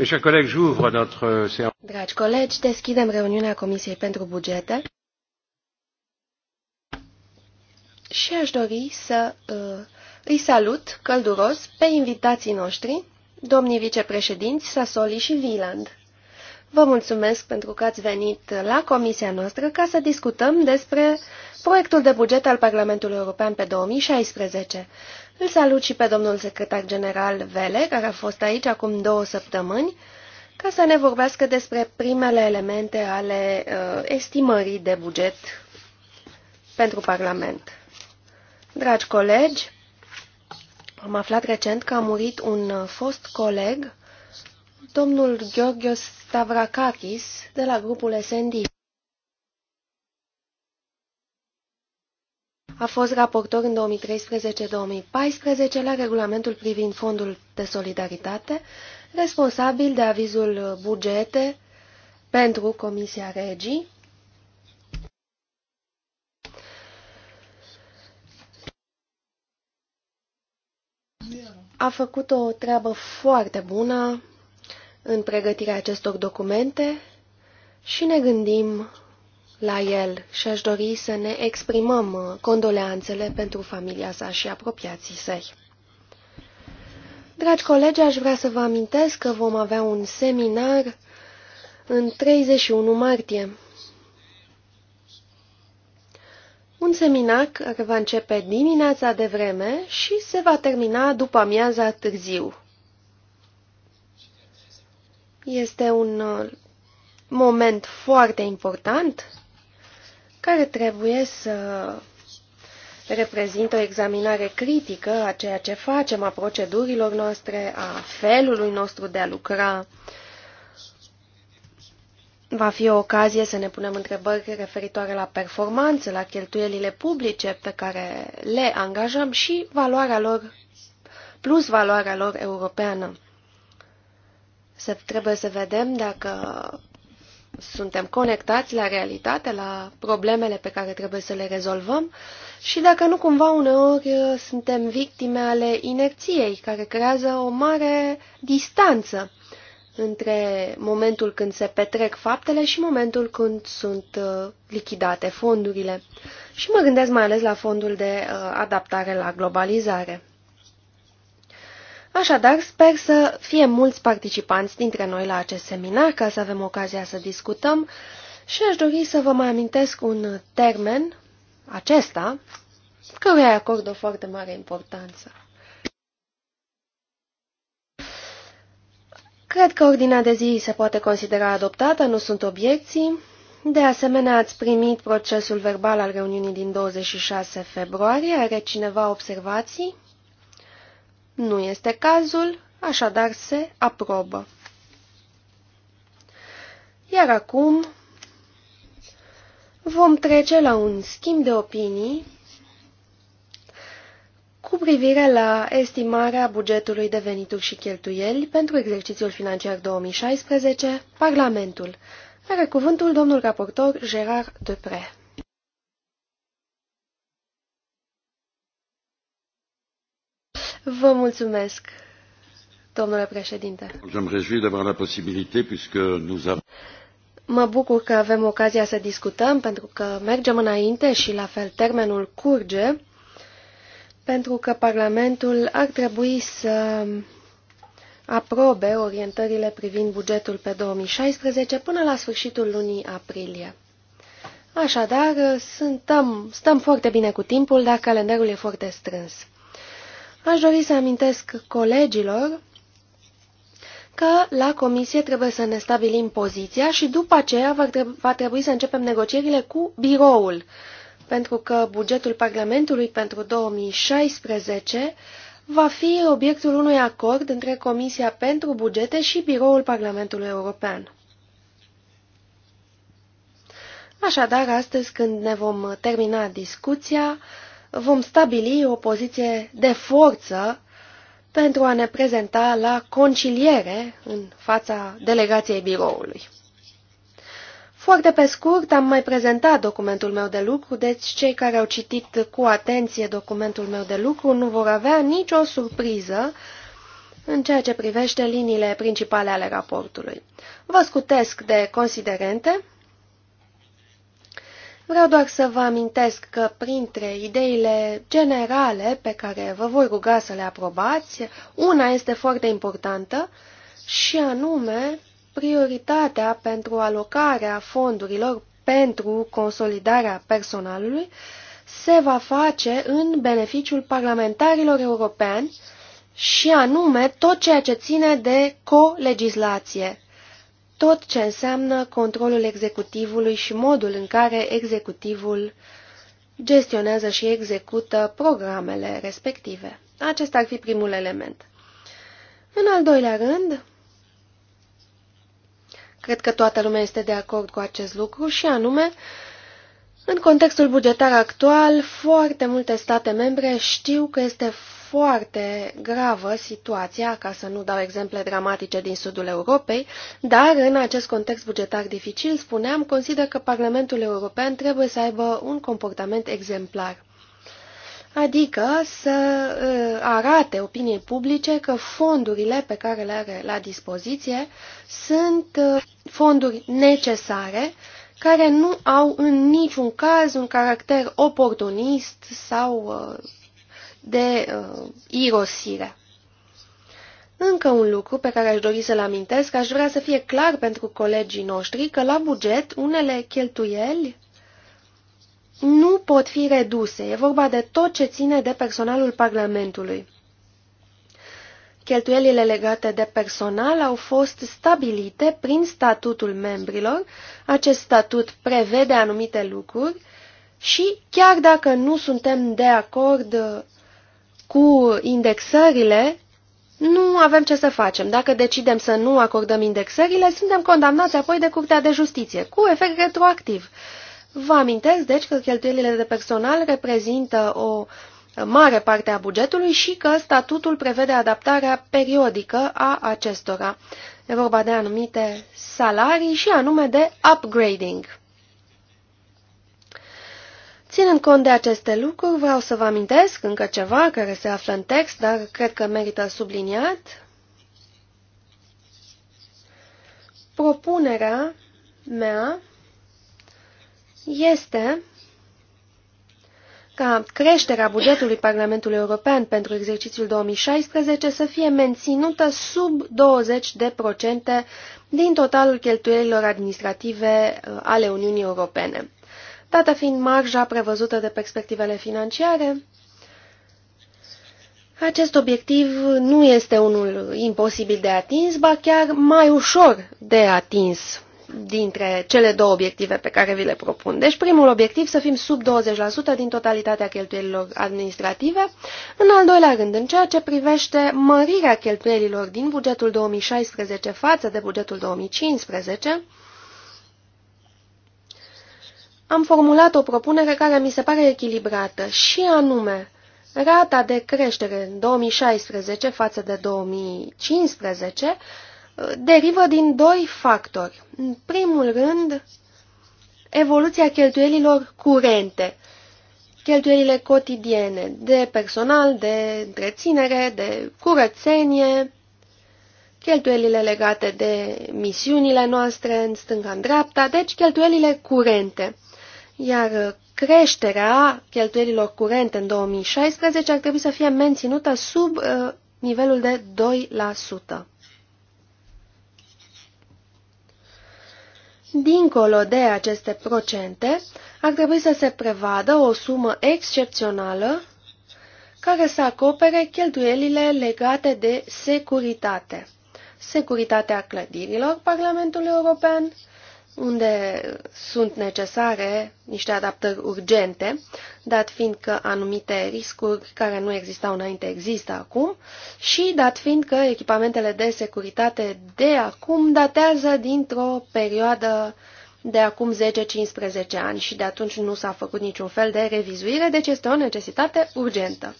Euh, Dragi colegi, deschidem reuniunea Comisiei pentru Bugete și aș dori să uh, îi salut călduros pe invitații noștri, domnii vicepreședinți Sasoli și Viland. Vă mulțumesc pentru că ați venit la comisia noastră ca să discutăm despre proiectul de buget al Parlamentului European pe 2016. Îl salut și pe domnul secretar general Vele, care a fost aici acum două săptămâni, ca să ne vorbească despre primele elemente ale uh, estimării de buget pentru Parlament. Dragi colegi, am aflat recent că a murit un uh, fost coleg domnul Georgios Stavrakakis de la grupul SND. A fost raportor în 2013-2014 la regulamentul privind fondul de solidaritate, responsabil de avizul bugete pentru Comisia Regii. A făcut o treabă foarte bună în pregătirea acestor documente și ne gândim la el și aș dori să ne exprimăm uh, condoleanțele pentru familia sa și apropiații săi. Dragi colegi, aș vrea să vă amintesc că vom avea un seminar în 31 martie. Un seminar care va începe dimineața de vreme și se va termina după amiaza târziu. Este un uh, moment foarte important care trebuie să reprezintă o examinare critică a ceea ce facem, a procedurilor noastre, a felului nostru de a lucra. Va fi o ocazie să ne punem întrebări referitoare la performanță, la cheltuielile publice pe care le angajăm și valoarea lor, plus valoarea lor europeană. Se, trebuie să vedem dacă suntem conectați la realitate, la problemele pe care trebuie să le rezolvăm și dacă nu cumva uneori uh, suntem victime ale inerției care creează o mare distanță între momentul când se petrec faptele și momentul când sunt uh, lichidate fondurile. Și mă gândesc mai ales la fondul de uh, adaptare la globalizare. Așadar, sper să fie mulți participanți dintre noi la acest seminar, ca să avem ocazia să discutăm și aș dori să vă mai amintesc un termen, acesta, căruia acord o foarte mare importanță. Cred că ordinea de zi se poate considera adoptată, nu sunt obiecții. De asemenea, ați primit procesul verbal al reuniunii din 26 februarie. Are cineva observații? Nu este cazul, așadar se aprobă. Iar acum vom trece la un schimb de opinii cu privire la estimarea bugetului de venituri și cheltuieli pentru exercițiul financiar 2016, Parlamentul. Are cuvântul domnul raportor Gerard Depre. Vă mulțumesc, domnule președinte. Mă bucur că avem ocazia să discutăm, pentru că mergem înainte și la fel termenul curge, pentru că Parlamentul ar trebui să aprobe orientările privind bugetul pe 2016 până la sfârșitul lunii aprilie. Așadar, suntem, stăm foarte bine cu timpul, dar calendarul e foarte strâns. Aș dori să amintesc colegilor că la comisie trebuie să ne stabilim poziția și după aceea va trebui, va trebui să începem negocierile cu biroul, pentru că bugetul Parlamentului pentru 2016 va fi obiectul unui acord între Comisia pentru Bugete și Biroul Parlamentului European. Așadar, astăzi când ne vom termina discuția, vom stabili o poziție de forță pentru a ne prezenta la conciliere în fața delegației biroului. Foarte pe scurt, am mai prezentat documentul meu de lucru, deci cei care au citit cu atenție documentul meu de lucru nu vor avea nicio surpriză în ceea ce privește liniile principale ale raportului. Vă scutesc de considerente Vreau doar să vă amintesc că printre ideile generale pe care vă voi ruga să le aprobați, una este foarte importantă și anume prioritatea pentru alocarea fondurilor pentru consolidarea personalului se va face în beneficiul parlamentarilor europeni și anume tot ceea ce ține de co-legislație, tot ce înseamnă controlul executivului și modul în care executivul gestionează și execută programele respective. Acesta ar fi primul element. În al doilea rând, cred că toată lumea este de acord cu acest lucru și anume, în contextul bugetar actual, foarte multe state membre știu că este foarte gravă situația, ca să nu dau exemple dramatice din sudul Europei, dar în acest context bugetar dificil, spuneam, consider că Parlamentul European trebuie să aibă un comportament exemplar. Adică să uh, arate opiniei publice că fondurile pe care le are la dispoziție sunt uh, fonduri necesare care nu au în niciun caz un caracter oportunist sau uh, de uh, irosire. Încă un lucru pe care aș dori să-l amintesc, aș vrea să fie clar pentru colegii noștri că la buget unele cheltuieli nu pot fi reduse. E vorba de tot ce ține de personalul Parlamentului. Cheltuielile legate de personal au fost stabilite prin statutul membrilor. Acest statut prevede anumite lucruri și chiar dacă nu suntem de acord cu indexările, nu avem ce să facem. Dacă decidem să nu acordăm indexările, suntem condamnați apoi de Curtea de Justiție, cu efect retroactiv. Vă amintesc, deci, că cheltuielile de personal reprezintă o mare parte a bugetului și că statutul prevede adaptarea periodică a acestora. E vorba de anumite salarii și anume de upgrading. Ținând cont de aceste lucruri, vreau să vă amintesc încă ceva care se află în text, dar cred că merită subliniat. Propunerea mea este ca creșterea bugetului Parlamentului European pentru exercițiul 2016 să fie menținută sub 20% din totalul cheltuielilor administrative uh, ale Uniunii Europene dată fiind marja prevăzută de perspectivele financiare. Acest obiectiv nu este unul imposibil de atins, ba chiar mai ușor de atins dintre cele două obiective pe care vi le propun. Deci primul obiectiv să fim sub 20% din totalitatea cheltuielilor administrative. În al doilea rând, în ceea ce privește mărirea cheltuielilor din bugetul 2016 față de bugetul 2015, am formulat o propunere care mi se pare echilibrată și anume rata de creștere în 2016 față de 2015 uh, derivă din doi factori. În primul rând, evoluția cheltuielilor curente, cheltuielile cotidiene de personal, de întreținere, de curățenie, cheltuielile legate de misiunile noastre în stânga-în dreapta, deci cheltuielile curente iar creșterea cheltuielilor curente în 2016 ar trebui să fie menținută sub uh, nivelul de 2%. Dincolo de aceste procente, ar trebui să se prevadă o sumă excepțională care să acopere cheltuielile legate de securitate. Securitatea clădirilor Parlamentului European, unde sunt necesare niște adaptări urgente, dat fiind că anumite riscuri care nu existau înainte există acum și dat fiind că echipamentele de securitate de acum datează dintr-o perioadă de acum 10-15 ani și de atunci nu s-a făcut niciun fel de revizuire, deci este o necesitate urgentă.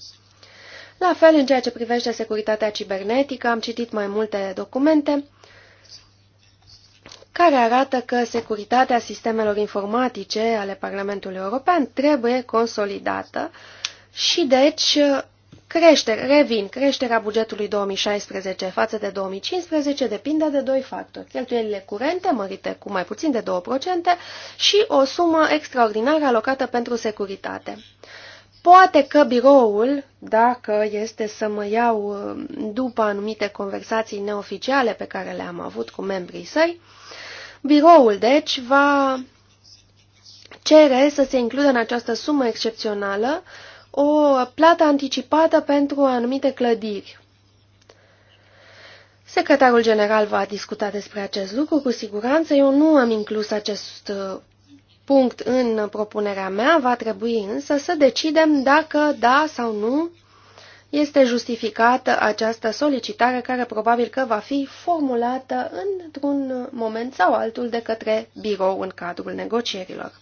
La fel, în ceea ce privește securitatea cibernetică, am citit mai multe documente care arată că securitatea sistemelor informatice ale Parlamentului European trebuie consolidată și deci creștere, revin, creșterea bugetului 2016 față de 2015 depinde de doi factori. Cheltuielile curente mărite cu mai puțin de 2% și o sumă extraordinară alocată pentru securitate. Poate că biroul, dacă este să mă iau um, după anumite conversații neoficiale pe care le-am avut cu membrii săi, Biroul, deci, va cere să se includă în această sumă excepțională o plată anticipată pentru anumite clădiri. Secretarul general va discuta despre acest lucru cu siguranță. Eu nu am inclus acest uh, punct în propunerea mea, va trebui însă să decidem dacă da sau nu este justificată această solicitare care probabil că va fi formulată într-un moment sau altul de către birou în cadrul negocierilor.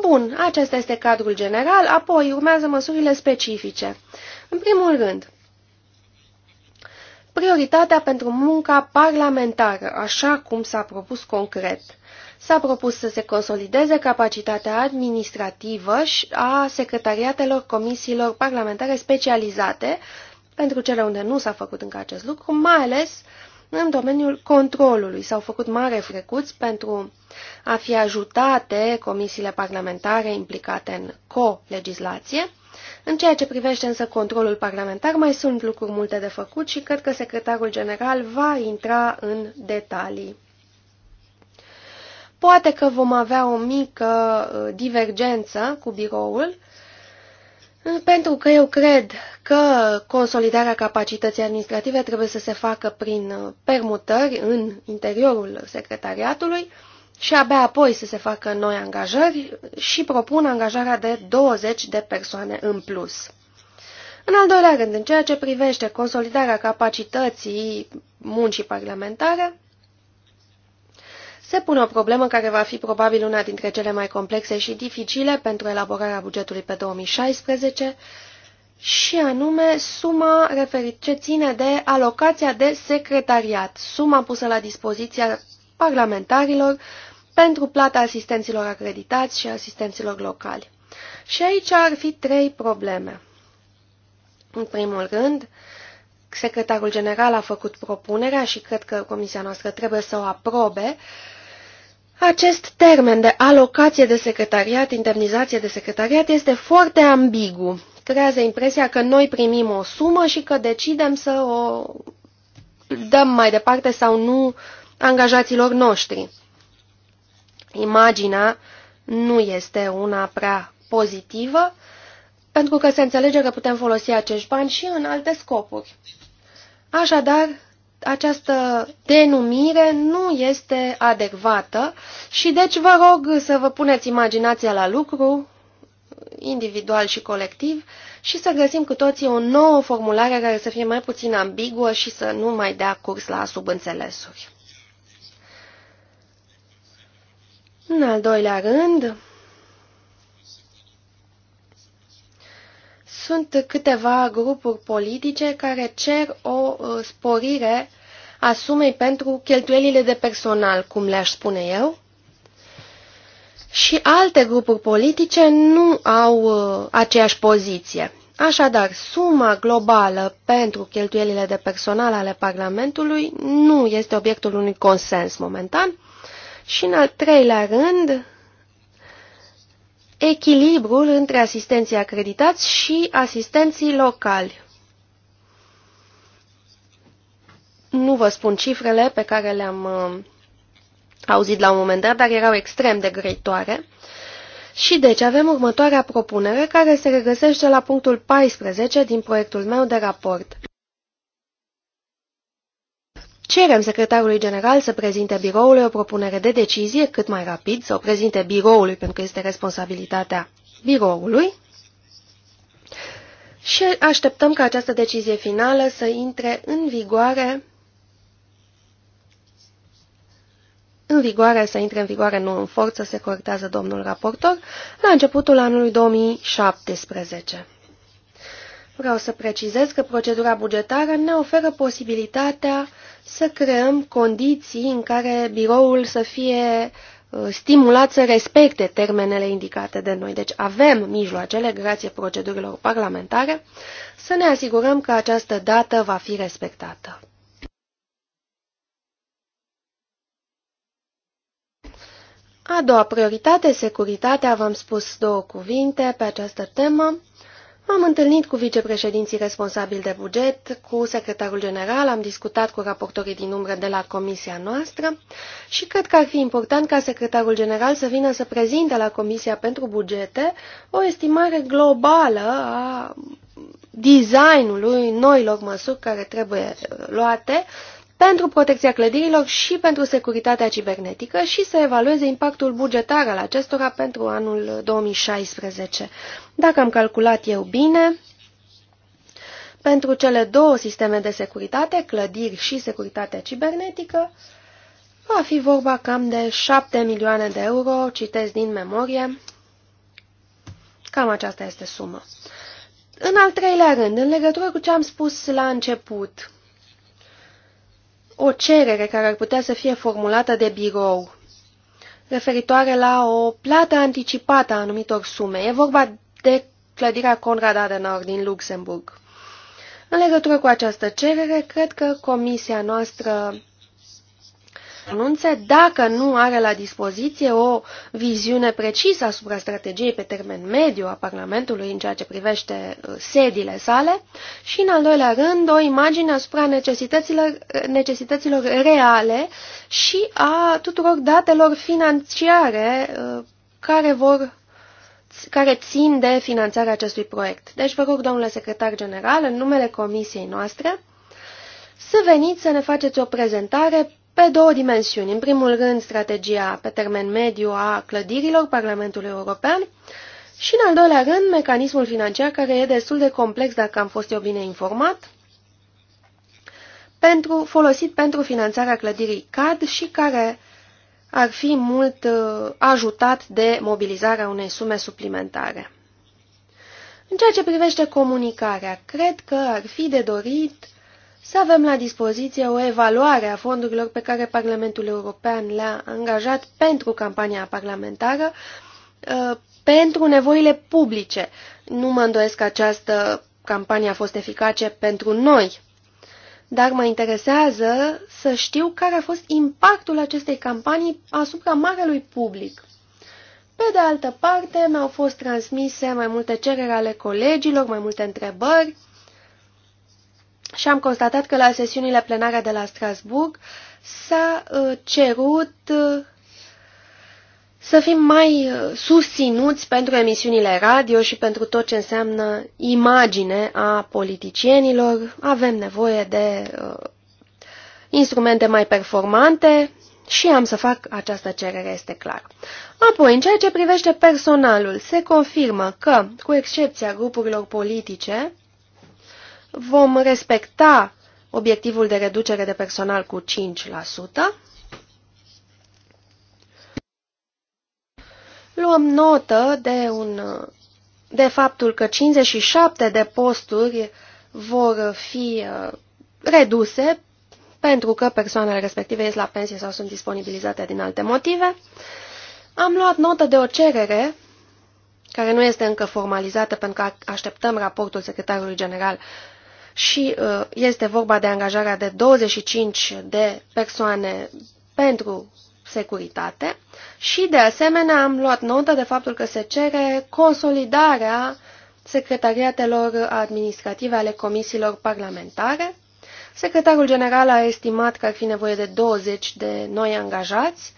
Bun, acesta este cadrul general, apoi urmează măsurile specifice. În primul rând, prioritatea pentru munca parlamentară, așa cum s-a propus concret. S-a propus să se consolideze capacitatea administrativă și a secretariatelor comisiilor parlamentare specializate, pentru cele unde nu s-a făcut încă acest lucru, mai ales în domeniul controlului. S-au făcut mari frecuți pentru a fi ajutate comisiile parlamentare implicate în co-legislație. În ceea ce privește însă controlul parlamentar, mai sunt lucruri multe de făcut și cred că secretarul general va intra în detalii Poate că vom avea o mică uh, divergență cu biroul, uh, pentru că eu cred că consolidarea capacității administrative trebuie să se facă prin uh, permutări în interiorul secretariatului și abia apoi să se facă noi angajări și propun angajarea de 20 de persoane în plus. În al doilea rând, în ceea ce privește consolidarea capacității muncii parlamentare, se pune o problemă care va fi probabil una dintre cele mai complexe și dificile pentru elaborarea bugetului pe 2016, și anume suma referit ce ține de alocația de secretariat, suma pusă la dispoziția parlamentarilor pentru plata asistenților acreditați și asistenților locali. Și aici ar fi trei probleme. În primul rând, secretarul general a făcut propunerea și cred că comisia noastră trebuie să o aprobe, uh, acest termen de alocație de secretariat, indemnizație de secretariat, este foarte ambigu. Creează impresia că noi primim o sumă și că decidem să o dăm mai departe sau nu angajaților noștri. Imaginea nu este una prea pozitivă, pentru că se înțelege că putem folosi acești bani și în alte scopuri. Așadar, această denumire nu este adecvată și deci vă rog să vă puneți imaginația la lucru, individual și colectiv, și să găsim cu toții o nouă formulare care să fie mai puțin ambiguă și să nu mai dea curs la subînțelesuri. În al doilea rând, Sunt câteva grupuri politice care cer o uh, sporire a sumei pentru cheltuielile de personal, cum le-aș spune eu, și alte grupuri politice nu au uh, aceeași poziție. Așadar, suma globală pentru cheltuielile de personal ale Parlamentului nu este obiectul unui consens momentan. Și în al treilea rând, echilibrul între asistenții acreditați și asistenții locali. Nu vă spun cifrele pe care le-am uh, auzit la un moment dat, dar erau extrem de greitoare. Și deci avem următoarea propunere care se regăsește la punctul 14 din proiectul meu de raport. Cerem secretarului general să prezinte biroului o propunere de decizie cât mai rapid, să o prezinte biroului, pentru că este responsabilitatea biroului. Și așteptăm ca această decizie finală să intre în vigoare în vigoare, să intre în vigoare, nu în forță, se corectează domnul raportor, la începutul anului 2017. Vreau să precizez că procedura bugetară ne oferă posibilitatea să creăm condiții în care biroul să fie uh, stimulat să respecte termenele indicate de noi. Deci avem mijloacele, grație procedurilor parlamentare, să ne asigurăm că această dată va fi respectată. A doua prioritate, securitatea, v-am spus două cuvinte pe această temă. M-am întâlnit cu vicepreședinții responsabili de buget, cu secretarul general, am discutat cu raportorii din umbră de la comisia noastră și cred că ar fi important ca secretarul general să vină să prezinte la Comisia pentru Bugete o estimare globală a designului noilor măsuri care trebuie uh, luate pentru protecția clădirilor și pentru securitatea cibernetică și să evalueze impactul bugetar al acestora pentru anul 2016. Dacă am calculat eu bine, pentru cele două sisteme de securitate, clădiri și securitatea cibernetică, va fi vorba cam de 7 milioane de euro, citesc din memorie, cam aceasta este sumă. În al treilea rând, în legătură cu ce am spus la început, o cerere care ar putea să fie formulată de birou referitoare la o plată anticipată a anumitor sume. E vorba de clădirea Conrad Adenauer din Luxemburg. În legătură cu această cerere, cred că comisia noastră anunțe dacă nu are la dispoziție o viziune precisă asupra strategiei pe termen mediu a Parlamentului în ceea ce privește uh, sediile sale și, în al doilea rând, o imagine asupra necesităților, necesităților reale și a tuturor datelor financiare uh, care vor care țin de finanțarea acestui proiect. Deci vă rog, domnule secretar general, în numele comisiei noastre, să veniți să ne faceți o prezentare pe două dimensiuni. În primul rând, strategia pe termen mediu a clădirilor Parlamentului European și, în al doilea rând, mecanismul financiar care e destul de complex, dacă am fost eu bine informat, pentru, folosit pentru finanțarea clădirii CAD și care ar fi mult uh, ajutat de mobilizarea unei sume suplimentare. În ceea ce privește comunicarea, cred că ar fi de dorit uh, să avem la dispoziție o evaluare a fondurilor pe care Parlamentul European le-a angajat pentru campania parlamentară, uh, pentru nevoile publice. Nu mă îndoiesc că această campanie a fost eficace pentru noi, dar mă interesează să știu care a fost impactul acestei campanii asupra marelui public. Pe de altă parte, mi-au fost transmise mai multe cereri ale colegilor, mai multe întrebări, și am constatat că la sesiunile plenare de la Strasburg s-a uh, cerut uh, să fim mai uh, susținuți pentru emisiunile radio și pentru tot ce înseamnă imagine a politicienilor. Avem nevoie de instrumente mai performante și am să fac această cerere, este clar. Apoi, în ceea ce privește personalul, se confirmă că, cu excepția grupurilor politice, vom respecta obiectivul de reducere de personal cu 5%. Luăm notă de, un, de faptul că 57 de posturi vor fi uh, reduse pentru că persoanele respective ies la pensie sau sunt disponibilizate din alte motive. Am luat notă de o cerere care nu este încă formalizată pentru că așteptăm raportul secretarului general și uh, este vorba de angajarea de 25 de persoane pentru securitate și, de asemenea, am luat notă de faptul că se cere consolidarea secretariatelor administrative ale comisiilor parlamentare. Secretarul general a estimat că ar fi nevoie de 20 de noi angajați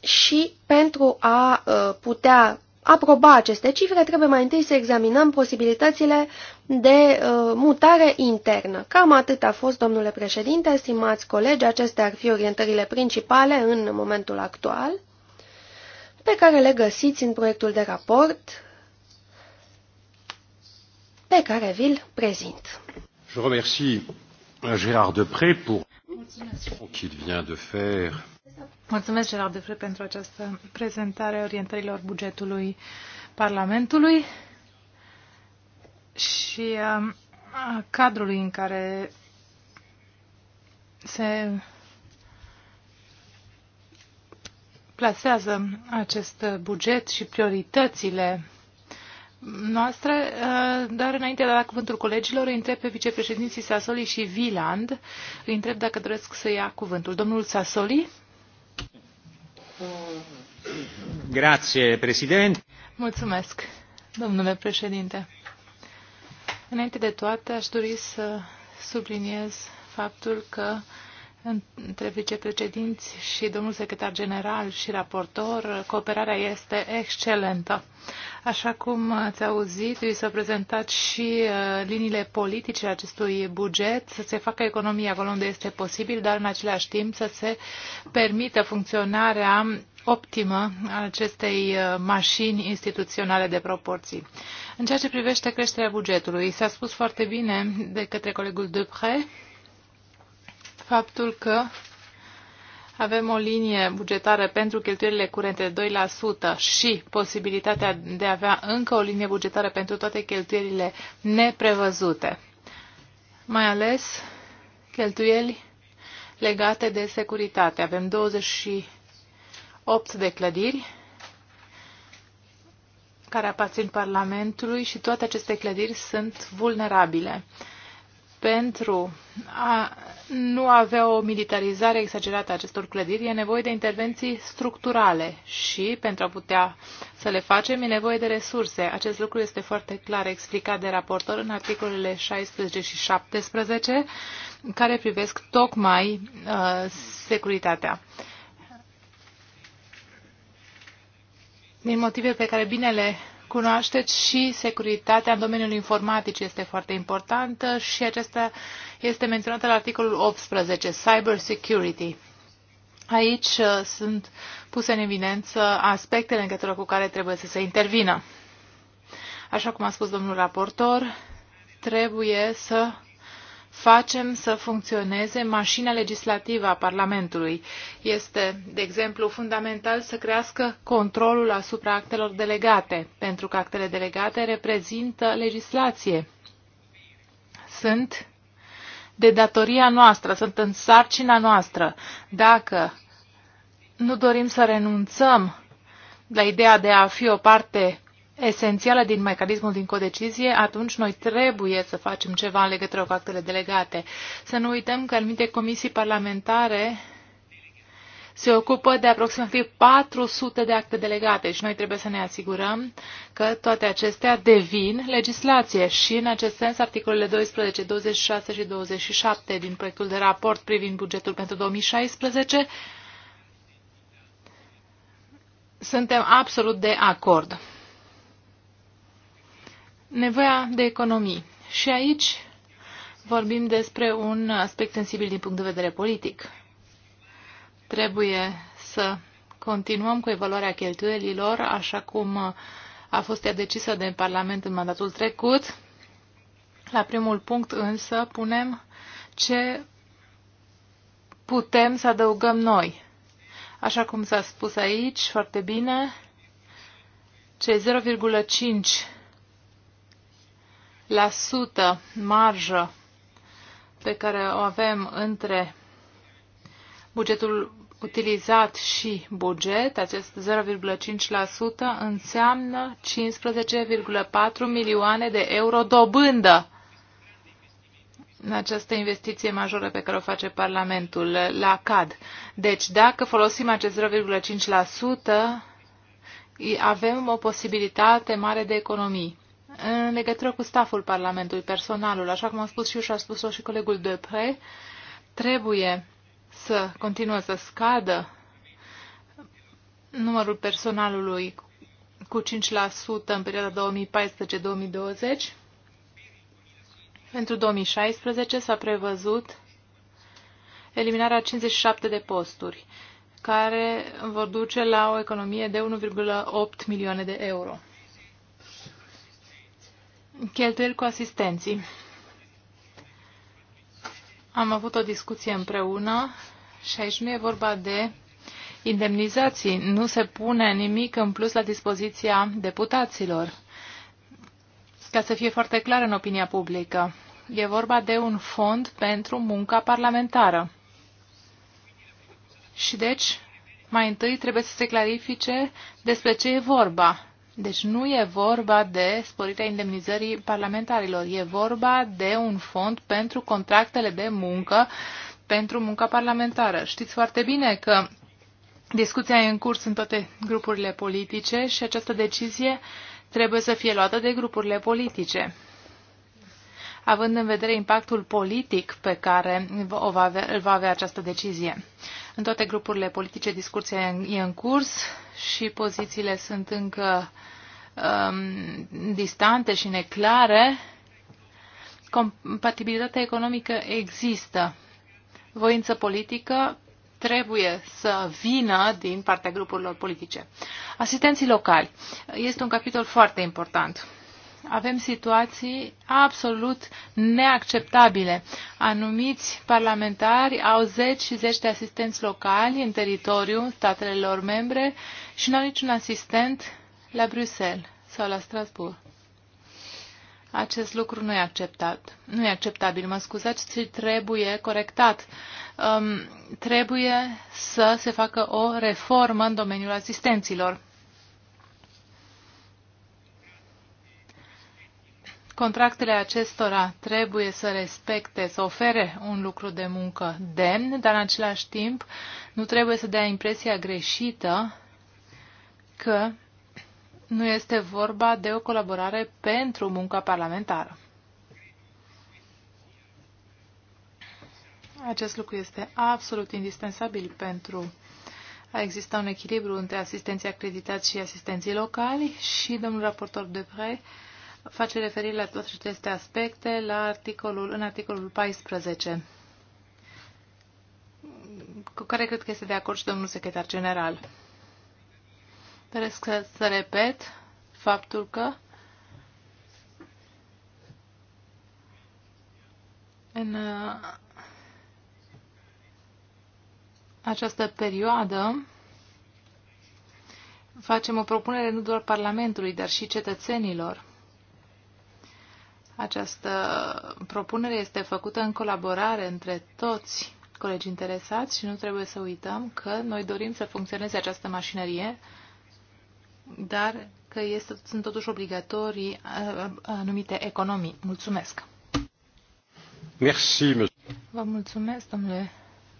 și pentru a uh, putea aproba aceste cifre trebuie mai întâi să examinăm posibilitățile de uh, mutare internă. Cam atât a fost, domnule președinte, stimați colegi, acestea ar fi orientările principale în momentul actual, pe care le găsiți în proiectul de raport pe care vi-l prezint. Je remercie euh, Gérard Depré pour qu'il vient de faire. Mulțumesc, Gerard Depré, pentru această prezentare orientărilor bugetului Parlamentului și um, a cadrului în care se plasează acest buget și prioritățile noastre, uh, dar înainte de a da cuvântul colegilor, îi întreb pe vicepreședinții Sasoli și Viland, îi întreb dacă doresc să ia cuvântul. Domnul Sasoli? Grazie, președinte. Mulțumesc, domnule președinte. Înainte de toate, aș dori să subliniez faptul că între vicepreședinți și domnul secretar general și raportor, cooperarea este excelentă. Așa cum ați auzit, i s-au prezentat și uh, liniile politice acestui buget, să se facă economia acolo unde este posibil, dar în același timp să se permită funcționarea optimă a acestei uh, mașini instituționale de proporții. În ceea ce privește creșterea bugetului, s-a spus foarte bine de către colegul Dupré, faptul că avem o linie bugetară pentru cheltuielile curente de 2% și posibilitatea de a avea încă o linie bugetară pentru toate cheltuielile neprevăzute, mai ales cheltuieli legate de securitate. Avem 28 de clădiri care aparțin Parlamentului și toate aceste clădiri sunt vulnerabile pentru a nu avea o militarizare exagerată a acestor clădiri, e nevoie de intervenții structurale și, pentru a putea să le facem, e nevoie de resurse. Acest lucru este foarte clar explicat de raportor în articolele 16 și 17, care privesc tocmai uh, securitatea. Din motive pe care bine le cunoașteți și securitatea în domeniul informatic este foarte importantă și acesta este menționată la articolul 18, Cyber Security. Aici uh, sunt puse în evidență aspectele în legătură cu care trebuie să se intervină. Așa cum a spus domnul raportor, trebuie să facem să funcționeze mașina legislativă a Parlamentului. Este, de exemplu, fundamental să crească controlul asupra actelor delegate, pentru că actele delegate reprezintă legislație. Sunt de datoria noastră, sunt în sarcina noastră. Dacă nu dorim să renunțăm la ideea de a fi o parte esențială din mecanismul din codecizie, atunci noi trebuie să facem ceva în legătură cu actele delegate. Să nu uităm că anumite comisii parlamentare se ocupă de aproximativ 400 de acte delegate și noi trebuie să ne asigurăm că toate acestea devin legislație și în acest sens articolele 12, 26 și 27 din proiectul de raport privind bugetul pentru 2016 suntem absolut de acord. Nevoia de economii. Și aici vorbim despre un aspect sensibil din punct de vedere politic. Trebuie să continuăm cu evaluarea cheltuielilor, așa cum a fost ea decisă de Parlament în mandatul trecut. La primul punct însă punem ce putem să adăugăm noi. Așa cum s-a spus aici foarte bine, cei 0,5 marjă pe care o avem între bugetul utilizat și buget, acest 0,5% înseamnă 15,4 milioane de euro dobândă în această investiție majoră pe care o face Parlamentul la CAD. Deci, dacă folosim acest 0,5%, avem o posibilitate mare de economii în legătură cu staful Parlamentului, personalul, așa cum a spus și eu și a spus-o și colegul Depre, trebuie să continuă să scadă numărul personalului cu 5% în perioada 2014-2020. Pentru 2016 s-a prevăzut eliminarea 57 de posturi, care vor duce la o economie de 1,8 milioane de euro. Cheltuieli cu asistenții. Am avut o discuție împreună și aici nu e vorba de indemnizații. Nu se pune nimic în plus la dispoziția deputaților. Ca să fie foarte clar în opinia publică, e vorba de un fond pentru munca parlamentară. Și deci, mai întâi trebuie să se clarifice despre ce e vorba. Deci nu e vorba de sporirea indemnizării parlamentarilor, e vorba de un fond pentru contractele de muncă, pentru munca parlamentară. Știți foarte bine că discuția e în curs în toate grupurile politice și această decizie trebuie să fie luată de grupurile politice având în vedere impactul politic pe care o va avea, îl va avea această decizie. În toate grupurile politice discuția e în curs și pozițiile sunt încă um, distante și neclare. Compatibilitatea economică există. Voință politică trebuie să vină din partea grupurilor politice. Asistenții locali. Este un capitol foarte important avem situații absolut neacceptabile. Anumiți parlamentari au zeci și zeci de asistenți locali în teritoriul statele lor membre și nu au niciun asistent la Bruxelles sau la Strasbourg. Acest lucru nu e acceptat. Nu e acceptabil, mă scuzați, ci trebuie corectat. Um, trebuie să se facă o reformă în domeniul asistenților. Contractele acestora trebuie să respecte, să ofere un lucru de muncă demn, dar în același timp nu trebuie să dea impresia greșită că nu este vorba de o colaborare pentru munca parlamentară. Acest lucru este absolut indispensabil pentru a exista un echilibru între asistenții acreditați și asistenții locali și domnul raportor de Depre face referire la toate aceste aspecte la articolul, în articolul 14, cu care cred că este de acord și domnul secretar general. Doresc să, să repet faptul că în uh, această perioadă facem o propunere nu doar Parlamentului, dar și cetățenilor această propunere este făcută în colaborare între toți colegi interesați și nu trebuie să uităm că noi dorim să funcționeze această mașinărie, dar că este, sunt totuși obligatorii anumite economii. Mulțumesc! Merci, Vă mulțumesc, domnule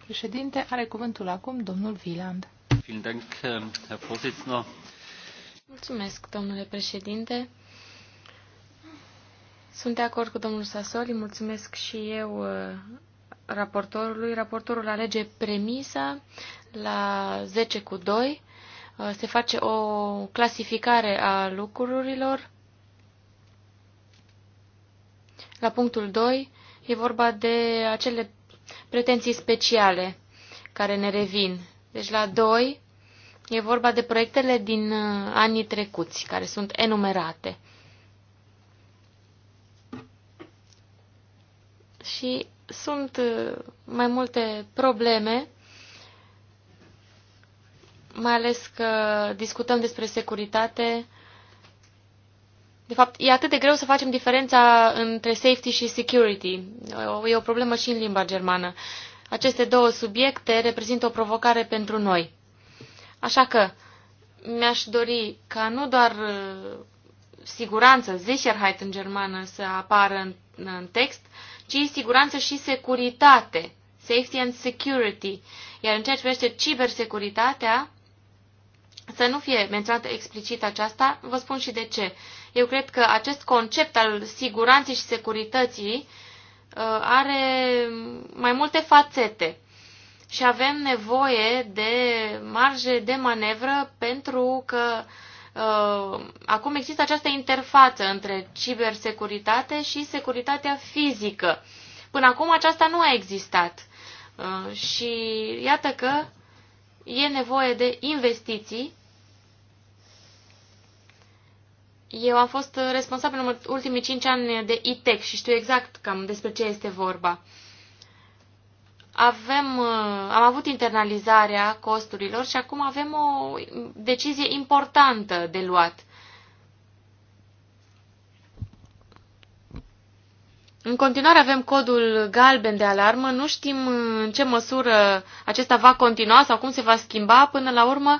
președinte. Are cuvântul acum domnul Viland. Mulțumesc, domnule președinte. Sunt de acord cu domnul Sasoli, mulțumesc și eu uh, raportorului. Raportorul alege premisa la 10 cu 2. Uh, se face o clasificare a lucrurilor. La punctul 2 e vorba de acele pretenții speciale care ne revin. Deci la 2 e vorba de proiectele din uh, anii trecuți care sunt enumerate. și sunt uh, mai multe probleme, mai ales că discutăm despre securitate. De fapt, e atât de greu să facem diferența între safety și security. E o problemă și în limba germană. Aceste două subiecte reprezintă o provocare pentru noi. Așa că mi-aș dori ca nu doar uh, siguranță, Sicherheit în germană, să apară în, în text, ci siguranță și securitate, safety and security. Iar în ceea ce privește cibersecuritatea, să nu fie menționată explicit aceasta, vă spun și de ce. Eu cred că acest concept al siguranței și securității uh, are mai multe fațete și avem nevoie de marje de manevră pentru că uh, Uh, acum există această interfață între cibersecuritate și securitatea fizică. Până acum aceasta nu a existat. Uh, și iată că e nevoie de investiții. Eu am fost responsabil în ultimii cinci ani de ITEC și știu exact cam despre ce este vorba avem, uh, am avut internalizarea costurilor și acum avem o decizie importantă de luat. În continuare avem codul galben de alarmă, nu știm în ce măsură acesta va continua sau cum se va schimba. Până la urmă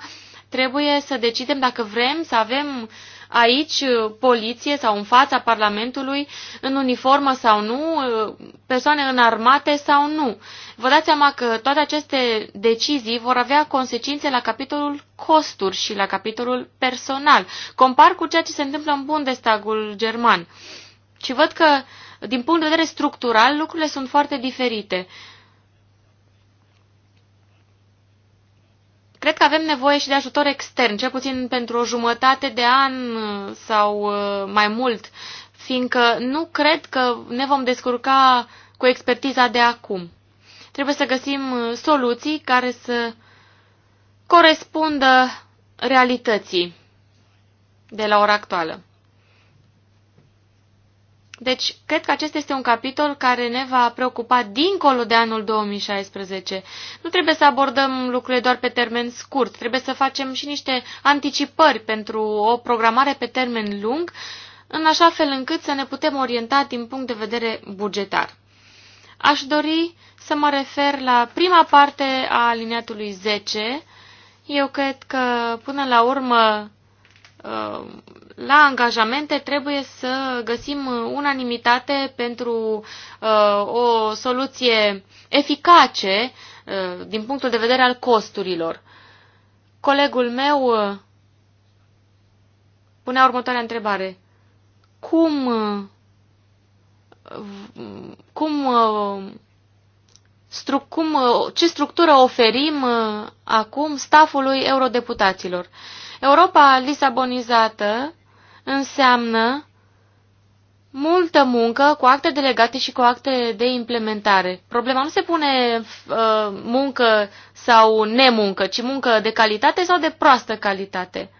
trebuie să decidem dacă vrem să avem aici, uh, poliție sau în fața Parlamentului, în uniformă sau nu, uh, persoane înarmate sau nu. Vă dați seama că toate aceste decizii vor avea consecințe la capitolul costuri și la capitolul personal. Compar cu ceea ce se întâmplă în Bundestagul german. Și văd că, din punct de vedere structural, lucrurile sunt foarte diferite. Cred că avem nevoie și de ajutor extern, cel puțin pentru o jumătate de an uh, sau uh, mai mult, fiindcă nu cred că ne vom descurca cu expertiza de acum. Trebuie să găsim uh, soluții care să corespundă realității de la ora actuală. Deci, cred că acesta este un capitol care ne va preocupa dincolo de anul 2016. Nu trebuie să abordăm lucrurile doar pe termen scurt, trebuie să facem și niște anticipări pentru o programare pe termen lung, în așa fel încât să ne putem orienta din punct de vedere bugetar. Aș dori să mă refer la prima parte a aliniatului 10. Eu cred că, până la urmă, la angajamente trebuie să găsim unanimitate pentru uh, o soluție eficace uh, din punctul de vedere al costurilor. Colegul meu uh, punea următoarea întrebare. Cum, cum, stru, cum, ce structură oferim acum stafului eurodeputaților? Uh, Europa lisabonizată înseamnă multă muncă cu acte delegate și cu acte de implementare. Problema nu se pune uh, muncă sau nemuncă, ci muncă de calitate sau de proastă calitate.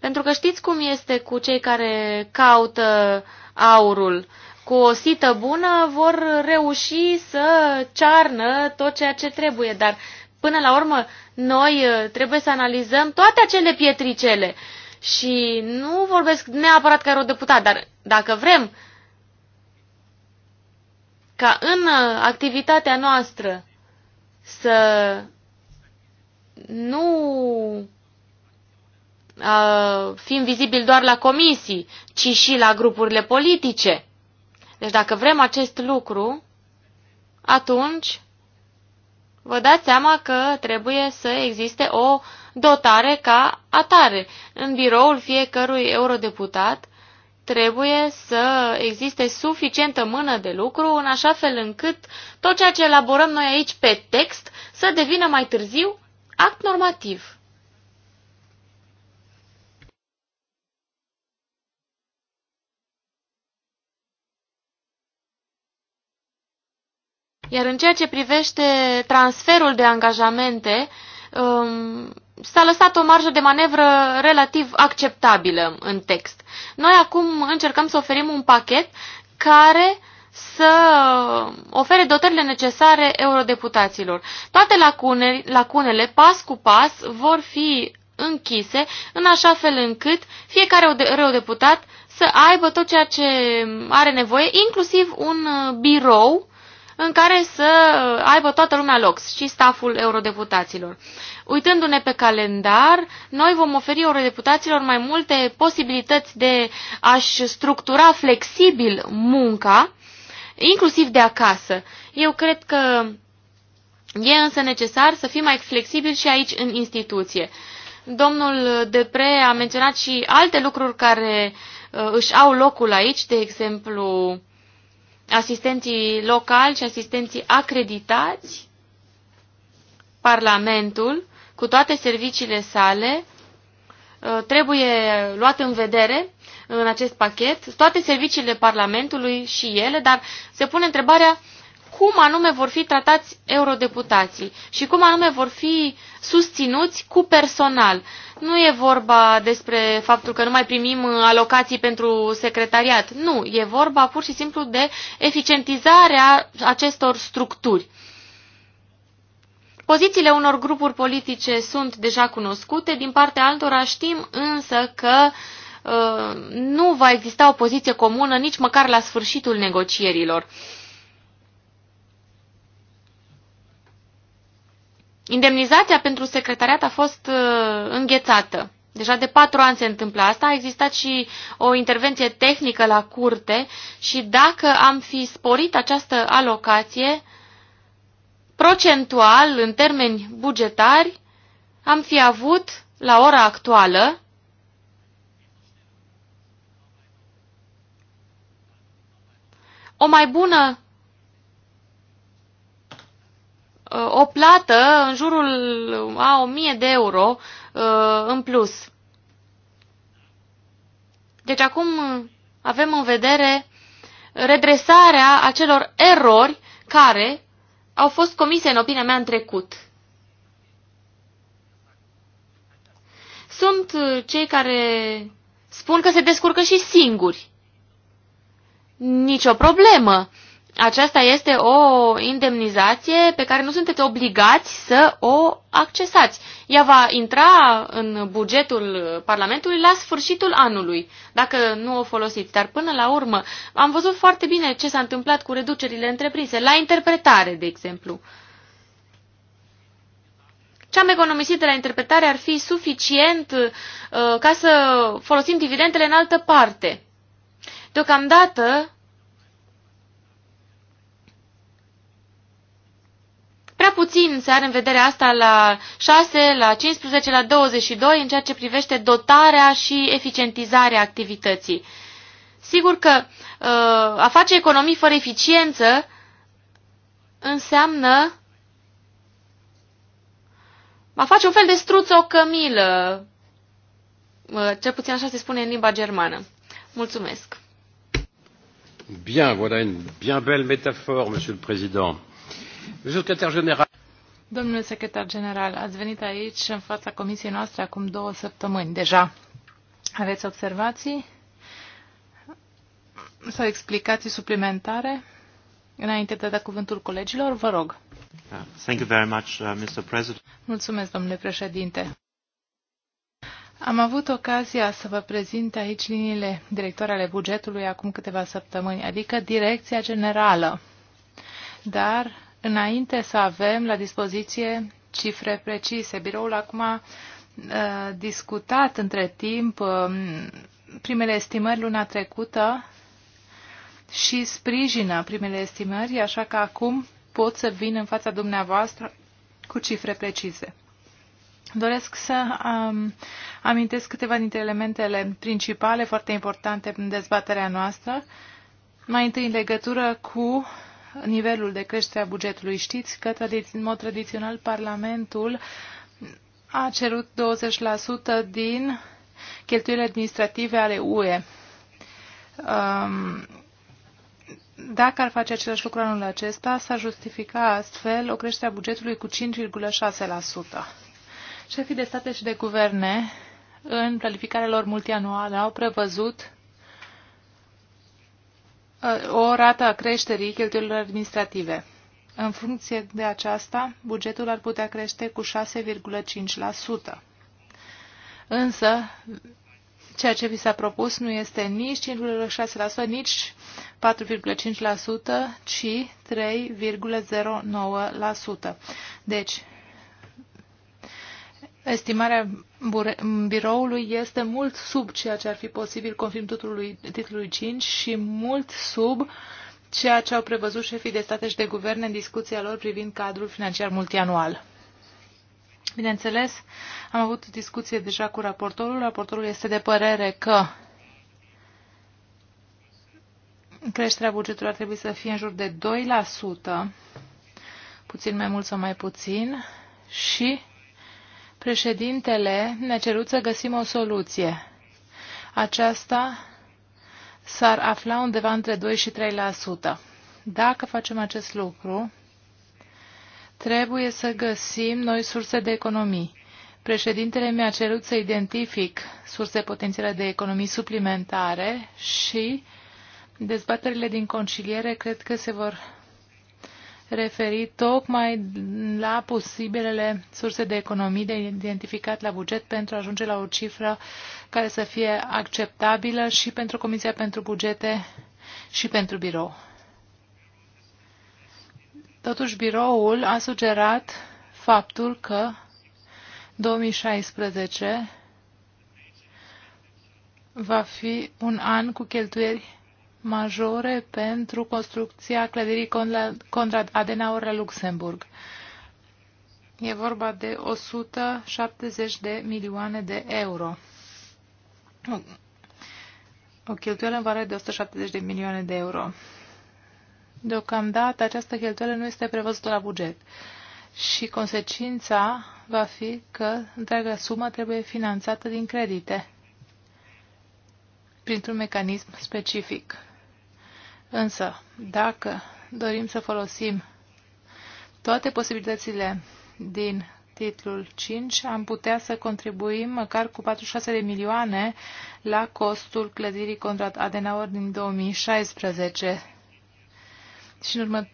Pentru că știți cum este cu cei care caută aurul. Cu o sită bună vor reuși să cearnă tot ceea ce trebuie, dar Până la urmă, noi uh, trebuie să analizăm toate acele pietricele. Și nu vorbesc neapărat ca eurodeputat, dar dacă vrem ca în uh, activitatea noastră să nu uh, fim vizibili doar la comisii, ci și la grupurile politice. Deci dacă vrem acest lucru, atunci vă dați seama că trebuie să existe o dotare ca atare. În biroul fiecărui eurodeputat trebuie să existe suficientă mână de lucru în așa fel încât tot ceea ce elaborăm noi aici pe text să devină mai târziu act normativ. Iar în ceea ce privește transferul de angajamente, um, s-a lăsat o marjă de manevră relativ acceptabilă în text. Noi acum încercăm să oferim un pachet care să ofere dotările necesare eurodeputaților. Toate lacune, lacunele, pas cu pas, vor fi închise în așa fel încât fiecare eurodeputat să aibă tot ceea ce are nevoie, inclusiv un uh, birou în care să uh, aibă toată lumea loc și staful eurodeputaților. Uitându-ne pe calendar, noi vom oferi eurodeputaților mai multe posibilități de a-și structura flexibil munca, inclusiv de acasă. Eu cred că e însă necesar să fim mai flexibili și aici în instituție. Domnul Depre a menționat și alte lucruri care uh, își au locul aici, de exemplu, asistenții locali și asistenții acreditați, Parlamentul, cu toate serviciile sale, uh, trebuie luat în vedere în acest pachet, toate serviciile Parlamentului și ele, dar se pune întrebarea cum anume vor fi tratați eurodeputații și cum anume vor fi susținuți cu personal. Nu e vorba despre faptul că nu mai primim alocații pentru secretariat. Nu, e vorba pur și simplu de eficientizarea acestor structuri. Pozițiile unor grupuri politice sunt deja cunoscute, din partea altora știm însă că uh, nu va exista o poziție comună nici măcar la sfârșitul negocierilor. Uh, Indemnizația pentru secretariat a fost uh, înghețată. Deja de patru ani se întâmplă asta. A existat și o intervenție tehnică la curte și dacă am fi sporit această alocație, procentual, în termeni bugetari, am fi avut, la ora actuală, o mai bună o plată în jurul a 1000 de euro uh, în plus. Deci acum avem în vedere redresarea acelor erori care au fost comise, în opinia mea, în trecut. Sunt uh, cei care spun că se descurcă și singuri. Nicio problemă aceasta este o indemnizație pe care nu sunteți obligați să o accesați. Ea va intra în bugetul Parlamentului la sfârșitul anului, dacă nu o folosiți. Dar până la urmă, am văzut foarte bine ce s-a întâmplat cu reducerile întreprinse, la interpretare, de exemplu. Ce am economisit de la interpretare ar fi suficient uh, ca să folosim dividendele în altă parte. Deocamdată, Prea puțin se are în vedere asta la 6, la 15, la 22 în ceea ce privește dotarea și eficientizarea activității. Sigur că uh, a face economii fără eficiență înseamnă a face un fel de struță o cămilă, uh, cel puțin așa se spune în limba germană. Mulțumesc! Bien, voilà une bien belle métaphore, Monsieur le Président. Domnule secretar general, ați venit aici în fața comisiei noastre acum două săptămâni deja. Aveți observații sau explicații suplimentare? Înainte de a da cuvântul colegilor, vă rog. Thank you very much, uh, Mr. President. Mulțumesc, domnule președinte. Am avut ocazia să vă prezint aici liniile directoare ale bugetului acum câteva săptămâni, adică direcția generală. Dar înainte să avem la dispoziție cifre precise. Biroul acum a uh, discutat între timp um, primele estimări luna trecută și sprijină primele estimări, așa că acum pot să vin în fața dumneavoastră cu cifre precise. Doresc să um, amintesc câteva dintre elementele principale foarte importante în dezbaterea noastră. Mai întâi, în legătură cu nivelul de creștere a bugetului. Știți că, în mod tradițional, Parlamentul a cerut 20% din cheltuielile administrative ale UE. Um, dacă ar face același lucru anul acesta, s-ar justifica astfel o creștere a bugetului cu 5,6%. Șefii de state și de guverne, în planificarea lor multianuală, au prevăzut o rată a creșterii cheltuielilor administrative. În funcție de aceasta, bugetul ar putea crește cu 6,5%. Însă, ceea ce vi s-a propus nu este nici 5,6%, nici 4,5%, ci 3,09%. Deci, Estimarea biroului este mult sub ceea ce ar fi posibil conform titlului, titlului 5 și mult sub ceea ce au prevăzut șefii de state și de guverne în discuția lor privind cadrul financiar multianual. Bineînțeles, am avut discuție deja cu raportorul. Raportorul este de părere că creșterea bugetului ar trebui să fie în jur de 2%, puțin mai mult sau mai puțin, și Președintele ne cerut să găsim o soluție. Aceasta s-ar afla undeva între 2 și 3%. Dacă facem acest lucru, trebuie să găsim noi surse de economii. Președintele mi-a cerut să identific surse potențiale de economii suplimentare și dezbaterile din conciliere cred că se vor referit tocmai la posibilele surse de economii de identificat la buget pentru a ajunge la o cifră care să fie acceptabilă și pentru Comisia pentru Bugete și pentru birou. Totuși, biroul a sugerat faptul că 2016 va fi un an cu cheltuieli majore pentru construcția clădirii Conrad Adenauer la Luxemburg. E vorba de 170 de milioane de euro. O cheltuială în valoare de 170 de milioane de euro. Deocamdată această cheltuială nu este prevăzută la buget și consecința va fi că întreaga sumă trebuie finanțată din credite printr-un mecanism specific. Însă, dacă dorim să folosim toate posibilitățile din titlul 5, am putea să contribuim măcar cu 46 de milioane la costul clădirii contra Adenauer din 2016. Și în urmă,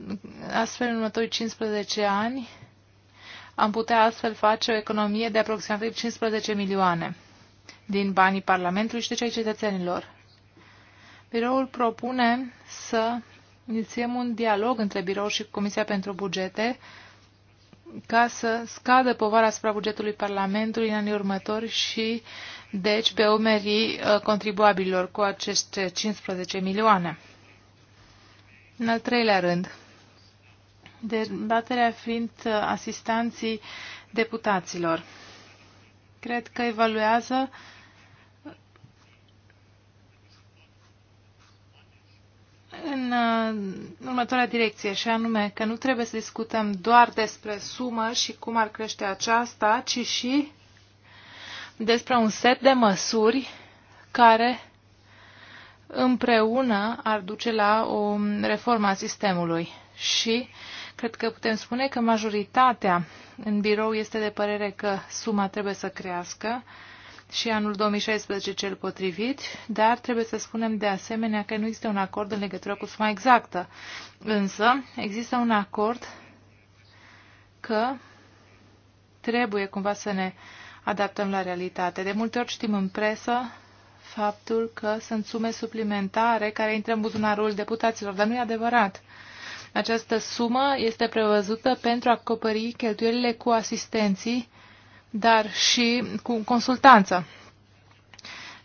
astfel, în următorii 15 ani, am putea astfel face o economie de aproximativ 15 milioane din banii Parlamentului și de cei cetățenilor. Biroul propune să inițiem un dialog între birou și Comisia pentru Bugete ca să scadă povara asupra bugetului Parlamentului în anii următori și, deci, pe umerii uh, contribuabililor cu aceste 15 milioane. În al treilea rând, dezbaterea fiind uh, asistanții deputaților. Cred că evaluează uh, Uh, în următoarea direcție, și anume că nu trebuie să discutăm doar despre sumă și cum ar crește aceasta, ci și despre un set de măsuri care împreună ar duce la o reformă a sistemului. Și cred că putem spune că majoritatea în birou este de părere că suma trebuie să crească, și anul 2016 cel potrivit, dar trebuie să spunem de asemenea că nu există un acord în legătură cu suma exactă. Însă există un acord că trebuie cumva să ne adaptăm la realitate. De multe ori știm în presă faptul că sunt sume suplimentare care intră în buzunarul deputaților, dar nu e adevărat. Această sumă este prevăzută pentru a acoperi cheltuielile cu asistenții dar și cu consultanță.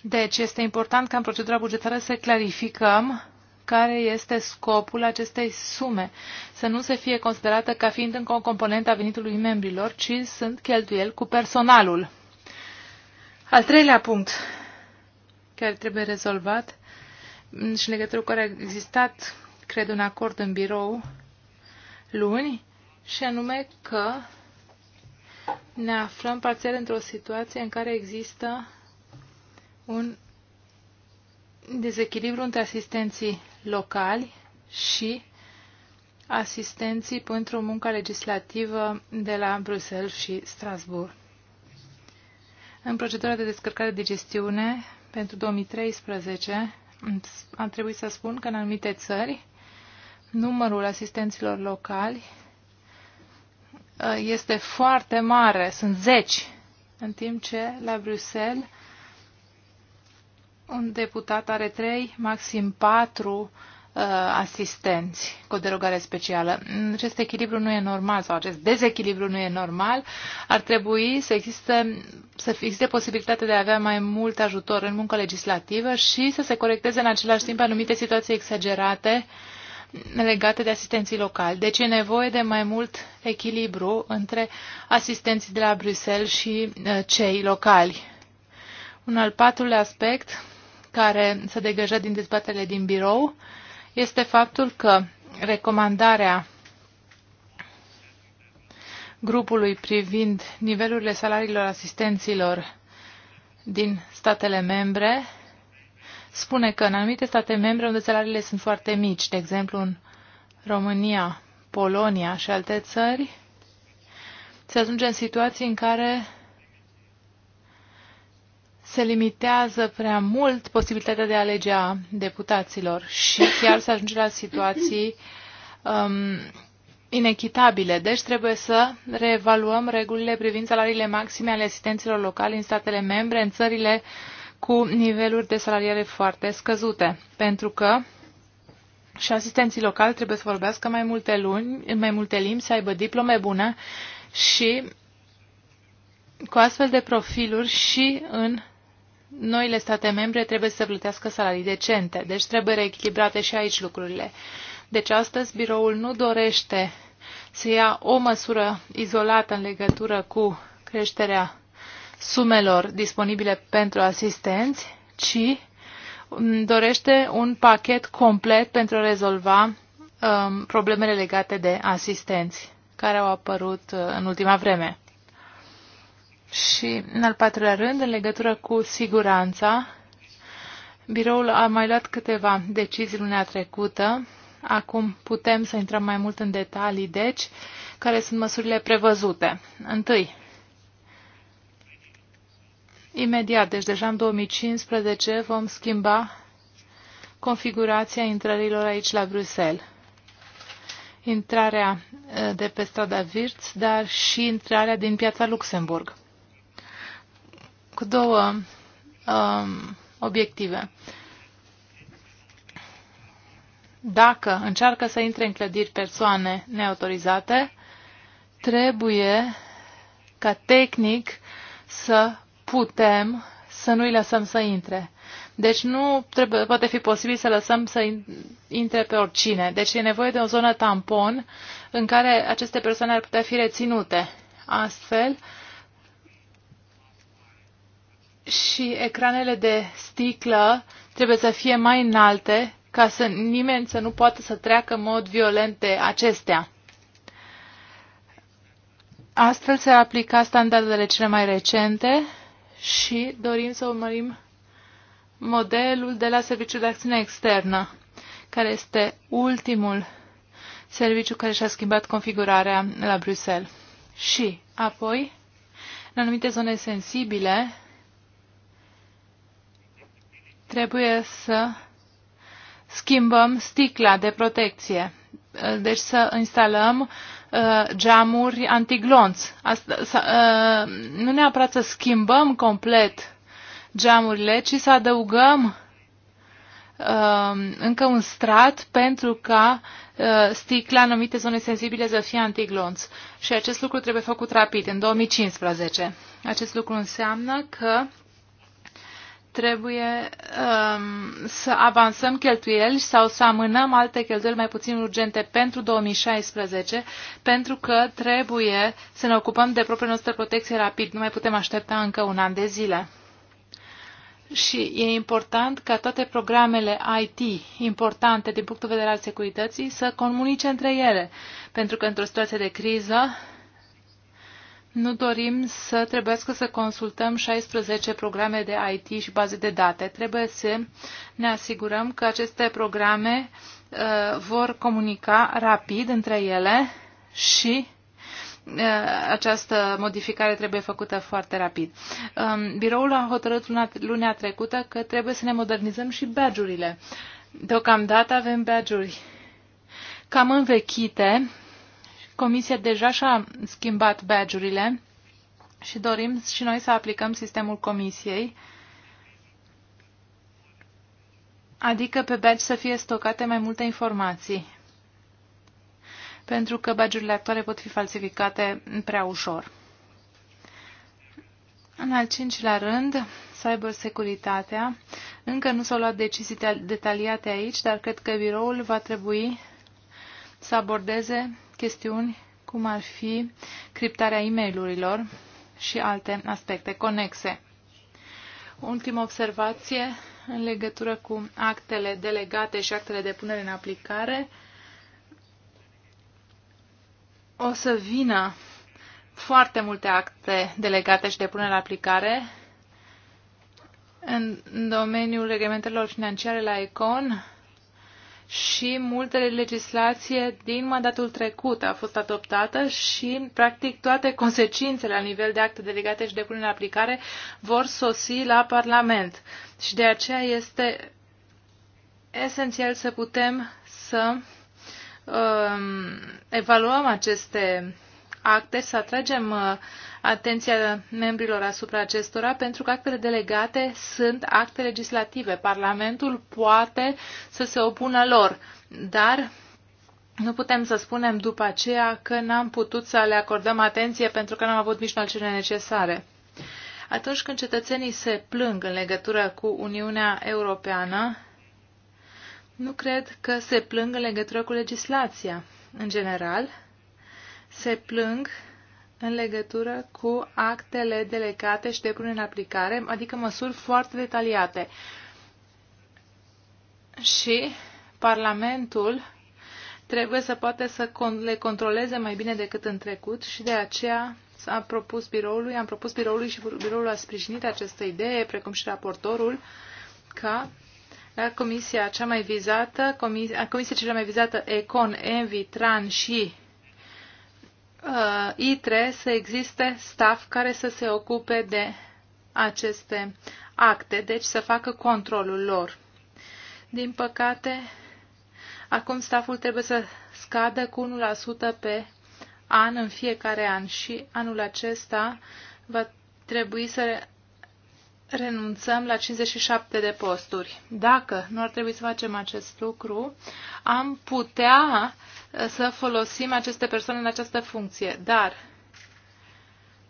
Deci este important ca în procedura bugetară să clarificăm care este scopul acestei sume, să nu se fie considerată ca fiind încă o componentă a venitului membrilor, ci sunt cheltuieli cu personalul. Al treilea punct care trebuie rezolvat și în legătură cu care a existat, cred, un acord în birou luni, și anume că ne aflăm parțial într-o situație în care există un dezechilibru între asistenții locali și asistenții pentru munca legislativă de la Bruxelles și Strasbourg. În procedura de descărcare de gestiune pentru 2013 am trebuit să spun că în anumite țări numărul asistenților locali Uh, este foarte mare, sunt zeci, în timp ce la Bruxelles un deputat are trei, maxim patru uh, asistenți cu o derogare specială. Mm, acest echilibru nu e normal sau acest dezechilibru nu e normal. Ar trebui să existe, să existe posibilitatea de a avea mai mult ajutor în muncă legislativă și să se corecteze în același timp anumite situații exagerate uh, legate de asistenții locali. Deci e nevoie de mai mult echilibru între asistenții de la Bruxelles și uh, cei locali. Un al patrulea aspect care se degajă din dezbatele din birou este faptul că recomandarea grupului privind nivelurile salariilor asistenților din statele membre spune că în anumite state membre unde salariile sunt foarte mici, de exemplu în România, Polonia și alte țări, se ajunge în situații în care se limitează prea mult posibilitatea de a alege a deputaților și chiar se ajunge la situații um, inechitabile. Deci trebuie să reevaluăm regulile privind salariile maxime ale asistenților locali în statele membre, în țările uh, cu niveluri de salariere foarte scăzute, pentru că și asistenții locali trebuie să vorbească mai multe, luni, mai multe limbi, să aibă diplome bune și cu astfel de profiluri și în noile state membre trebuie să plătească salarii decente. Deci trebuie reechilibrate și aici lucrurile. Deci astăzi biroul nu dorește să ia o măsură izolată în legătură cu creșterea sumelor disponibile pentru asistenți, ci mm, dorește un pachet complet pentru a rezolva um, problemele legate de asistenți care au apărut uh, în ultima vreme. Și, în al patrulea rând, în legătură cu siguranța, biroul a mai luat câteva decizii lunea trecută. Acum putem să intrăm mai mult în detalii, deci, care sunt măsurile prevăzute. Întâi, imediat, deci deja în 2015 vom schimba configurația intrărilor aici la Bruxelles. Intrarea de pe strada Virț, dar și intrarea din piața Luxemburg. Cu două um, obiective. Dacă încearcă să intre în clădiri persoane neautorizate, trebuie ca tehnic să putem să nu-i lăsăm să intre. Deci nu trebuie, poate fi posibil să lăsăm să intre pe oricine. Deci e nevoie de o zonă tampon în care aceste persoane ar putea fi reținute. Astfel, și ecranele de sticlă trebuie să fie mai înalte ca să nimeni să nu poată să treacă în mod violent de acestea. Astfel se aplica standardele cele mai recente și dorim să urmărim modelul de la Serviciul de Acțiune Externă, care este ultimul serviciu care și-a schimbat configurarea la Bruxelles. Și apoi, în anumite zone sensibile, trebuie să schimbăm sticla de protecție. Deci să instalăm uh, uh, geamuri antiglonț. Asta, uh, nu neapărat să schimbăm complet geamurile, ci să adăugăm uh, încă un strat pentru ca uh, sticla în anumite zone sensibile să fie antiglonț. Și acest lucru trebuie făcut rapid, în 2015. Acest lucru înseamnă că trebuie um, să avansăm cheltuieli sau să amânăm alte cheltuieli mai puțin urgente pentru 2016, pentru că trebuie să ne ocupăm de propria noastră protecție rapid. Nu mai putem aștepta încă un an de zile. Și e important ca toate programele IT importante din punctul de vedere al securității să comunice între ele, pentru că într-o situație de criză nu dorim să trebuiască să consultăm 16 programe de IT și baze de date. Trebuie să ne asigurăm că aceste programe uh, vor comunica rapid între ele și uh, această modificare trebuie făcută foarte rapid. Um, biroul a hotărât luna, lunea trecută că trebuie să ne modernizăm și badge-urile. Deocamdată avem badge-uri cam învechite, Comisia deja și-a schimbat badge-urile și dorim și noi să aplicăm sistemul Comisiei, adică pe badge să fie stocate mai multe informații, pentru că badge-urile actuale pot fi falsificate prea ușor. În al cincilea rând, cybersecuritatea. Încă nu s-au luat decizii detaliate aici, dar cred că biroul va trebui să abordeze chestiuni cum ar fi criptarea e mail și alte aspecte conexe. Ultima observație în legătură cu actele delegate și actele de punere în aplicare. O să vină foarte multe acte delegate și de punere în aplicare în domeniul reglementărilor financiare la ECON și multe legislație din mandatul trecut a fost adoptată și, practic, toate consecințele la nivel de acte delegate și de pune în aplicare vor sosi la Parlament. Și de aceea este esențial să putem să um, evaluăm aceste acte, să atragem uh, atenția membrilor asupra acestora, pentru că actele delegate sunt acte legislative. Parlamentul poate să se opună lor, dar nu putem să spunem după aceea că n-am putut să le acordăm atenție pentru că n-am avut mijloacele necesare. Atunci când cetățenii se plâng în legătură cu Uniunea Europeană, nu cred că se plâng în legătură cu legislația. În general, se plâng în legătură cu actele delegate și de pune în aplicare, adică măsuri foarte detaliate. Și Parlamentul trebuie să poate să le controleze mai bine decât în trecut și de aceea a propus biroului, am propus biroului și biroul a sprijinit această idee, precum și raportorul, ca la comisia cea mai vizată, comisia, comisia cea mai vizată, Econ, Envi, Tran și uh, ITRE să existe staff care să se ocupe de aceste acte, deci să facă controlul lor. Din păcate, acum staful trebuie să scadă cu 1% pe an în fiecare an și anul acesta va trebui să renunțăm la 57 de posturi. Dacă nu ar trebui să facem acest lucru, am putea să folosim aceste persoane în această funcție. Dar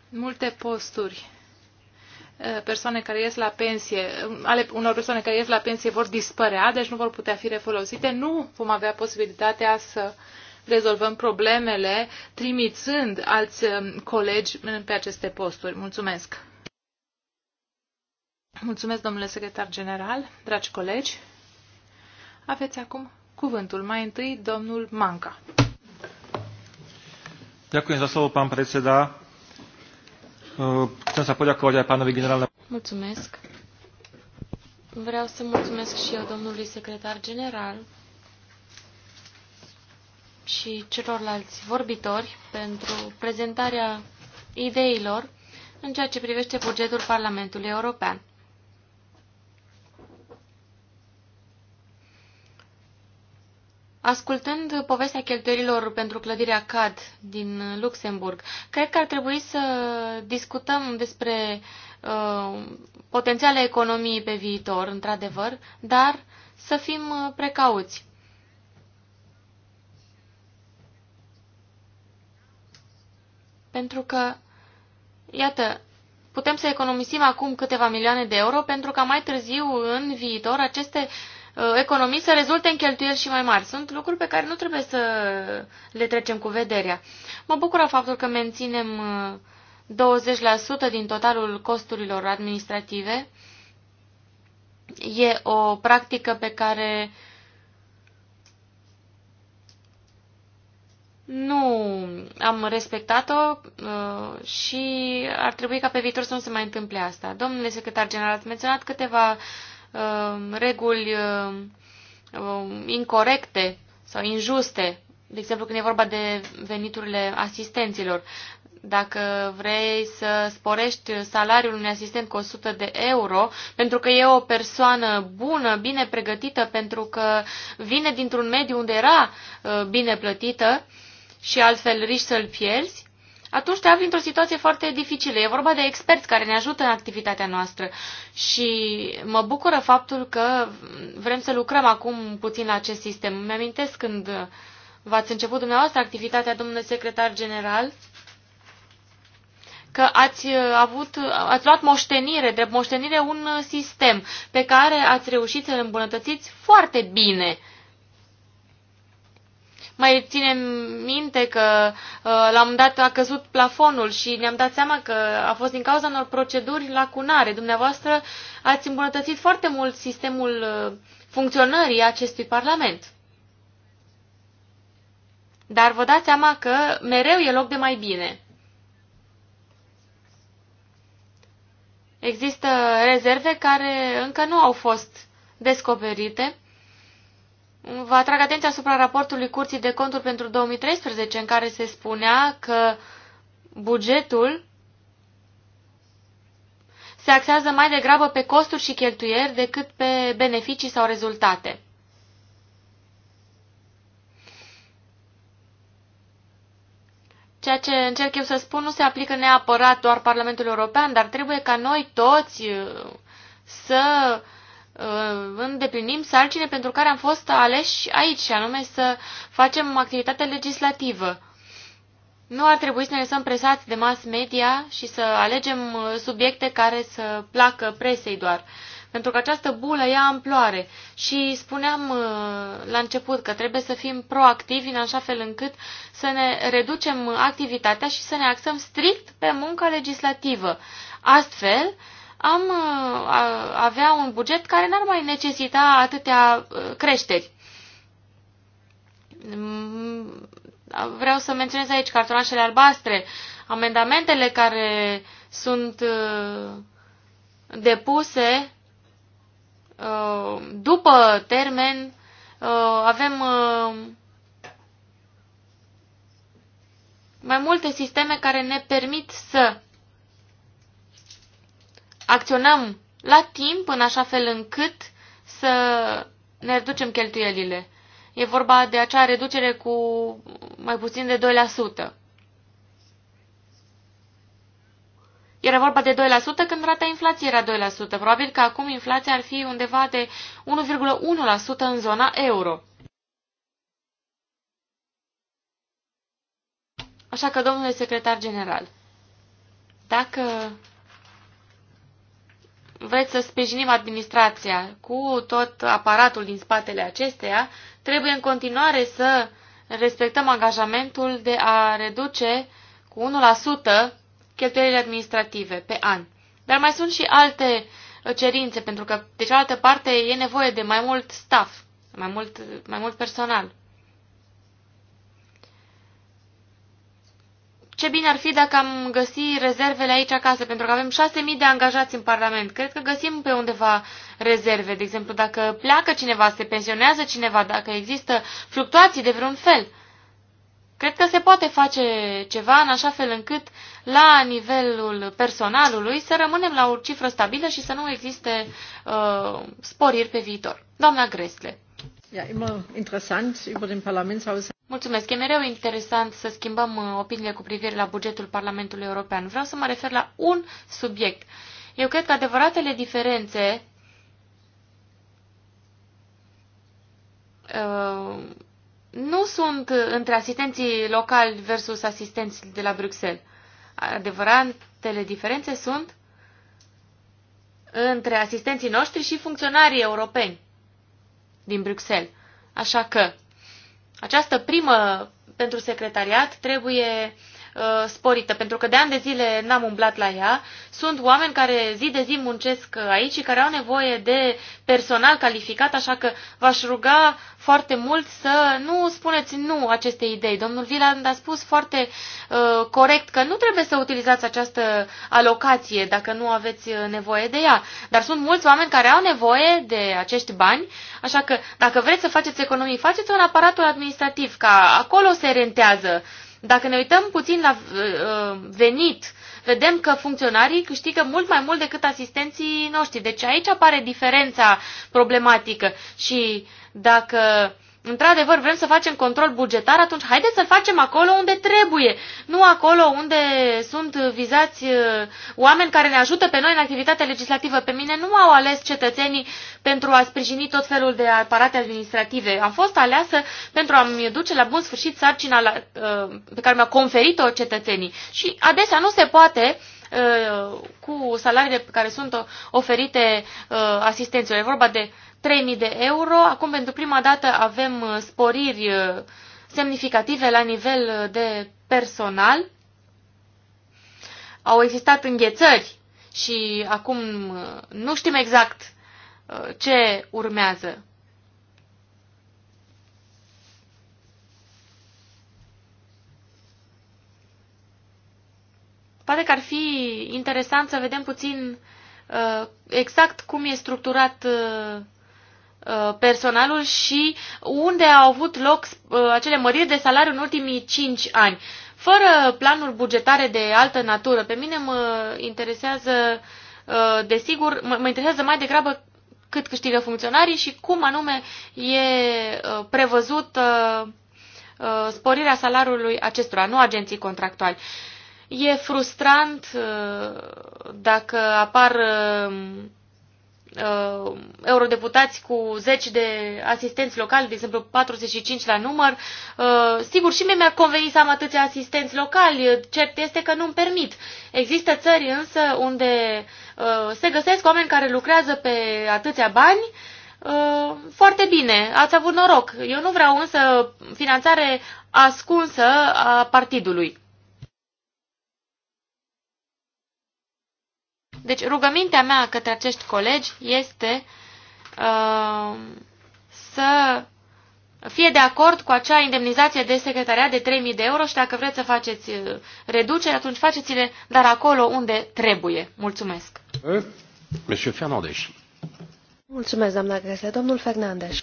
multe posturi eh, persoane care ies la pensie, ale unor persoane care ies la pensie vor dispărea, deci nu vor putea fi refolosite, nu vom avea posibilitatea să rezolvăm problemele trimițând alți eh, colegi pe aceste posturi. Mulțumesc! Mulțumesc, domnule secretar general, dragi colegi. Aveți acum cuvântul. Mai întâi, domnul Manca. Ďakujem za slovo, pán predseda. Chcem sa poďakovať aj pánovi generálnemu. Mulțumesc. Vreau să mulțumesc și eu domnului secretar general și celorlalți vorbitori pentru prezentarea ideilor în ceea ce privește bugetul Parlamentului European. Ascultând povestea cheltuielilor pentru clădirea CAD din Luxemburg, cred că ar trebui să discutăm despre uh, potențiale economii pe viitor, într-adevăr, dar să fim uh, precauți. Pentru că, iată, putem să economisim acum câteva milioane de euro pentru ca mai târziu, în viitor, aceste uh, Uh, economii să rezulte în cheltuieli și mai mari. Sunt lucruri pe care nu trebuie să le trecem cu vederea. Mă bucură faptul că menținem 20% uh, din totalul costurilor administrative. E o practică pe care nu am respectat-o uh, și ar trebui ca pe viitor să nu se mai întâmple asta. Domnule secretar general, ați menționat câteva Um, reguli um, um, incorrecte sau injuste, de exemplu când e vorba de veniturile asistenților. Dacă vrei să sporești salariul unui asistent cu 100 de euro, pentru că e o persoană bună, bine pregătită, pentru că vine dintr-un mediu unde era uh, bine plătită și altfel riști să-l pierzi, atunci te afli într-o situație foarte dificilă. E vorba de experți care ne ajută în activitatea noastră și mă bucură faptul că vrem să lucrăm acum puțin la acest sistem. Mi-amintesc când v-ați început dumneavoastră activitatea, domnule secretar general, că ați, uh, avut, ați luat moștenire, drept moștenire, un uh, sistem pe care ați reușit să-l îmbunătățiți foarte bine – mai ținem minte că uh, la un dat a căzut plafonul și ne-am dat seama că a fost din cauza unor proceduri lacunare. Dumneavoastră ați îmbunătățit foarte mult sistemul uh, funcționării acestui Parlament. Dar vă dați seama că mereu e loc de mai bine. Există rezerve care încă nu au fost descoperite Vă atrag atenția asupra raportului Curții de Conturi pentru 2013, în care se spunea că bugetul se axează mai degrabă pe costuri și cheltuieri decât pe beneficii sau rezultate. Ceea ce încerc eu să spun nu se aplică neapărat doar Parlamentul European, dar trebuie ca noi toți să Uh, îndeplinim sarcine pentru care am fost aleși aici, și anume să facem activitate legislativă. Nu ar trebui să ne lăsăm presați de mass media și să alegem uh, subiecte care să placă presei doar. Pentru că această bulă ia amploare și spuneam uh, la început că trebuie să fim proactivi în așa fel încât să ne reducem activitatea și să ne axăm strict pe munca legislativă. Astfel, am uh, avea un buget care n-ar mai necesita atâtea uh, creșteri. Mm, vreau să menționez aici cartonașele albastre, amendamentele care sunt uh, depuse după termen avem mai multe sisteme care ne permit să acționăm la timp în așa fel încât să ne reducem cheltuielile. E vorba de acea reducere cu mai puțin de 2%. Era vorba de 2% când rata inflației era 2%. Probabil că acum inflația ar fi undeva de 1,1% în zona euro. Așa că, domnule secretar general, dacă vreți să sprijinim administrația cu tot aparatul din spatele acesteia, trebuie în continuare să respectăm angajamentul de a reduce cu 1% cheltuielile administrative pe an. Dar mai sunt și alte uh, cerințe, pentru că, de cealaltă parte, e nevoie de mai mult staff, mai mult, mai mult personal. ce bine ar fi dacă am găsi rezervele aici acasă, pentru că avem 6.000 de angajați în Parlament. Cred că găsim pe undeva rezerve. De exemplu, dacă pleacă cineva, se pensionează cineva, dacă există fluctuații de vreun fel. Cred că se poate face ceva în așa fel încât la nivelul personalului să rămânem la o cifră stabilă și să nu existe uh, sporiri pe viitor. Doamna Gresle. Mulțumesc. E mereu interesant să schimbăm uh, opiniile cu privire la bugetul Parlamentului European. Vreau să mă refer la un subiect. Eu cred că adevăratele diferențe uh, nu sunt între asistenții locali versus asistenții de la Bruxelles. Adevăratele diferențe sunt între asistenții noștri și funcționarii europeni din Bruxelles. Așa că această primă pentru secretariat trebuie Uh, sporită, pentru că de ani de zile n-am umblat la ea. Sunt oameni care zi de zi muncesc uh, aici și care au nevoie de personal calificat, așa că v-aș ruga foarte mult să nu spuneți nu aceste idei. Domnul Viland a spus foarte uh, corect că nu trebuie să utilizați această alocație dacă nu aveți uh, nevoie de ea. Dar sunt mulți oameni care au nevoie de acești bani, așa că dacă vreți să faceți economii, faceți un aparatul administrativ, ca acolo se rentează uh, dacă ne uităm puțin la uh, uh, venit, vedem că funcționarii câștigă mult mai mult decât asistenții noștri. Deci aici apare diferența problematică și dacă uh, într-adevăr vrem să facem control bugetar, atunci haideți să facem acolo unde trebuie, nu acolo unde sunt vizați uh, oameni care ne ajută pe noi în activitatea legislativă. Pe mine nu au ales cetățenii pentru a sprijini tot felul de aparate administrative. Am fost aleasă pentru a-mi duce la bun sfârșit sarcina la, uh, pe care mi-a conferit-o cetățenii. Și adesea nu se poate uh, cu salariile pe care sunt oferite asistenților. E vorba de 3.000 de euro. Acum, pentru prima dată, avem uh, sporiri uh, semnificative la nivel uh, de personal. Au existat înghețări și acum nu știm exact ce urmează. Poate că ar fi interesant să vedem puțin exact cum e structurat Uh, personalul și unde au avut loc uh, acele măriri de salariu în ultimii 5 ani. Fără planuri bugetare de altă natură, pe mine mă interesează, uh, desigur, mă interesează mai degrabă cât câștigă funcționarii și cum anume e prevăzut sporirea salariului acestora, nu agenții contractuali. E frustrant dacă apar uh, eurodeputați cu zeci de asistenți locali, de exemplu 45 la număr. Uh, sigur, și mie mi-ar conveni să am atâția asistenți locali, cert este că nu-mi permit. Există țări însă unde uh, se găsesc oameni care lucrează pe atâția bani uh, foarte bine, ați avut noroc. Eu nu vreau însă finanțare ascunsă a partidului. Deci rugămintea mea către acești colegi este uh, să fie de acord cu acea indemnizație de secretariat de 3.000 de euro și dacă vreți să faceți uh, reducere, atunci faceți-le, dar acolo unde trebuie. Mulțumesc. Monsieur Fernandez. Mulțumesc, doamna Grese. Domnul Fernandez.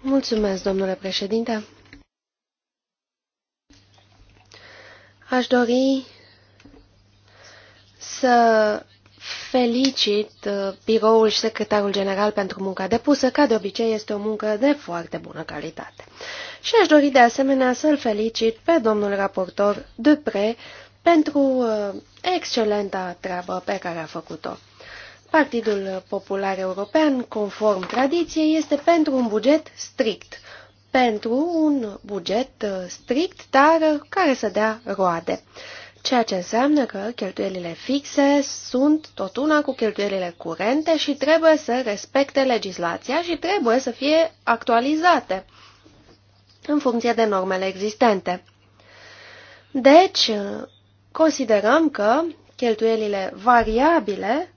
Mulțumesc, domnule președinte. Aș dori să felicit uh, biroul și secretarul general pentru munca depusă, ca de obicei este o muncă de foarte bună calitate. Și aș dori de asemenea să-l felicit pe domnul raportor Dupre pentru uh, excelenta treabă pe care a făcut-o. Partidul Popular European, conform tradiției, este pentru un buget strict, pentru un buget uh, strict, dar care să dea roade ceea ce înseamnă că cheltuielile fixe sunt tot una cu cheltuielile curente și trebuie să respecte legislația și trebuie să fie actualizate în funcție de normele existente. Deci, considerăm că cheltuielile variabile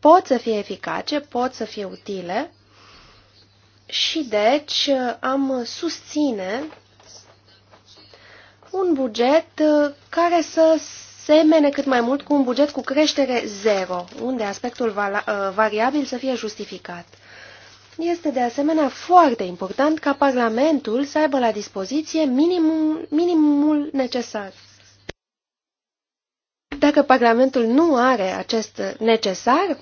pot să fie eficace, pot să fie utile și deci am susține un buget uh, care să semene cât mai mult cu un buget cu creștere zero, unde aspectul uh, variabil să fie justificat. Este de asemenea foarte important ca Parlamentul să aibă la dispoziție minimum, minimul necesar. Dacă Parlamentul nu are acest necesar,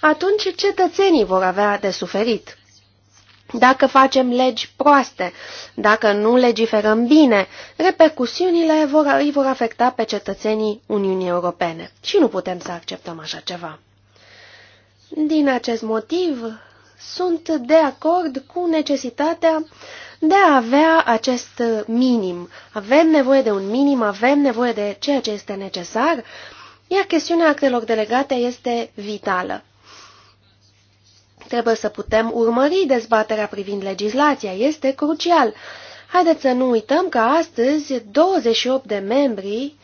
atunci cetățenii vor avea de suferit. Dacă facem legi proaste, dacă nu legiferăm bine, repercusiunile vor, îi vor afecta pe cetățenii Uniunii Europene și nu putem să acceptăm așa ceva. Din acest motiv, sunt de acord cu necesitatea de a avea acest minim. Avem nevoie de un minim, avem nevoie de ceea ce este necesar, iar chestiunea actelor delegate este vitală. Trebuie să putem urmări dezbaterea privind legislația, este crucial. Haideți să nu uităm că astăzi 28 de membri,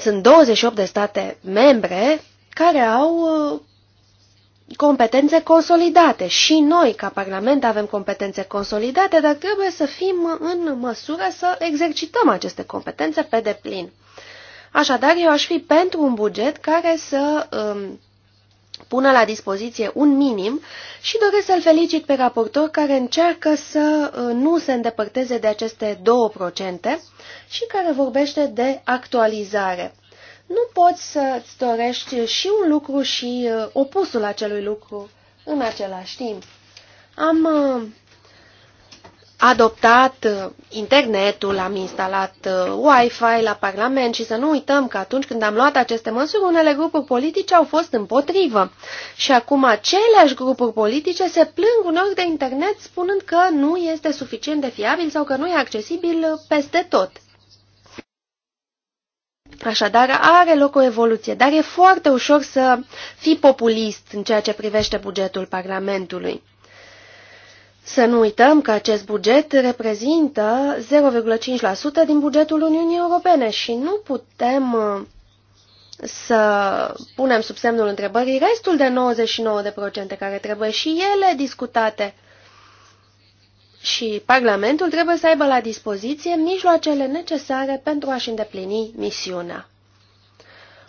sunt 28 de state membre care au uh, competențe consolidate. Și noi, ca Parlament, avem competențe consolidate, dar trebuie să fim în măsură să exercităm aceste competențe pe deplin. Așadar, eu aș fi pentru un buget care să um, pună la dispoziție un minim și doresc să-l felicit pe raportor care încearcă să uh, nu se îndepărteze de aceste 2% și care vorbește de actualizare. Nu poți să-ți dorești și un lucru și uh, opusul acelui lucru în același timp. Am uh, adoptat uh, internetul, am instalat uh, Wi-Fi la Parlament și să nu uităm că atunci când am luat aceste măsuri, unele grupuri politice au fost împotrivă. Și acum aceleași grupuri politice se plâng uneori de internet spunând că nu este suficient de fiabil sau că nu e accesibil uh, peste tot. Așadar, are loc o evoluție, dar e foarte ușor să fii populist în ceea ce privește bugetul Parlamentului. Să nu uităm că acest buget reprezintă 0,5% din bugetul Uniunii Europene și nu putem uh, să punem sub semnul întrebării restul de 99% care trebuie și ele discutate. Și Parlamentul trebuie să aibă la dispoziție mijloacele necesare pentru a-și îndeplini misiunea.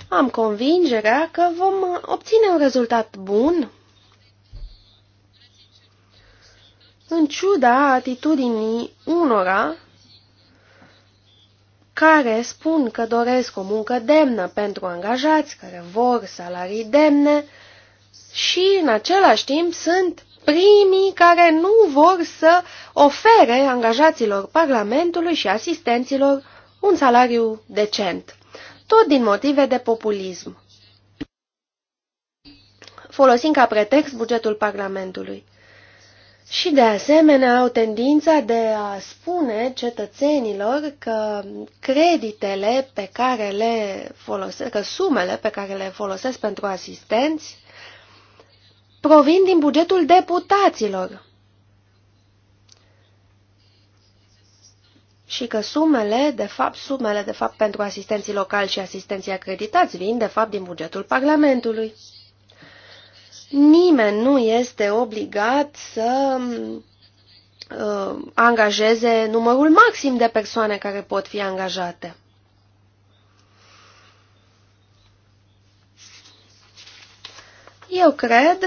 Am convingerea că vom obține un rezultat bun în ciuda atitudinii unora care spun că doresc o muncă demnă pentru angajați, care vor salarii demne și, în același timp, sunt primii care nu vor să ofere angajaților Parlamentului și asistenților un salariu decent, tot din motive de populism, folosind ca pretext bugetul Parlamentului. Și de asemenea au tendința de a spune cetățenilor că creditele pe care le folosesc, că sumele pe care le folosesc pentru asistenți provin din bugetul deputaților. Și că sumele, de fapt, sumele, de fapt, pentru asistenții locali și asistenții acreditați vin, de fapt, din bugetul Parlamentului. Nimeni nu este obligat să uh, angajeze numărul maxim de persoane care pot fi angajate. Eu cred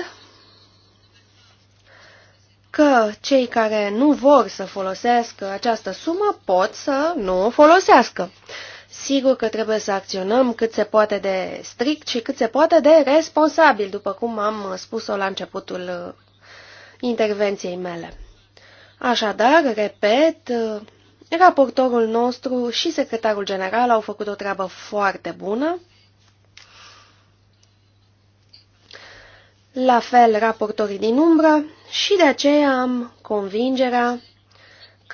că cei care nu vor să folosească această sumă pot să nu o folosească. Uh, Sigur că trebuie să acționăm cât se poate de strict și cât se poate de responsabil, după cum am spus-o la începutul uh, intervenției mele. Așadar, repet, uh, raportorul nostru și secretarul general au făcut o treabă foarte bună. La fel, raportorii din umbră și de aceea am convingerea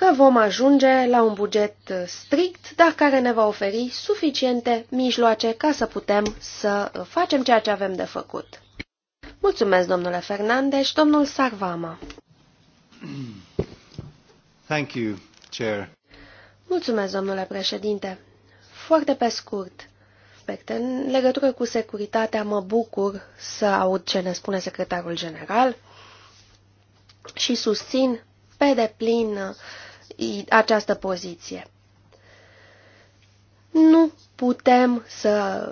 că vom ajunge la un buget strict, dar care ne va oferi suficiente mijloace ca să putem să facem ceea ce avem de făcut. Mulțumesc, domnule Fernandez, domnul Sarvama. Thank you, Chair. Mulțumesc, domnule președinte. Foarte pe scurt. În legătură cu securitatea, mă bucur să aud ce ne spune secretarul general și susțin pe deplin această poziție. Nu putem să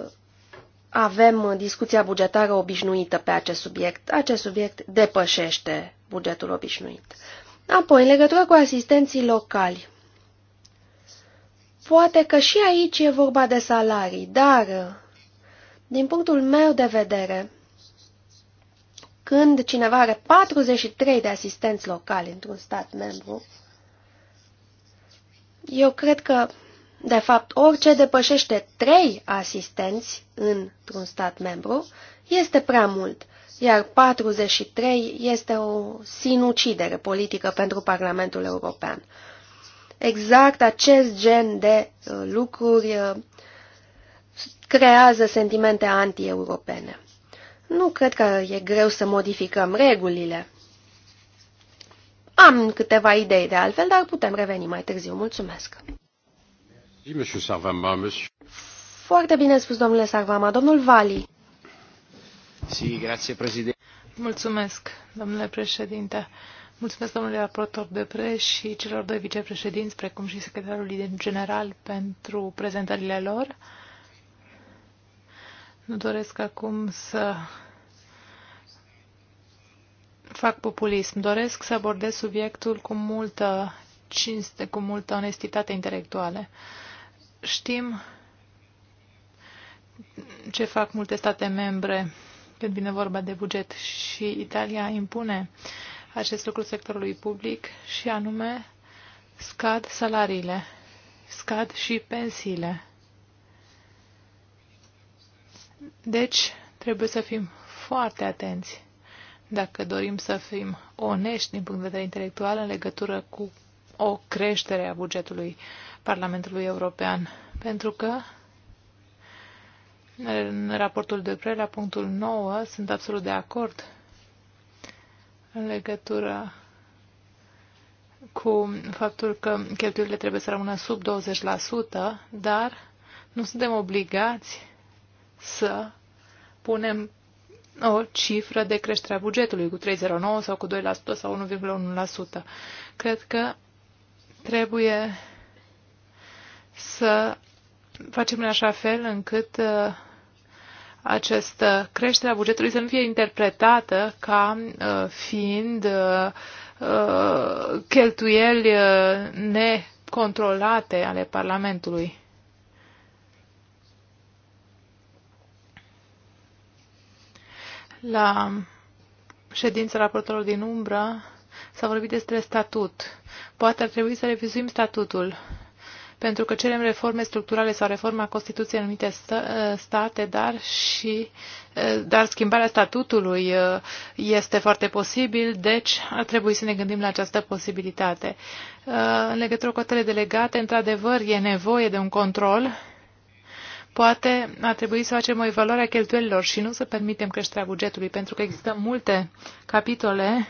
avem discuția bugetară obișnuită pe acest subiect. Acest subiect depășește bugetul obișnuit. Apoi, în legătură cu asistenții locali. Poate că și aici e vorba de salarii, dar, din punctul meu de vedere, când cineva are 43 de asistenți locali într-un stat membru, eu cred că, de fapt, orice depășește trei asistenți într-un stat membru este prea mult, iar 43 este o sinucidere politică pentru Parlamentul European. Exact acest gen de uh, lucruri uh, creează sentimente anti-europene. Nu cred că e greu să modificăm regulile. Am câteva idei de altfel, dar putem reveni mai târziu. Mulțumesc. Foarte bine spus, domnule Sarvama. Domnul Vali. Si, grazie, președinte. Mulțumesc, domnule președinte. Mulțumesc domnule raportor de preș și celor doi vicepreședinți, precum și secretarului general, pentru prezentările lor. Nu doresc acum să fac populism. Doresc să abordez subiectul cu multă cinste, cu multă onestitate intelectuală. Știm ce fac multe state membre când vine vorba de buget și Italia impune acest lucru sectorului public și anume scad salariile, scad și pensiile. Deci trebuie să fim foarte atenți dacă dorim să fim onești din punct de vedere intelectual în legătură cu o creștere a bugetului Parlamentului European. Pentru că în raportul de pre, la punctul 9, sunt absolut de acord în legătură cu faptul că cheltuielile trebuie să rămână sub 20%, dar nu suntem obligați să punem o cifră de creștere a bugetului cu 3,09 sau cu 2% sau 1,1%. Cred că trebuie să facem în așa fel încât uh, această creștere a bugetului să nu fie interpretată ca uh, fiind uh, cheltuieli necontrolate ale Parlamentului. La ședința raportorilor din umbră s-a vorbit despre statut. Poate ar trebui să revizuim statutul, pentru că cerem reforme structurale sau reforma Constituției în anumite ă, state, dar și ă, dar schimbarea statutului ă, este foarte posibil, deci ar trebui să ne gândim la această posibilitate. În legătură cu cotele delegate, într-adevăr, e nevoie de un control Poate ar trebui să facem o evaluare a cheltuielilor și nu să permitem creșterea bugetului, pentru că există multe capitole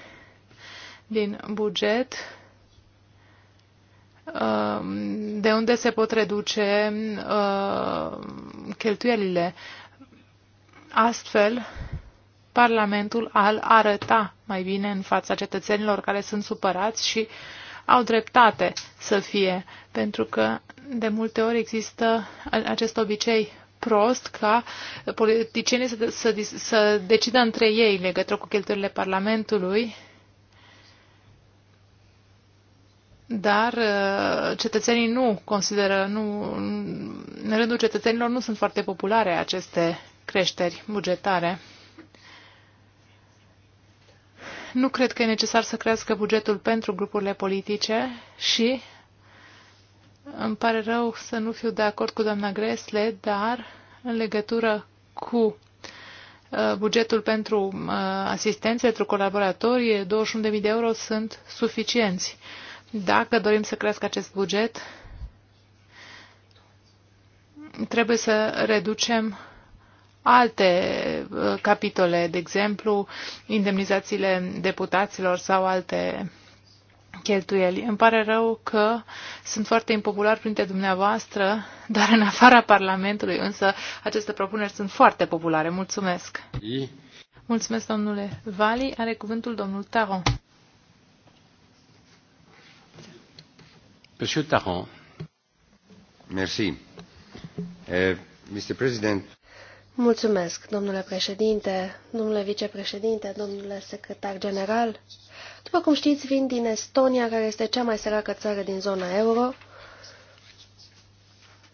din buget uh, de unde se pot reduce uh, cheltuielile. Astfel, Parlamentul al arăta mai bine în fața cetățenilor care sunt supărați și uh, au dreptate să fie, pentru că de multe ori există acest obicei prost ca politicienii să, să, să decidă între ei legătură cu cheltuielile Parlamentului, dar uh, cetățenii nu consideră, nu, în rândul cetățenilor nu sunt foarte populare aceste creșteri bugetare nu cred că e necesar să crească bugetul pentru grupurile politice și îmi pare rău să nu fiu de acord cu doamna Gresle, dar în legătură cu uh, bugetul pentru uh, asistență, pentru colaboratori, 21.000 de euro sunt suficienți. Dacă dorim să crească acest buget, trebuie să reducem alte uh, capitole, de exemplu, indemnizațiile deputaților sau alte cheltuieli. Îmi pare rău că sunt foarte impopular printre dumneavoastră, dar în afara Parlamentului, însă aceste propuneri sunt foarte populare. Mulțumesc! I Mulțumesc, domnule Vali. Are cuvântul domnul Taron. Monsieur Taron. Merci. Uh, eh, Mr. President. Mulțumesc, domnule președinte, domnule vicepreședinte, domnule secretar general. După cum știți, vin din Estonia, care este cea mai săracă țară din zona euro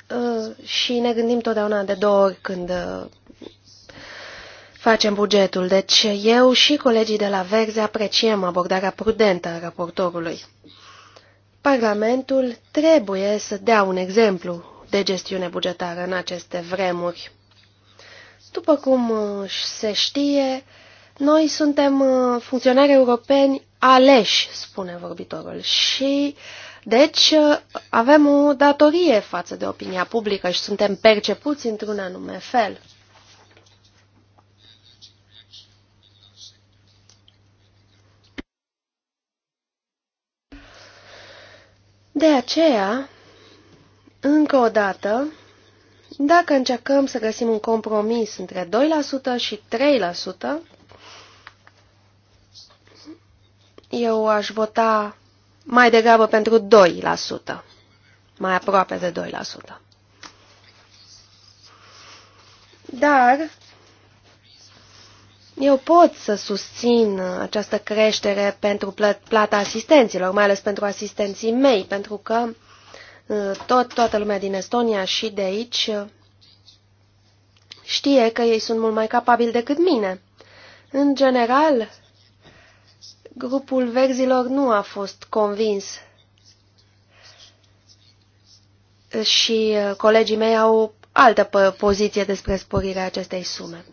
uh, și ne gândim totdeauna de două ori când uh, facem bugetul. Deci eu și colegii de la Verzi apreciem abordarea prudentă a raportorului. Parlamentul trebuie să dea un exemplu de gestiune bugetară în aceste vremuri. După cum uh, se știe, noi suntem uh, funcționari europeni aleși, spune vorbitorul, și deci uh, avem o datorie față de opinia publică și suntem percepuți într-un anume fel. De aceea, încă o dată, dacă încercăm să găsim un compromis între 2% și 3%, eu aș vota mai degrabă pentru 2%, mai aproape de 2%. Dar eu pot să susțin această creștere pentru plata asistenților, mai ales pentru asistenții mei, pentru că tot, toată lumea din Estonia și de aici știe că ei sunt mult mai capabili decât mine. În general, grupul verzilor nu a fost convins și colegii mei au altă poziție despre sporirea acestei sume.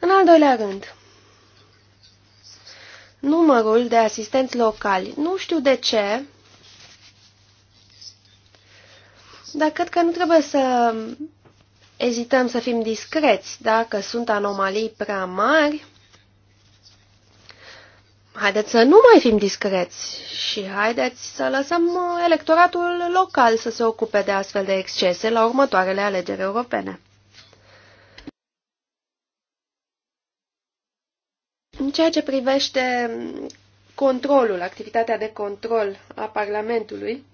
În al doilea rând, numărul de asistenți locali. Nu știu de ce, Dar cred că nu trebuie să ezităm să fim discreți. Dacă sunt anomalii prea mari, haideți să nu mai fim discreți și haideți să lăsăm electoratul local să se ocupe de astfel de excese la următoarele alegeri europene. În ceea ce privește controlul, activitatea de control a Parlamentului,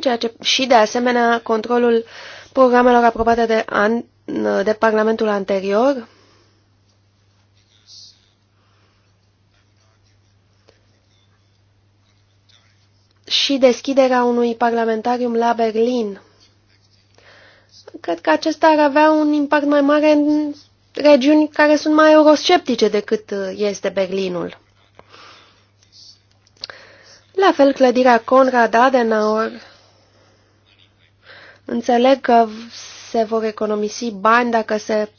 ceea ce, și, de asemenea, controlul programelor aprobate de, an, de Parlamentul anterior, și deschiderea unui parlamentarium la Berlin. Cred că acesta ar avea un impact mai mare în regiuni care sunt mai eurosceptice decât uh, este Berlinul. La fel, clădirea Conrad Adenauer Înțeleg că se vor economisi bani dacă se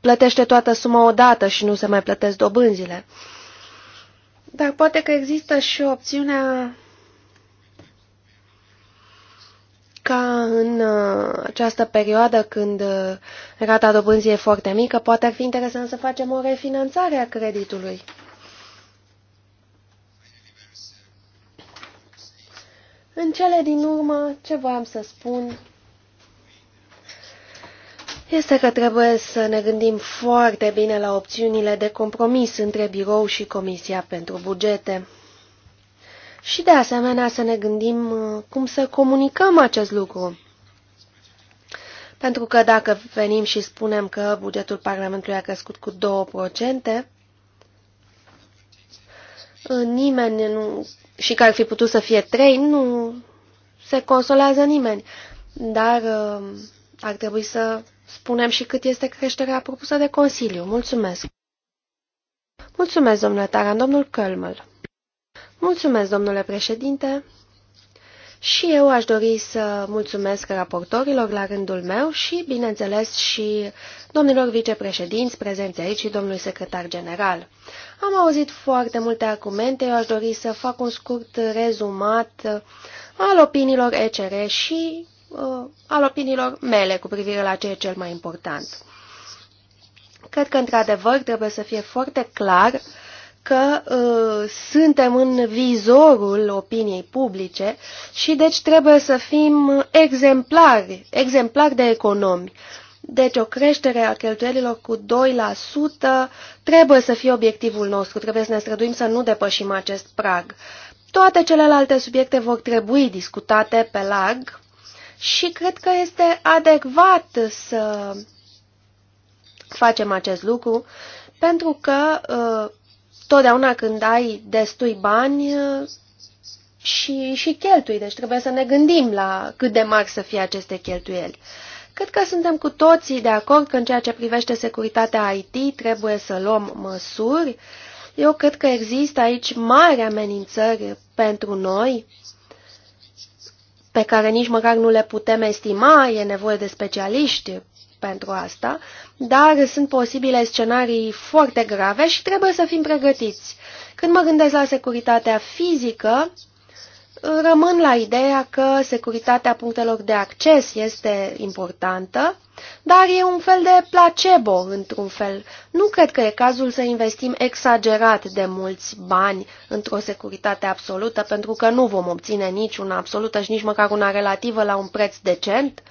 plătește toată suma odată și nu se mai plătesc dobânzile. Dar poate că există și opțiunea ca în uh, această perioadă când uh, rata dobânzii e foarte mică, poate ar fi interesant să facem o refinanțare a creditului. În cele din urmă, ce voiam să spun este că trebuie să ne gândim foarte bine la opțiunile de compromis între birou și Comisia pentru Bugete. Și de asemenea să ne gândim uh, cum să comunicăm acest lucru. Pentru că dacă venim și spunem că bugetul Parlamentului a crescut cu 2%, uh, nimeni nu, și că ar fi putut să fie 3, nu se consolează nimeni. Dar uh, ar trebui să spunem și cât este creșterea propusă de Consiliu. Mulțumesc! Mulțumesc, domnule Taran, domnul Kölmel. Mulțumesc, domnule președinte. Și eu aș dori să mulțumesc raportorilor la rândul meu și, bineînțeles, și domnilor vicepreședinți prezenți aici și domnului secretar general. Am auzit foarte multe argumente, eu aș dori să fac un scurt rezumat al opiniilor ECR și Uh, al opiniilor mele cu privire la ce e cel mai important. Cred că, într-adevăr, trebuie să fie foarte clar că uh, suntem în vizorul opiniei publice și deci trebuie să fim exemplari, exemplari de economi. Deci o creștere a cheltuielilor cu 2% trebuie să fie obiectivul nostru, trebuie să ne străduim să nu depășim acest prag. Toate celelalte subiecte vor trebui discutate pe larg și cred că este adecvat să facem acest lucru pentru că uh, totdeauna când ai destui bani uh, și, și cheltui, deci trebuie să ne gândim la cât de mari să fie aceste cheltuieli. Cred că suntem cu toții de acord că în ceea ce privește securitatea IT trebuie să luăm măsuri. Eu cred că există aici mari amenințări pentru noi pe care nici măcar nu le putem estima, e nevoie de specialiști pentru asta, dar sunt posibile scenarii foarte grave și trebuie să fim pregătiți. Când mă gândesc la securitatea fizică, Rămân la ideea că securitatea punctelor de acces este importantă, dar e un fel de placebo, într-un fel. Nu cred că e cazul să investim exagerat de mulți bani într-o securitate absolută, pentru că nu vom obține nici una absolută și nici măcar una relativă la un preț decent.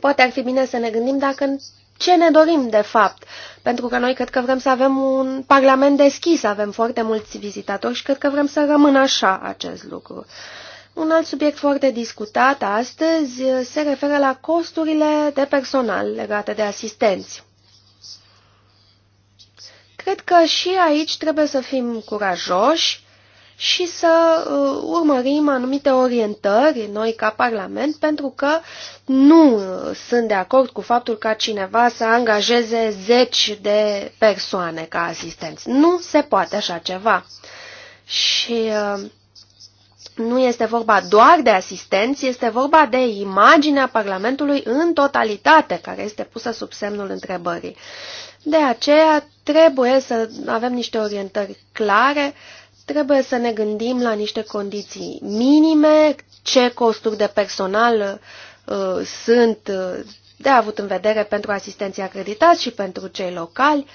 Poate ar fi bine să ne gândim dacă ce ne dorim de fapt. Pentru că noi cred că vrem să avem un parlament deschis, avem foarte mulți vizitatori și cred că vrem să rămână așa acest lucru. Un alt subiect foarte discutat astăzi se referă la costurile de personal legate de asistenți. Cred că și aici trebuie să fim curajoși și să uh, urmărim anumite orientări noi ca Parlament, pentru că nu uh, sunt de acord cu faptul ca cineva să angajeze zeci de persoane ca asistenți. Nu se poate așa ceva. Și uh, nu este vorba doar de asistenți, este vorba de imaginea Parlamentului în totalitate, care este pusă sub semnul întrebării. De aceea trebuie să avem niște orientări clare Trebuie să ne gândim la niște condiții minime, ce costuri de personal uh, sunt uh, de avut în vedere pentru asistenții acreditați și pentru cei locali.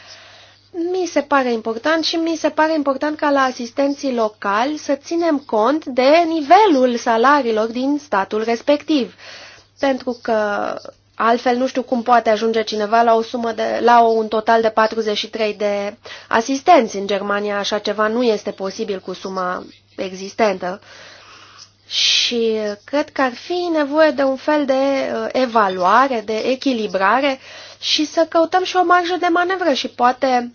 Mi se pare important și mi se pare important ca la asistenții locali să ținem cont de nivelul salariilor din statul respectiv. Pentru că Altfel, nu știu cum poate ajunge cineva la, o sumă de, la un total de 43 de asistenți în Germania. Așa ceva nu este posibil cu suma existentă. Și cred că ar fi nevoie de un fel de uh, evaluare, de echilibrare și să căutăm și o marjă de manevră și poate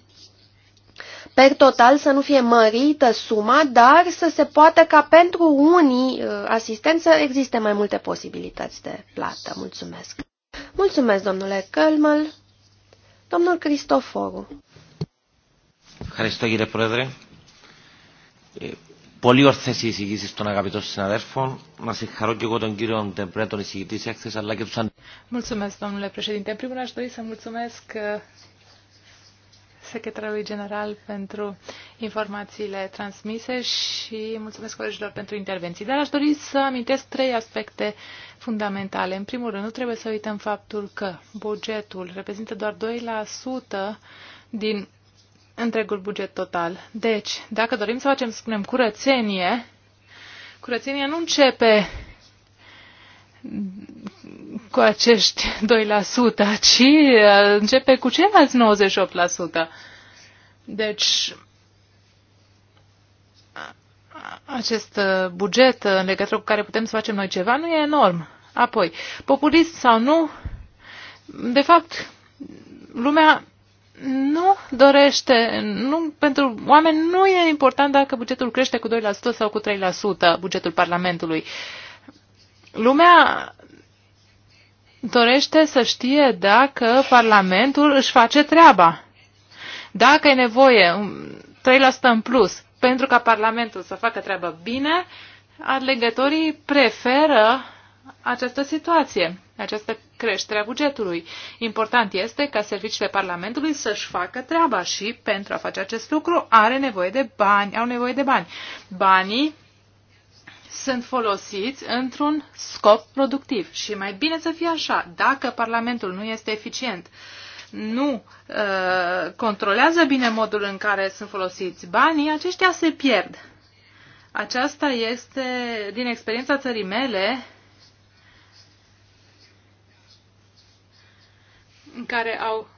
per total să nu fie mărită suma, dar să se poată ca pentru unii uh, asistenți să existe mai multe posibilități de plată. Mulțumesc! Mulțumesc, domnule Călmăl. Domnul Cristoforu. Ευχαριστώ κύριε Πρόεδρε. Πολύ ορθέ οι εισηγήσει των αγαπητών συναδέρφων. Να συγχαρώ και εγώ τον κύριο Ντεμπρέ, τον εισηγητή τη έκθεση, αλλά και του αντίστοιχου. Mulțumesc, domnule președinte. În primul rând, aș dori să mulțumesc secretarului general pentru informațiile transmise și mulțumesc colegilor pentru intervenții. Dar aș dori să amintesc trei aspecte fundamentale. În primul rând, nu trebuie să uităm faptul că bugetul reprezintă doar 2% din întregul buget total. Deci, dacă dorim să facem, spunem, curățenie, curățenia nu începe cu acești 2%, ci uh, începe cu ceilalți 98%. Deci, acest uh, buget în legătură cu care putem să facem noi ceva nu e enorm. Apoi, populist sau nu, de fapt, lumea nu dorește, nu, pentru oameni nu e important dacă bugetul crește cu 2% sau cu 3%, bugetul Parlamentului. Lumea dorește să știe dacă Parlamentul își face treaba. Dacă e nevoie 3% um, în plus pentru ca Parlamentul să facă treaba bine, alegătorii preferă această situație, această creștere a bugetului. Important este ca serviciile Parlamentului să-și facă treaba și pentru a face acest lucru are nevoie de bani, au nevoie de bani. Banii sunt folosiți într-un scop productiv. Și mai bine să fie așa. Dacă Parlamentul nu este eficient, nu uh, controlează bine modul în care sunt folosiți banii, aceștia se pierd. Aceasta este, din experiența țării mele, în care au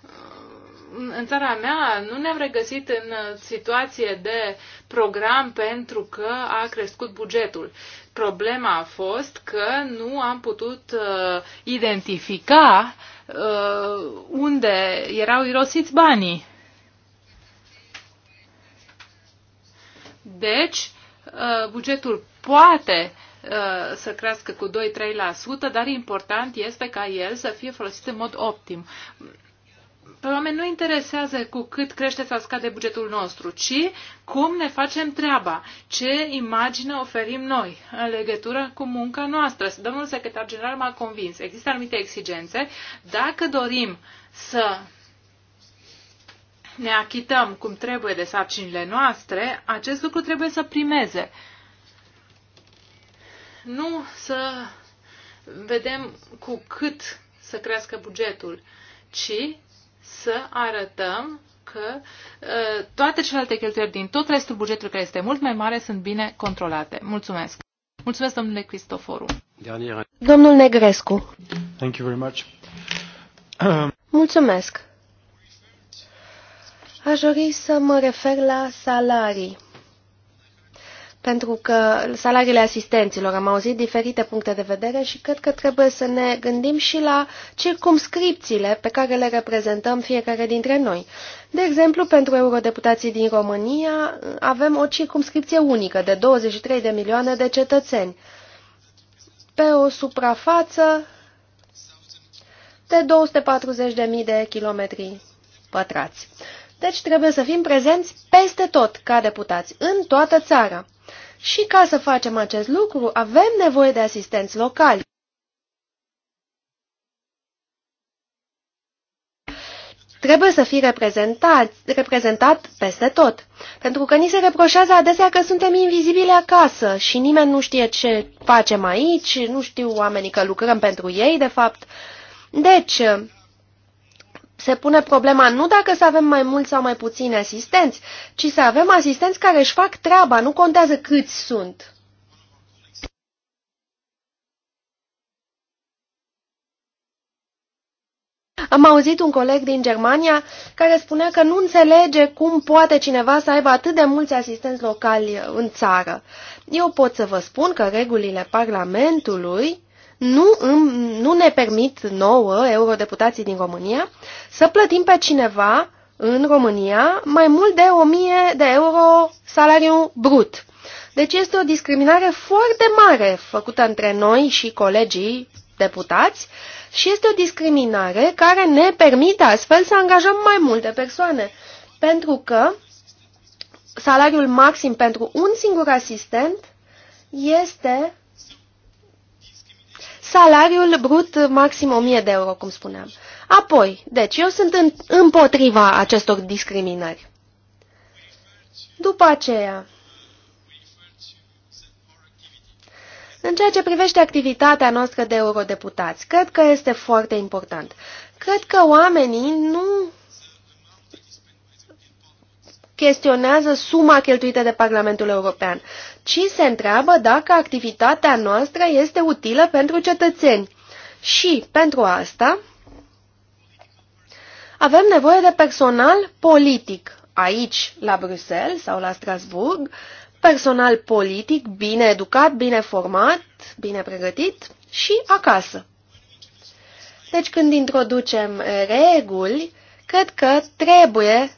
în țara mea nu ne-am regăsit în uh, situație de program pentru că a crescut bugetul. Problema a fost că nu am putut uh, identifica uh, unde erau irosiți banii. Deci, uh, bugetul poate uh, să crească cu 2-3%, dar important este ca el să fie folosit în mod optim pe oameni nu interesează cu cât crește sau scade bugetul nostru, ci cum ne facem treaba, ce imagine oferim noi în legătură cu munca noastră. Domnul secretar general m-a convins. Există anumite exigențe. Dacă dorim să ne achităm cum trebuie de sarcinile noastre, acest lucru trebuie să primeze. Nu să vedem cu cât să crească bugetul, ci să arătăm că uh, toate celelalte cheltuieli din tot restul bugetului, care este mult mai mare, sunt bine controlate. Mulțumesc! Mulțumesc, domnule Cristoforu! Domnul Negrescu! Thank you very much. Mulțumesc! Aș dori să mă refer la salarii pentru că salariile asistenților, am auzit diferite puncte de vedere și cred că trebuie să ne gândim și la circumscripțiile pe care le reprezentăm fiecare dintre noi. De exemplu, pentru eurodeputații din România avem o circumscripție unică de 23 de milioane de cetățeni pe o suprafață de 240.000 de kilometri pătrați. Deci trebuie să fim prezenți peste tot ca deputați, în toată țara. Și ca să facem acest lucru, avem nevoie de asistenți locali. Trebuie să fii reprezentat, reprezentat peste tot, pentru că ni se reproșează adesea că suntem invizibili acasă și nimeni nu știe ce facem aici, nu știu oamenii că lucrăm pentru ei, de fapt. Deci, se pune problema nu dacă să avem mai mulți sau mai puțini asistenți, ci să avem asistenți care își fac treaba, nu contează câți sunt. Am auzit un coleg din Germania care spunea că nu înțelege cum poate cineva să aibă atât de mulți asistenți locali în țară. Eu pot să vă spun că regulile Parlamentului nu, nu ne permit nouă, eurodeputații din România, să plătim pe cineva în România mai mult de 1000 de euro salariu brut. Deci este o discriminare foarte mare făcută între noi și colegii deputați și este o discriminare care ne permite astfel să angajăm mai multe persoane. Pentru că salariul maxim pentru un singur asistent este salariul brut maxim 1000 de euro, cum spuneam. Apoi, deci eu sunt împotriva acestor discriminări. După aceea, În ceea ce privește activitatea noastră de eurodeputați, cred că este foarte important. Cred că oamenii nu chestionează suma cheltuită de Parlamentul European, ci se întreabă dacă activitatea noastră este utilă pentru cetățeni. Și pentru asta avem nevoie de personal politic aici, la Bruxelles sau la Strasburg, personal politic bine educat, bine format, bine pregătit și acasă. Deci când introducem reguli, cred că trebuie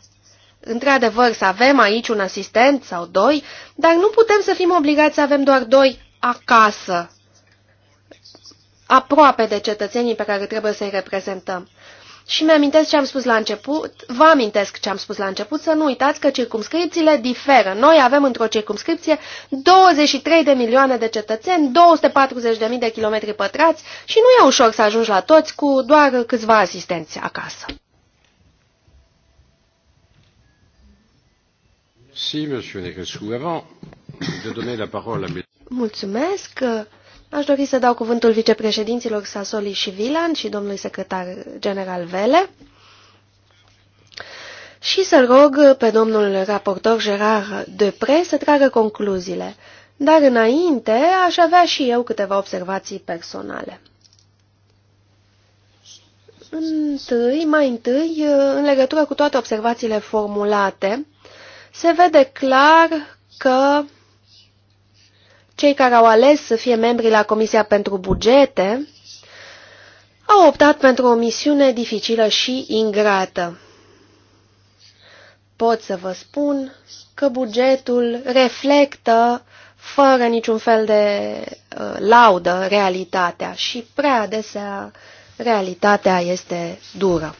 într-adevăr, să avem aici un asistent sau doi, dar nu putem să fim obligați să avem doar doi acasă, aproape de cetățenii pe care trebuie să-i reprezentăm. Și mi-amintesc ce am spus la început, vă amintesc ce am spus la început, să nu uitați că circumscripțiile diferă. Noi avem într-o circumscripție 23 de milioane de cetățeni, 240.000 de kilometri pătrați și nu e ușor să ajungi la toți cu doar câțiva asistenți acasă. Mulțumesc. Aș dori să dau cuvântul vicepreședinților Sasoli și Vilan și domnului secretar general Vele și să rog pe domnul raportor Gerard Depre să tragă concluziile. Dar înainte aș avea și eu câteva observații personale. Întâi, mai întâi, în legătură cu toate observațiile formulate, se vede clar că cei care au ales să fie membri la Comisia pentru Bugete au optat pentru o misiune dificilă și ingrată. Pot să vă spun că bugetul reflectă fără niciun fel de uh, laudă realitatea și prea adesea realitatea este dură.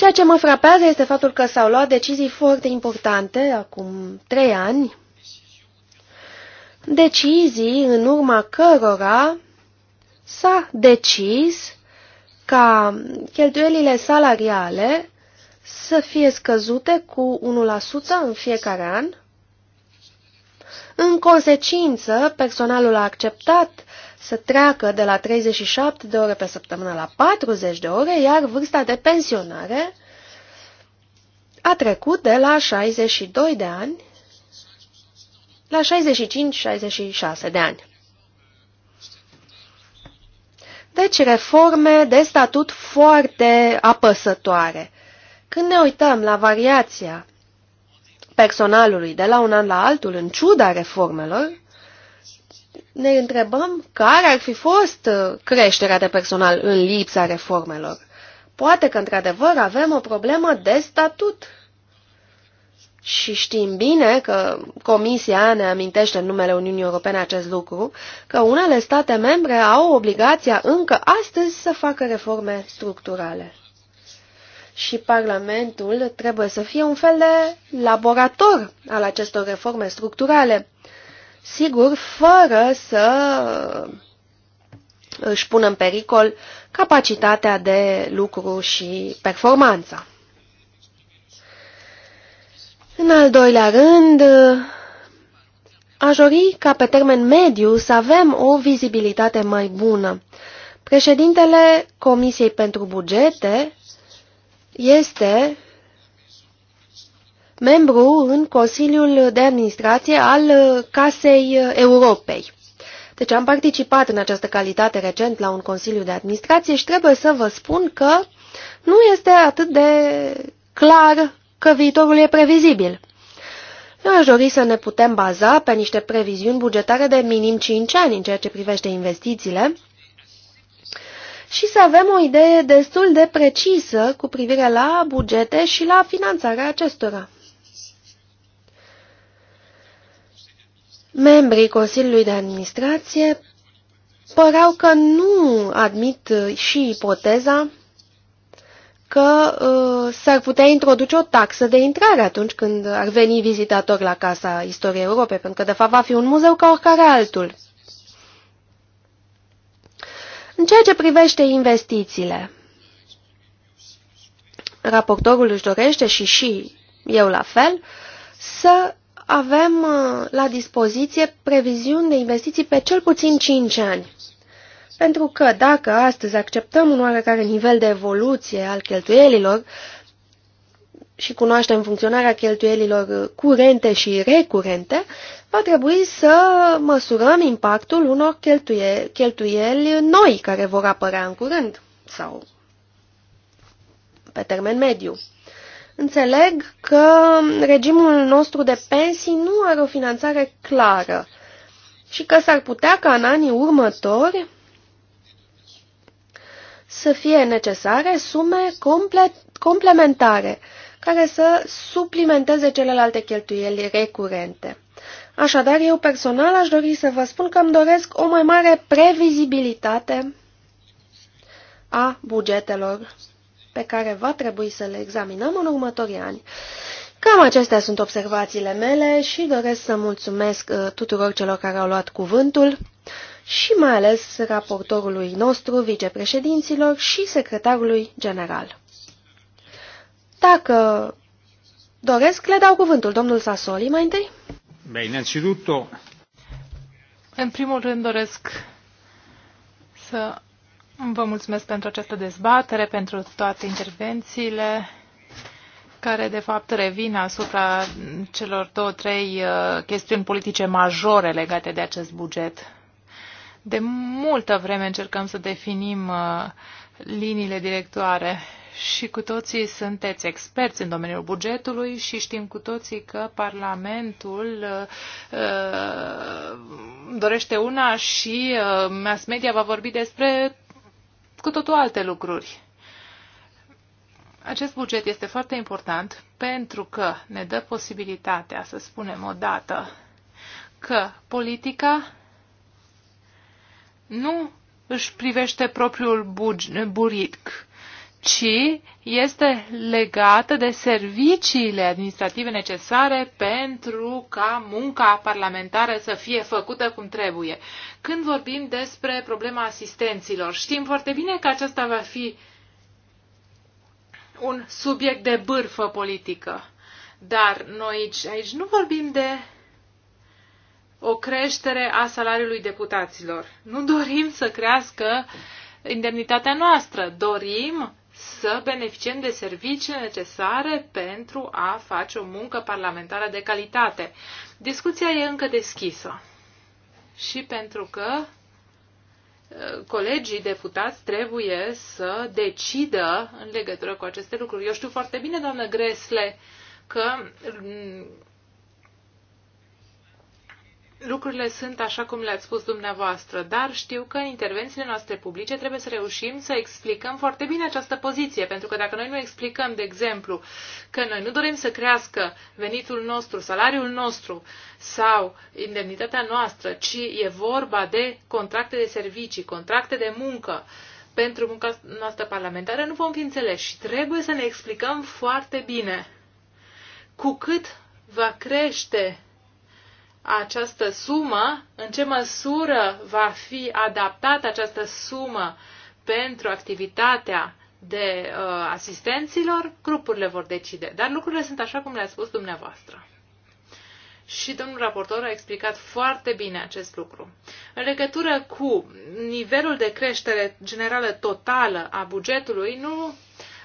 Ceea ce mă frapează este faptul că s-au luat decizii foarte importante acum trei ani, decizii în urma cărora s-a decis ca cheltuielile salariale să fie scăzute cu 1% în fiecare an. În consecință, personalul a acceptat să treacă de la 37 de ore pe săptămână la 40 de ore, iar vârsta de pensionare a trecut de la 62 de ani la 65-66 de ani. Deci reforme de statut foarte apăsătoare. Când ne uităm la variația personalului de la un an la altul, în ciuda reformelor, ne întrebăm care ar fi fost uh, creșterea de personal în lipsa reformelor. Poate că, într-adevăr, avem o problemă de statut. Și știm bine că Comisia ne amintește în numele Uniunii Europene acest lucru, că unele state membre au obligația încă astăzi să facă reforme structurale. Și Parlamentul trebuie să fie un fel de laborator al acestor reforme structurale sigur, fără să își pună în pericol capacitatea de lucru și performanța. În al doilea rând, aș dori ca pe termen mediu să avem o vizibilitate mai bună. Președintele Comisiei pentru Bugete este membru în Consiliul de Administrație al uh, Casei uh, Europei. Deci am participat în această calitate recent la un Consiliu de Administrație și trebuie să vă spun că nu este atât de clar că viitorul e previzibil. Eu aș dori să ne putem baza pe niște previziuni bugetare de minim 5 ani în ceea ce privește investițiile și să avem o idee destul de precisă cu privire la bugete și la finanțarea acestora. membrii Consiliului de Administrație păreau că nu admit uh, și ipoteza că uh, s-ar putea introduce o taxă de intrare atunci când ar veni vizitator la Casa Istoriei Europei, pentru că de fapt va fi un muzeu ca oricare altul. În ceea ce privește investițiile, raportorul își dorește și și eu la fel, să avem uh, la dispoziție previziuni de investiții pe cel puțin 5 ani. Pentru că dacă astăzi acceptăm un oarecare nivel de evoluție al cheltuielilor și cunoaștem funcționarea cheltuielilor curente și recurente, va trebui să măsurăm impactul unor cheltuie, cheltuieli noi care vor apărea în curând sau pe termen mediu. Înțeleg că regimul nostru de pensii nu are o finanțare clară și că s-ar putea ca în anii următori să fie necesare sume comple complementare care să suplimenteze celelalte cheltuieli recurente. Așadar, eu personal aș dori să vă spun că îmi doresc o mai mare previzibilitate a bugetelor pe care va trebui să le examinăm în următorii ani. Cam acestea sunt observațiile mele și doresc să mulțumesc uh, tuturor celor care au luat cuvântul și mai ales raportorului nostru, vicepreședinților și secretarului general. Dacă doresc, le dau cuvântul domnul Sasoli mai întâi. Bine, În primul rând doresc să Vă mulțumesc pentru această dezbatere, pentru toate intervențiile care de fapt revin asupra celor două, trei uh, chestiuni politice majore legate de acest buget. De multă vreme încercăm să definim uh, liniile directoare și cu toții sunteți experți în domeniul bugetului și știm cu toții că Parlamentul uh, uh dorește una și uh, mass media va vorbi despre cu totul alte lucruri. Acest buget este foarte important pentru că ne dă posibilitatea să spunem odată că politica nu își privește propriul buget ci este legată de serviciile administrative necesare pentru ca munca parlamentară să fie făcută cum trebuie. Când vorbim despre problema asistenților, știm foarte bine că aceasta va fi un subiect de bârfă politică. Dar noi aici, aici nu vorbim de o creștere a salariului deputaților. Nu dorim să crească indemnitatea noastră. Dorim să beneficiem de serviciile necesare pentru a face o muncă parlamentară de calitate. Discuția e încă deschisă și pentru că uh, colegii deputați trebuie să decidă în legătură cu aceste lucruri. Eu știu foarte bine, doamnă Gresle, că mm, lucrurile sunt așa cum le-ați spus dumneavoastră, dar știu că în intervențiile noastre publice trebuie să reușim să explicăm foarte bine această poziție, pentru că dacă noi nu explicăm, de exemplu, că noi nu dorim să crească venitul nostru, salariul nostru sau indemnitatea noastră, ci e vorba de contracte de servicii, contracte de muncă, pentru munca noastră parlamentară, nu vom fi înțeleși și trebuie să ne explicăm foarte bine cu cât va crește această sumă, în ce măsură va fi adaptată această sumă pentru activitatea de uh, asistenților, grupurile vor decide. Dar lucrurile sunt așa cum le-a spus dumneavoastră. Și domnul raportor a explicat foarte bine acest lucru. În legătură cu nivelul de creștere generală totală a bugetului, nu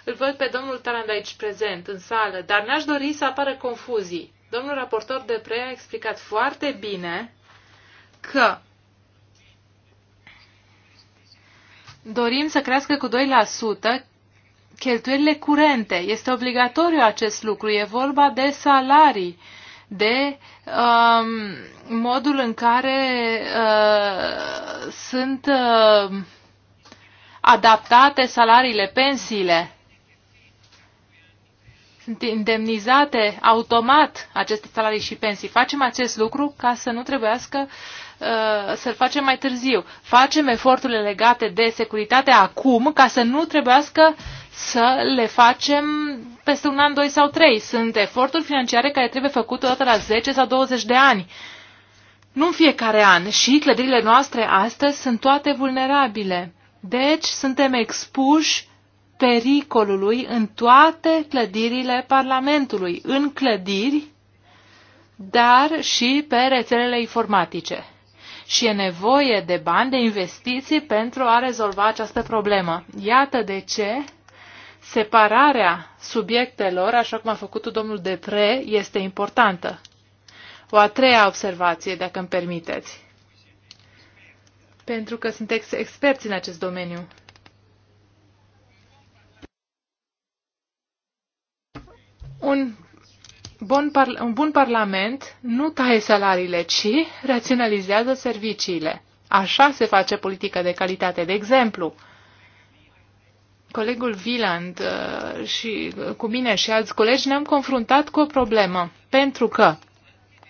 îl văd pe domnul aici prezent în sală, dar n-aș dori să apară confuzii. Domnul raportor de pre a explicat foarte bine că dorim să crească cu 2% cheltuielile curente. Este obligatoriu acest lucru. E vorba de salarii, de um, modul în care uh, sunt uh, adaptate salariile, pensiile sunt indemnizate automat aceste salarii și pensii. Facem acest lucru ca să nu trebuiască uh, să-l facem mai târziu. Facem eforturile legate de securitate acum ca să nu trebuiască să le facem peste un an, doi sau trei. Sunt eforturi financiare care trebuie făcute odată la 10 sau 20 de ani. Nu în fiecare an și clădirile noastre astăzi sunt toate vulnerabile. Deci suntem expuși pericolului în toate clădirile Parlamentului, în clădiri, dar și pe rețelele informatice. Și e nevoie de bani, de investiții pentru a rezolva această problemă. Iată de ce separarea subiectelor, așa cum a făcut domnul Depre, este importantă. O a treia observație, dacă îmi permiteți. Pentru că sunteți experți în acest domeniu. un bun, un bun parlament nu taie salariile, ci raționalizează serviciile. Așa se face politică de calitate. De exemplu, colegul Viland uh, și uh, cu mine și alți colegi ne-am confruntat cu o problemă, pentru că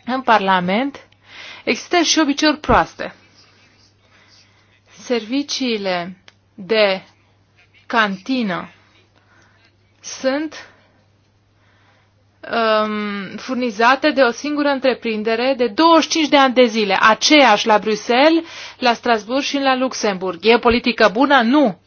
în Parlament există și obiceiuri proaste. Serviciile de cantină sunt um, furnizate de o singură întreprindere de 25 de ani de zile, aceeași la Bruxelles, la Strasburg și la Luxemburg. E politică bună? Nu!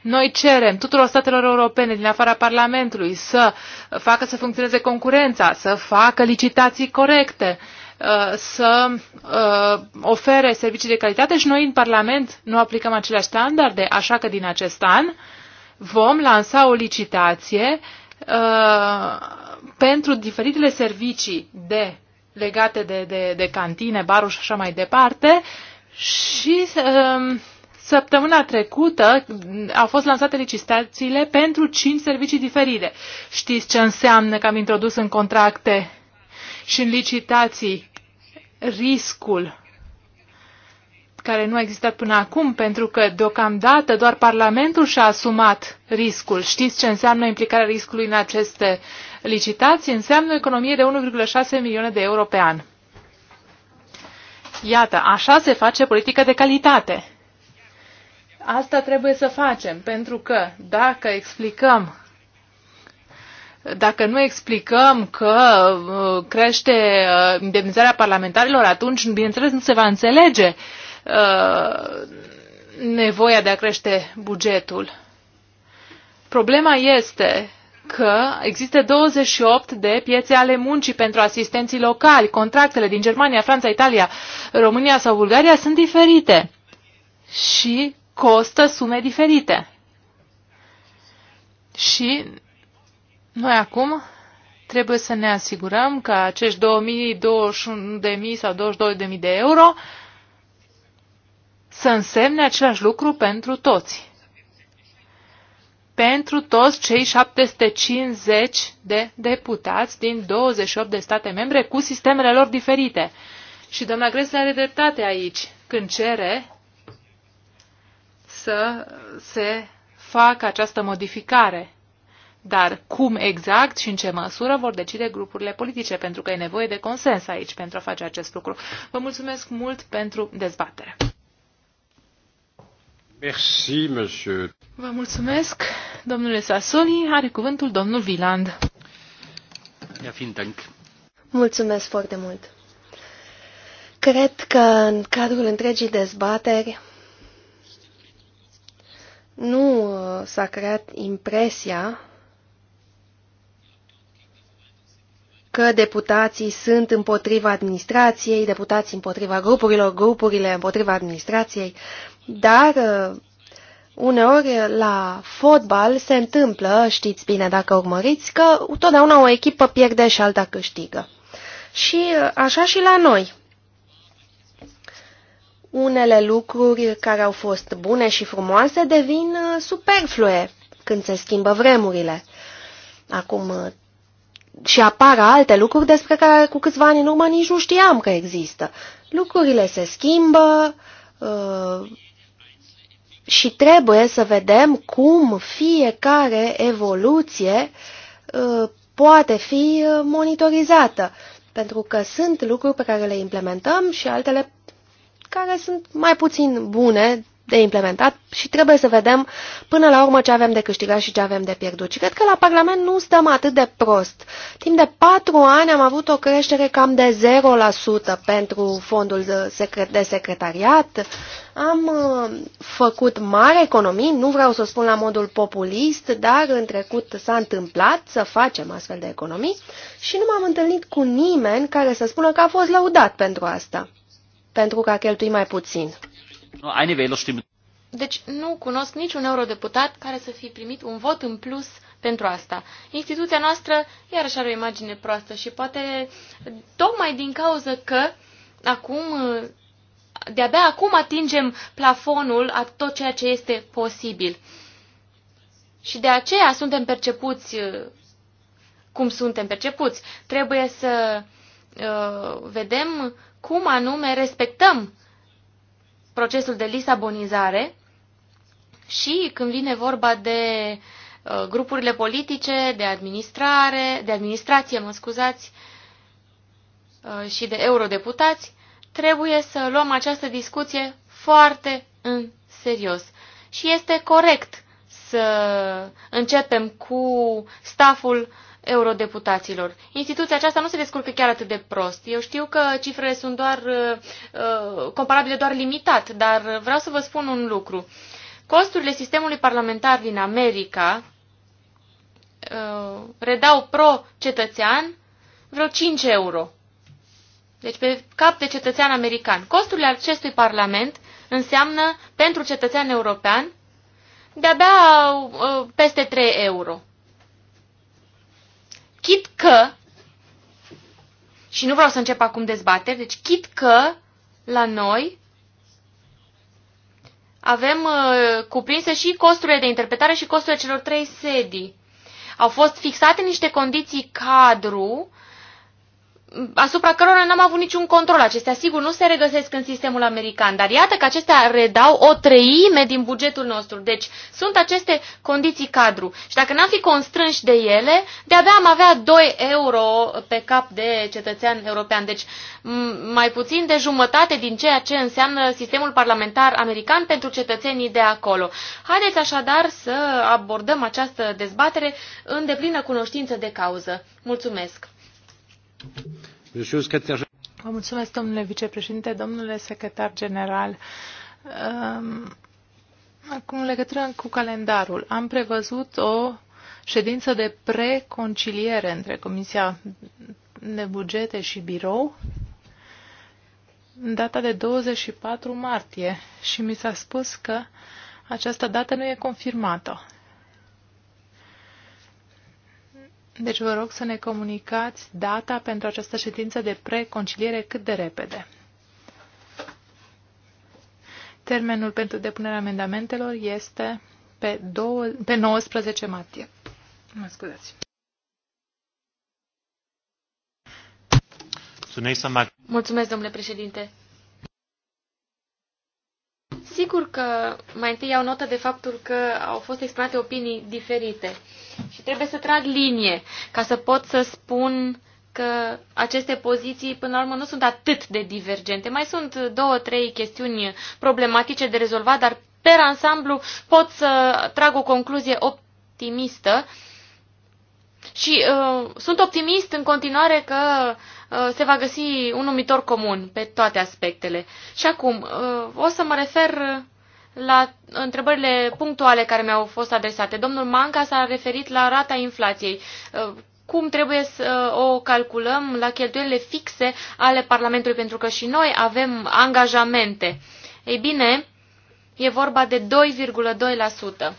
Noi cerem tuturor statelor europene din afara Parlamentului să facă să funcționeze concurența, să facă licitații corecte, uh, să uh, ofere servicii de calitate și noi în Parlament nu aplicăm aceleași standarde, așa că din acest an vom lansa o licitație uh, pentru diferitele servicii de legate de, de, de cantine, baruri și așa mai departe. Și um, săptămâna trecută au fost lansate licitațiile pentru 5 servicii diferite. Știți ce înseamnă că am introdus în contracte și în licitații riscul care nu a existat până acum, pentru că deocamdată doar Parlamentul și-a asumat riscul. Știți ce înseamnă implicarea riscului în aceste licitații înseamnă o economie de 1,6 milioane de euro pe an. Iată, așa se face politică de calitate. Asta trebuie să facem, pentru că dacă explicăm dacă nu explicăm că uh, crește uh, indemnizarea parlamentarilor, atunci, bineînțeles, nu se va înțelege uh, nevoia de a crește bugetul. Problema este că există 28 de piețe ale muncii pentru asistenții locali. Contractele din Germania, Franța, Italia, România sau Bulgaria sunt diferite și costă sume diferite. Și noi acum trebuie să ne asigurăm că acești 2021.000 sau 22.000 de euro să însemne același lucru pentru toți pentru toți cei 750 de deputați din 28 de state membre cu sistemele lor diferite. Și doamna Gresle are dreptate aici când cere să se facă această modificare. Dar cum exact și în ce măsură vor decide grupurile politice, pentru că e nevoie de consens aici pentru a face acest lucru. Vă mulțumesc mult pentru dezbatere. Merci, monsieur. Vă mulțumesc, domnule Sassoli. Are cuvântul domnul Viland. Ja, Dank. Mulțumesc foarte mult. Cred că în cadrul întregii dezbateri nu uh, s-a creat impresia că deputații sunt împotriva administrației, deputații împotriva grupurilor, grupurile împotriva administrației, dar uh, uneori la fotbal se întâmplă, știți bine dacă urmăriți, că totdeauna o echipă pierde și alta câștigă. Și uh, așa și la noi. Unele lucruri care au fost bune și frumoase devin uh, superflue când se schimbă vremurile. Acum și apară alte lucruri despre care cu câțiva ani în urmă nici nu știam că există. Lucrurile se schimbă uh, și trebuie să vedem cum fiecare evoluție uh, poate fi uh, monitorizată, pentru că sunt lucruri pe care le implementăm și altele care sunt mai puțin bune de implementat și trebuie să vedem până la urmă ce avem de câștigat și ce avem de pierdut. Și cred că la Parlament nu stăm atât de prost. Timp de patru ani am avut o creștere cam de 0% pentru fondul de secretariat. Am uh, făcut mari economii, nu vreau să o spun la modul populist, dar în trecut s-a întâmplat să facem astfel de economii și nu m-am întâlnit cu nimeni care să spună că a fost lăudat pentru asta, pentru că a cheltuit mai puțin. Deci nu cunosc niciun eurodeputat care să fi primit un vot în plus pentru asta. Instituția noastră iarăși are o imagine proastă și poate tocmai din cauza că acum, de-abia acum atingem plafonul a tot ceea ce este posibil. Și de aceea suntem percepuți cum suntem percepuți. Trebuie să uh, vedem cum anume respectăm procesul de lisabonizare și când vine vorba de uh, grupurile politice, de administrare, de administrație, mă scuzați, uh, și de eurodeputați, trebuie să luăm această discuție foarte în serios. Și este corect să începem cu staful uh, eurodeputaților. Instituția aceasta nu se descurcă chiar atât de prost. Eu știu că cifrele sunt doar uh, uh, comparabile doar limitat, dar vreau să vă spun un lucru. Costurile sistemului parlamentar din America uh, redau pro-cetățean vreo 5 euro. Deci pe cap de cetățean american. Costurile acestui parlament înseamnă pentru cetățean european de-abia uh, peste 3 euro. Chit că, și nu vreau să încep acum dezbateri, deci chit că la noi avem uh, cuprinse și costurile de interpretare și costurile celor trei sedii. Au fost fixate niște condiții cadru uh, asupra cărora n-am avut niciun control. Acestea, sigur, nu se regăsesc în sistemul american, dar iată că acestea redau o treime din bugetul nostru. Deci sunt aceste condiții cadru. Și dacă n-am fi constrânși de ele, de-abia am avea 2 euro pe cap de cetățean european. Deci mai puțin de jumătate din ceea ce înseamnă sistemul parlamentar american pentru cetățenii de acolo. Haideți așadar să abordăm această dezbatere în deplină cunoștință de cauză. Mulțumesc! domnule vicepreședinte, domnule secretar general. Ehm, acum, în legătură cu calendarul, am prevăzut o ședință de preconciliere între Comisia de Bugete și Birou în data de 24 martie și mi s-a spus că această dată nu e confirmată. Deci vă rog să ne comunicați data pentru această ședință de preconciliere cât de repede. Termenul pentru depunerea amendamentelor este pe, două, pe 19 martie. Mă scuzați. Mulțumesc, domnule președinte. Sigur că mai întâi iau notă de faptul că au fost exprimate opinii diferite și trebuie să trag linie ca să pot să spun că aceste poziții până la urmă nu sunt atât de divergente. Mai sunt două, trei chestiuni problematice de rezolvat, dar per ansamblu pot să trag o concluzie optimistă și uh, sunt optimist în continuare că uh, Uh, se va găsi un numitor comun pe toate aspectele. Și acum, uh, o să mă refer la întrebările punctuale care mi-au fost adresate. Domnul Manca s-a referit la rata inflației. Uh, cum trebuie să o calculăm la cheltuielile fixe ale Parlamentului, pentru că și noi avem angajamente. Ei bine, e vorba de 2,2%.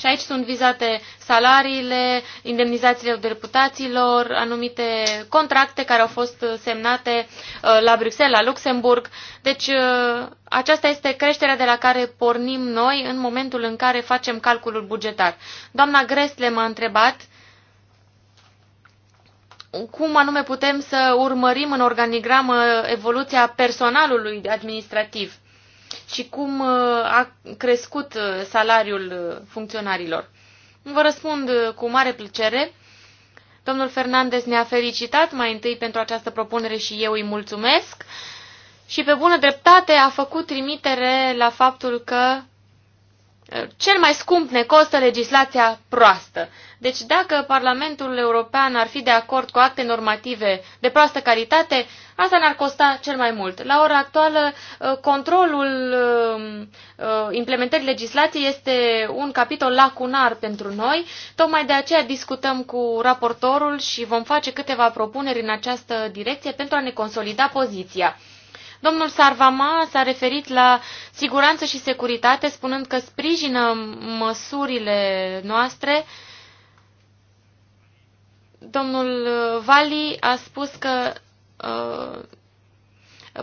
Și aici sunt vizate salariile, indemnizațiile deputaților, anumite contracte care au fost semnate uh, la Bruxelles, la Luxemburg. Deci uh, aceasta este creșterea de la care pornim noi în momentul în care facem calculul bugetar. Doamna Gresle m-a întrebat cum anume putem să urmărim în organigramă evoluția personalului administrativ și cum uh, a crescut uh, salariul uh, funcționarilor. Vă răspund cu mare plăcere. Domnul Fernandez ne-a felicitat mai întâi pentru această propunere și eu îi mulțumesc. Și pe bună dreptate a făcut trimitere la faptul că cel mai scump ne costă legislația proastă. Deci dacă Parlamentul European ar fi de acord cu acte normative de proastă calitate, asta ne-ar costa cel mai mult. La ora actuală, uh, controlul um, uh, implementării legislației este un capitol lacunar pentru noi. Tocmai de aceea discutăm cu raportorul și vom face câteva propuneri în această direcție pentru a ne consolida poziția. Domnul Sarvama s-a referit la siguranță și securitate, spunând că sprijină măsurile noastre uh, Domnul uh, Vali a spus că uh,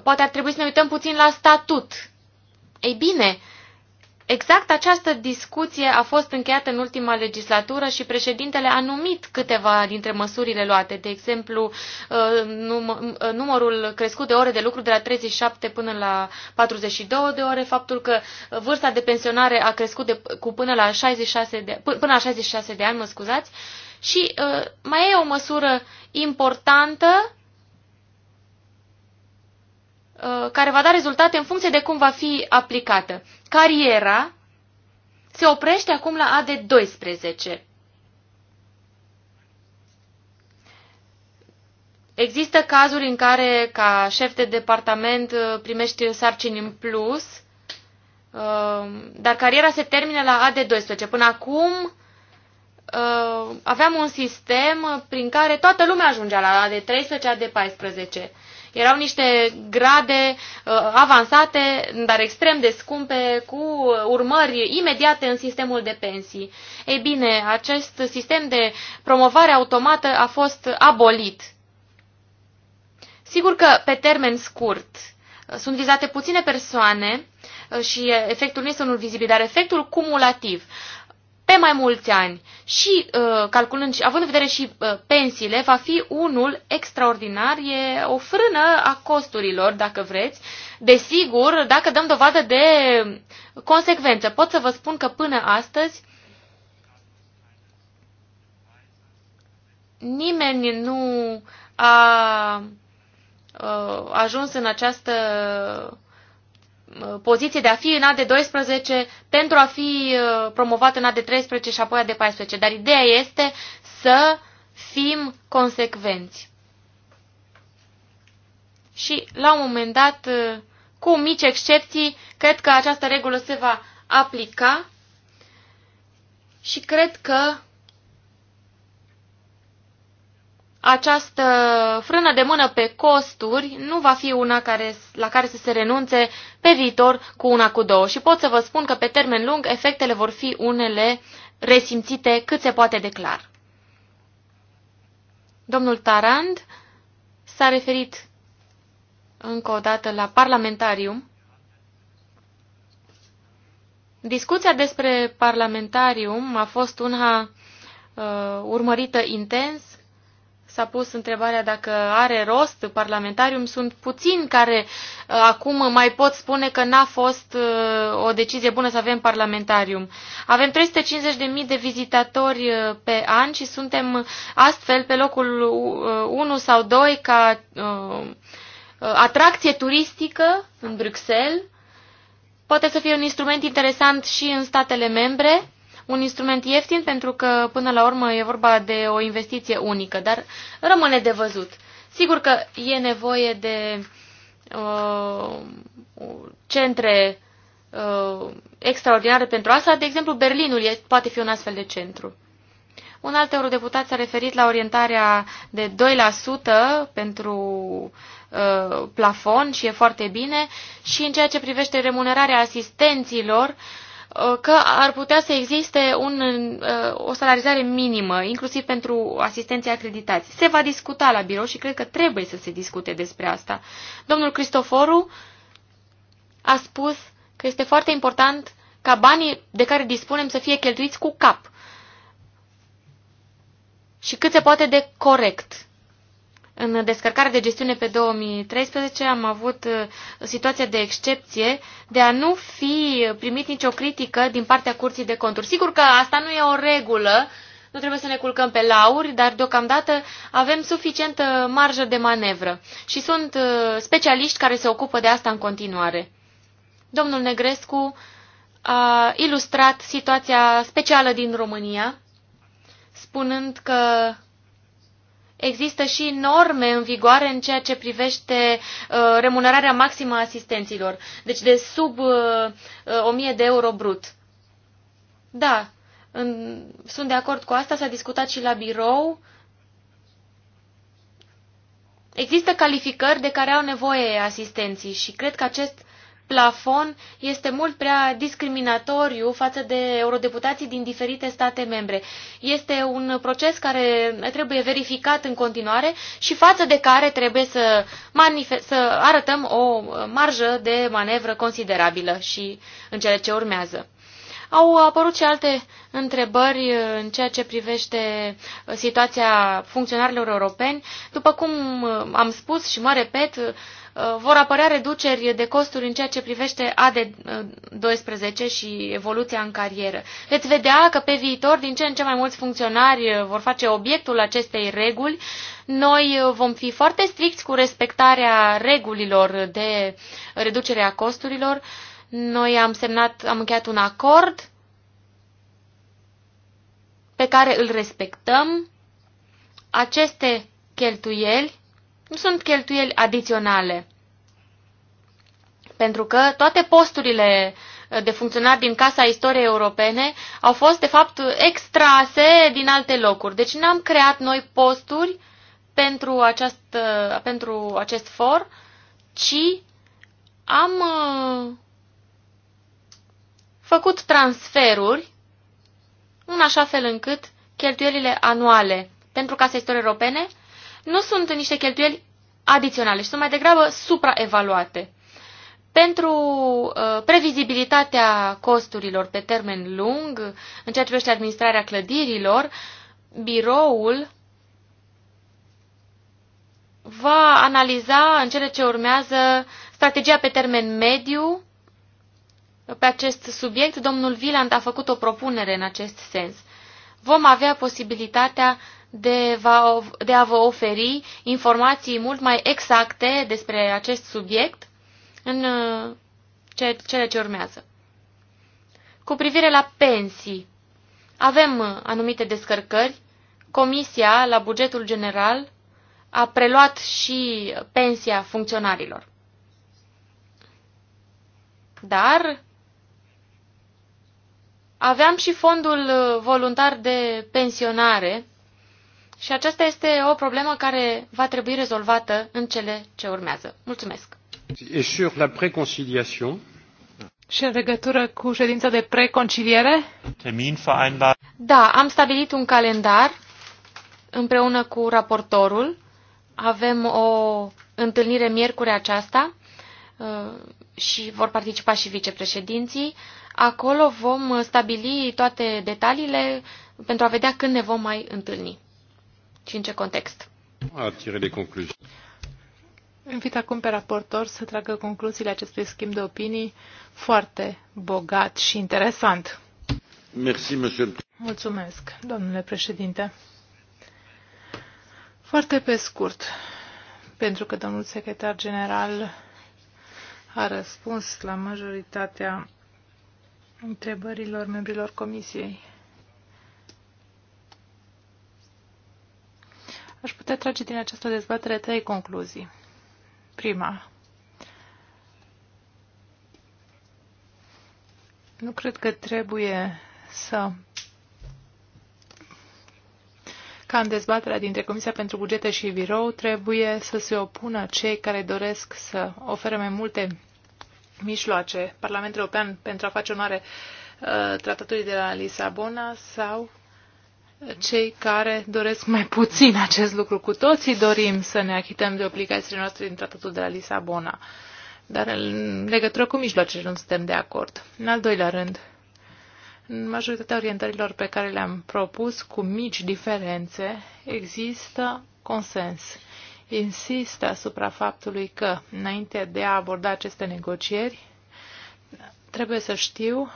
poate ar trebui să ne uităm puțin la statut. Ei bine, exact această discuție a fost încheiată în ultima legislatură și președintele a numit câteva dintre măsurile luate, de exemplu uh, num uh, numărul crescut de ore de lucru de la 37 până la 42 de ore, faptul că vârsta de pensionare a crescut de, cu până la 66 de, până la 66 de ani, mă scuzați, uh, și uh, mai e o măsură importantă uh, care va da rezultate în funcție de cum va fi aplicată. Cariera se oprește acum la AD12. Există cazuri în care, ca șef de departament, uh, primești sarcini în plus, uh, dar cariera se termină la AD12. Până acum, uh, aveam un sistem prin care toată lumea ajungea la de 13, a de 14. Erau niște grade uh, avansate, dar extrem de scumpe, cu urmări imediate în sistemul de pensii. Ei bine, acest sistem de promovare automată a fost abolit. Sigur că pe termen scurt uh, sunt vizate puține persoane uh, și efectul nu este unul vizibil, dar efectul cumulativ pe mai mulți ani și uh, calculând și având în vedere și uh, pensiile, va fi unul extraordinar, e o frână a costurilor, dacă vreți. Desigur, dacă dăm dovadă de consecvență, pot să vă spun că până astăzi nimeni nu a, a uh, ajuns în această Uh, poziție de a fi în AD12 pentru a fi uh, promovat în AD13 și apoi AD14. Dar ideea este să fim consecvenți. Și la un moment dat, uh, cu mici excepții, cred că această regulă se va aplica și cred că această frână de mână pe costuri nu va fi una care, la care să se renunțe pe viitor cu una cu două. Și pot să vă spun că pe termen lung efectele vor fi unele resimțite cât se poate de clar. Domnul Tarand s-a referit încă o dată la parlamentarium. Discuția despre parlamentarium a fost una uh, urmărită intens S-a pus întrebarea dacă are rost parlamentarium. Sunt puțini care uh, acum mai pot spune că n-a fost uh, o decizie bună să avem parlamentarium. Avem 350.000 de vizitatori uh, pe an și suntem astfel pe locul 1 sau 2 ca atracție turistică în Bruxelles. Poate să fie un instrument interesant și în statele membre un instrument ieftin pentru că până la urmă e vorba de o investiție unică, dar rămâne de văzut. Sigur că e nevoie de uh, centre uh, extraordinare pentru asta, de exemplu Berlinul e, poate fi un astfel de centru. Un alt eurodeputat s-a referit la orientarea de 2% pentru uh, plafon și e foarte bine. Și în ceea ce privește remunerarea asistenților, uh, Uh, că ar putea să existe un, uh, o salarizare minimă, inclusiv pentru asistenții acreditați. Se va discuta la birou și cred că trebuie să se discute despre asta. Domnul Cristoforu a spus că este foarte important ca banii de care dispunem să fie cheltuiți cu cap și cât se poate de corect. În descărcarea de gestiune pe 2013 am avut uh, situația de excepție de a nu fi primit nicio critică din partea Curții de Conturi. Sigur că asta nu e o regulă, nu trebuie să ne culcăm pe lauri, dar deocamdată avem suficientă marjă de manevră și sunt uh, specialiști care se ocupă de asta în continuare. Domnul Negrescu a ilustrat situația specială din România, spunând că Există și norme în vigoare în ceea ce privește uh, remunerarea maximă a asistenților, deci de sub uh, 1000 uh, de euro brut. Da, în, sunt de acord cu asta, s-a discutat și la birou. Există calificări de care au nevoie asistenții și cred că acest plafon este mult prea discriminatoriu față de eurodeputații din diferite state membre. Este un proces care trebuie verificat în continuare și față de care trebuie să, să arătăm o marjă de manevră considerabilă și în cele ce urmează. Au apărut și alte întrebări în ceea ce privește situația funcționarilor europeni. După cum am spus și mă repet, Uh, vor apărea reduceri de costuri în ceea ce privește AD12 și evoluția în carieră. Veți vedea că pe viitor din ce în ce mai mulți funcționari uh, vor face obiectul acestei reguli. Noi uh, vom fi foarte stricți cu respectarea regulilor de reducere a costurilor. Noi am semnat, am încheiat un acord pe care îl respectăm. Aceste cheltuieli nu sunt cheltuieli adiționale. Pentru că toate posturile de funcționari din Casa Istoriei Europene au fost, de fapt, extrase din alte locuri. Deci n-am creat noi posturi pentru, aceast, pentru acest for, ci am uh, făcut transferuri în așa fel încât cheltuielile anuale pentru Casa Istoriei Europene nu sunt niște cheltuieli adiționale, și sunt mai degrabă supraevaluate. Pentru uh, previzibilitatea costurilor pe termen lung, în ceea ce privește administrarea clădirilor, biroul va analiza în cele ce urmează strategia pe termen mediu pe acest subiect. Domnul Viland a făcut o propunere în acest sens. Vom avea posibilitatea de, va, de a vă oferi informații mult mai exacte despre acest subiect în uh, cele ce urmează. Cu privire la pensii, avem uh, anumite descărcări. Comisia, la bugetul general, a preluat și pensia funcționarilor. Dar aveam și fondul uh, voluntar de pensionare, și aceasta este o problemă care va trebui rezolvată în cele ce urmează. Mulțumesc! Et sur la préconciliation. Și în legătură cu ședința de preconciliere? Termin vereinbar. Da, am stabilit un calendar împreună cu raportorul. Avem o întâlnire miercuri aceasta uh, și vor participa și vicepreședinții. Acolo vom stabili toate detaliile pentru a vedea când ne vom mai întâlni și în ce context. A tire de concluzii. Invit acum pe raportor să tragă concluziile acestui schimb de opinii foarte bogat și interesant. Merci, monsieur. Mulțumesc, domnule președinte. Foarte pe scurt, pentru că domnul secretar general a răspuns la majoritatea întrebărilor membrilor comisiei. Aș putea trage din această dezbatere trei concluzii. Prima. Nu cred că trebuie să ca în dezbaterea dintre Comisia pentru Bugete și Birou trebuie să se opună cei care doresc să ofere mai multe mijloace Parlamentul European pentru a face onoare uh, tratatului de la Lisabona sau cei care doresc mai puțin acest lucru. Cu toții dorim să ne achităm de obligațiile noastre din tratatul de la Lisabona, dar în legătură cu mijloacele nu suntem de acord. În al doilea rând, în majoritatea orientărilor pe care le-am propus, cu mici diferențe, există consens. Insist asupra faptului că, înainte de a aborda aceste negocieri, trebuie să știu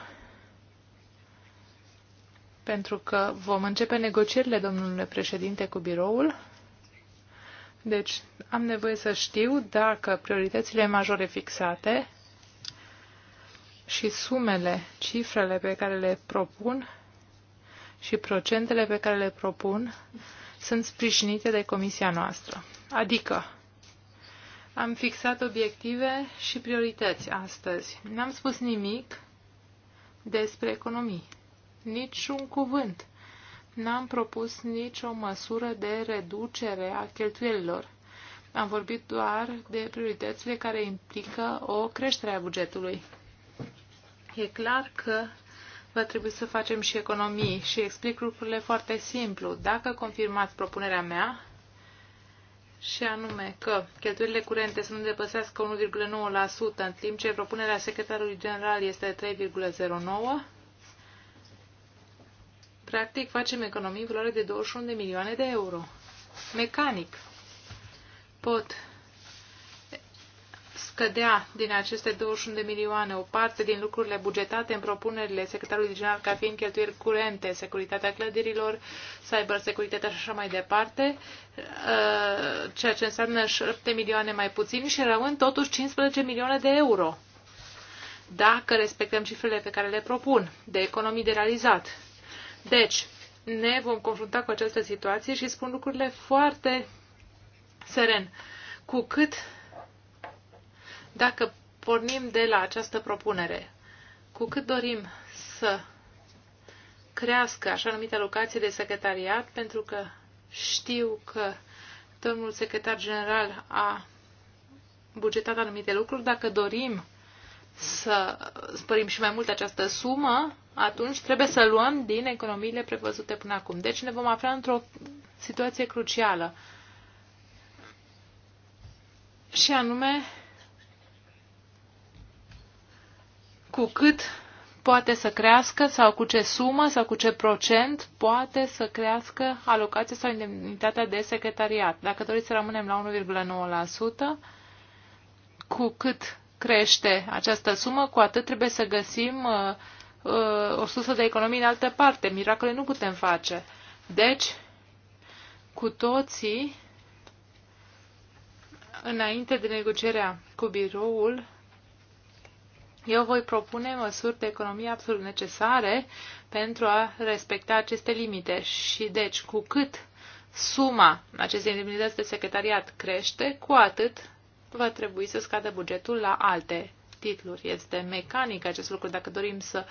pentru că vom începe negocierile, domnule președinte, cu biroul. Deci am nevoie să știu dacă prioritățile majore fixate și sumele, cifrele pe care le propun și procentele pe care le propun sunt sprijinite de comisia noastră. Adică am fixat obiective și priorități astăzi. N-am spus nimic despre economii niciun cuvânt. N-am propus nicio măsură de reducere a cheltuielilor. Am vorbit doar de prioritățile care implică o creștere a bugetului. E clar că va trebui să facem și economii și explic lucrurile foarte simplu. Dacă confirmați propunerea mea, și anume că cheltuielile curente să nu depăsească 1,9%, în timp ce propunerea secretarului general este 3,09%, Practic, facem economii în valoare de 21 de milioane de euro. Mecanic. Pot scădea din aceste 21 de milioane o parte din lucrurile bugetate în propunerile secretarului general ca fiind cheltuieli curente, securitatea clădirilor, cyber securitatea și așa mai departe, uh, ceea ce înseamnă 7 milioane mai puțin și rămân totuși 15 milioane de euro dacă respectăm cifrele pe care le propun de economii de realizat. Deci, ne vom confrunta cu această situație și spun lucrurile foarte seren. Cu cât dacă pornim de la această propunere, cu cât dorim să crească așa numite locații de secretariat, pentru că știu că domnul secretar general a bugetat anumite lucruri, dacă dorim să spărim și mai mult această sumă, atunci trebuie să luăm din economiile prevăzute până acum. Deci ne vom afla într-o situație crucială. Și anume, cu cât poate să crească sau cu ce sumă sau cu ce procent poate să crească alocația sau indemnitatea de secretariat. Dacă doriți să rămânem la 1,9%, cu cât crește această sumă, cu atât trebuie să găsim uh, Uh, o sursă de economie în altă parte. Miracole nu putem face. Deci, cu toții, înainte de negocierea cu biroul, eu voi propune măsuri de economie absolut necesare pentru a respecta aceste limite. Și deci, cu cât suma acestei indemnități de secretariat crește, cu atât va trebui să scadă bugetul la alte titluri. Este mecanic acest lucru dacă dorim să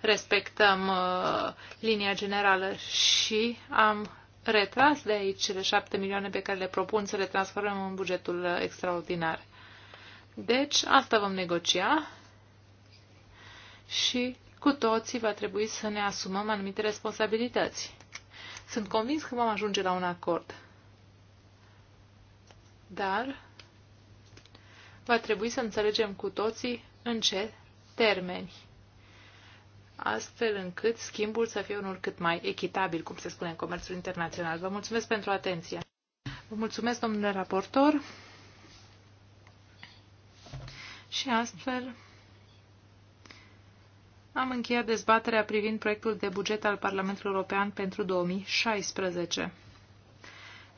respectăm uh, linia generală și am retras de aici cele șapte milioane pe care le propun să le transformăm în bugetul uh, extraordinar. Deci, asta vom negocia și cu toții va trebui să ne asumăm anumite responsabilități. Sunt convins că vom ajunge la un acord. Dar va trebui să înțelegem cu toții în ce termeni, astfel încât schimbul să fie unul cât mai echitabil, cum se spune în comerțul internațional. Vă mulțumesc pentru atenție. Vă mulțumesc, domnule raportor. Și astfel am încheiat dezbaterea privind proiectul de buget al Parlamentului European pentru 2016.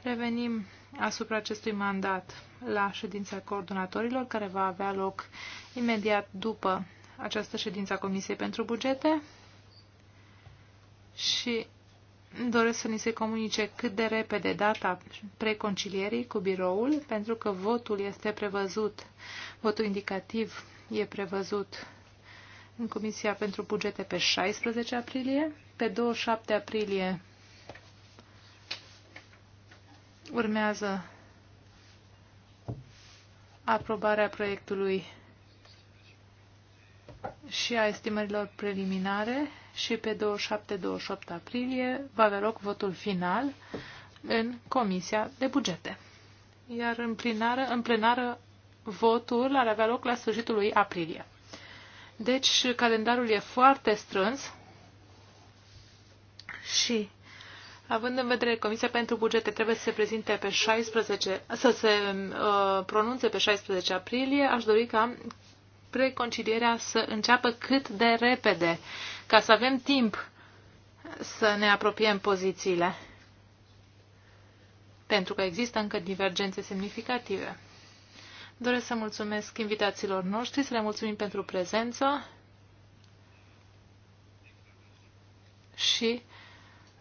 Revenim asupra acestui mandat la ședința coordonatorilor, care va avea loc imediat după această ședință a Comisiei pentru Bugete și doresc să ni se comunice cât de repede data preconcilierii cu biroul, pentru că votul este prevăzut, votul indicativ e prevăzut în Comisia pentru Bugete pe 16 aprilie, pe 27 aprilie Urmează aprobarea proiectului și a estimărilor preliminare și pe 27-28 aprilie va avea loc votul final în Comisia de Bugete. Iar în plenară, în plenară votul ar avea loc la sfârșitul lui aprilie. Deci calendarul e foarte strâns și Având în vedere că Comisia pentru Bugete trebuie să se prezinte pe 16, să se uh, pronunțe pe 16 aprilie, aș dori ca preconcilierea să înceapă cât de repede, ca să avem timp să ne apropiem pozițiile, pentru că există încă divergențe semnificative. Doresc să mulțumesc invitațiilor noștri, să le mulțumim pentru prezență și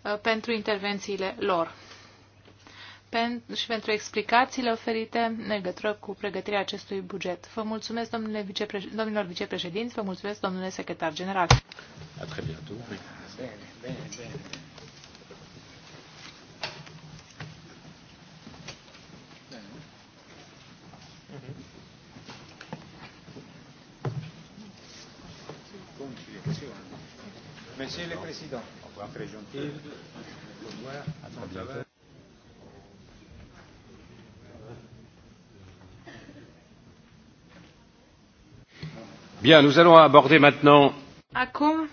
Uh, pentru intervențiile lor și pentru explicațiile oferite în legătură cu pregătirea acestui buget. Vă mulțumesc, domnule vicepre domnilor vicepreședinți, vă mulțumesc, domnule secretar general. très bientôt. Bine, bine, bine. Monsieur le Président, Bien, nous allons aborder maintenant. Acum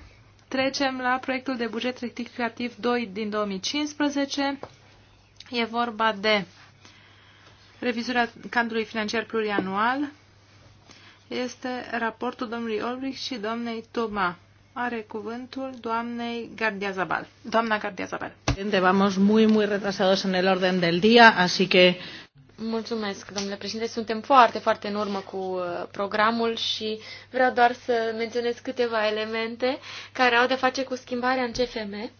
trecem la proiectul de buget rectificativ 2 din 2015. E vorba de revizuirea cadrului financiar plurianual. Este raportul domnului Olbrich și domnei Toma are cuvântul doamnei Gardia Zabal. Doamna Gardia Zabal. Vamos muy, muy retrasados en el orden del día, así que... Mulțumesc, domnule președinte. Suntem foarte, foarte în urmă cu uh, programul și vreau doar să menționez câteva elemente care au de face cu schimbarea în CFM.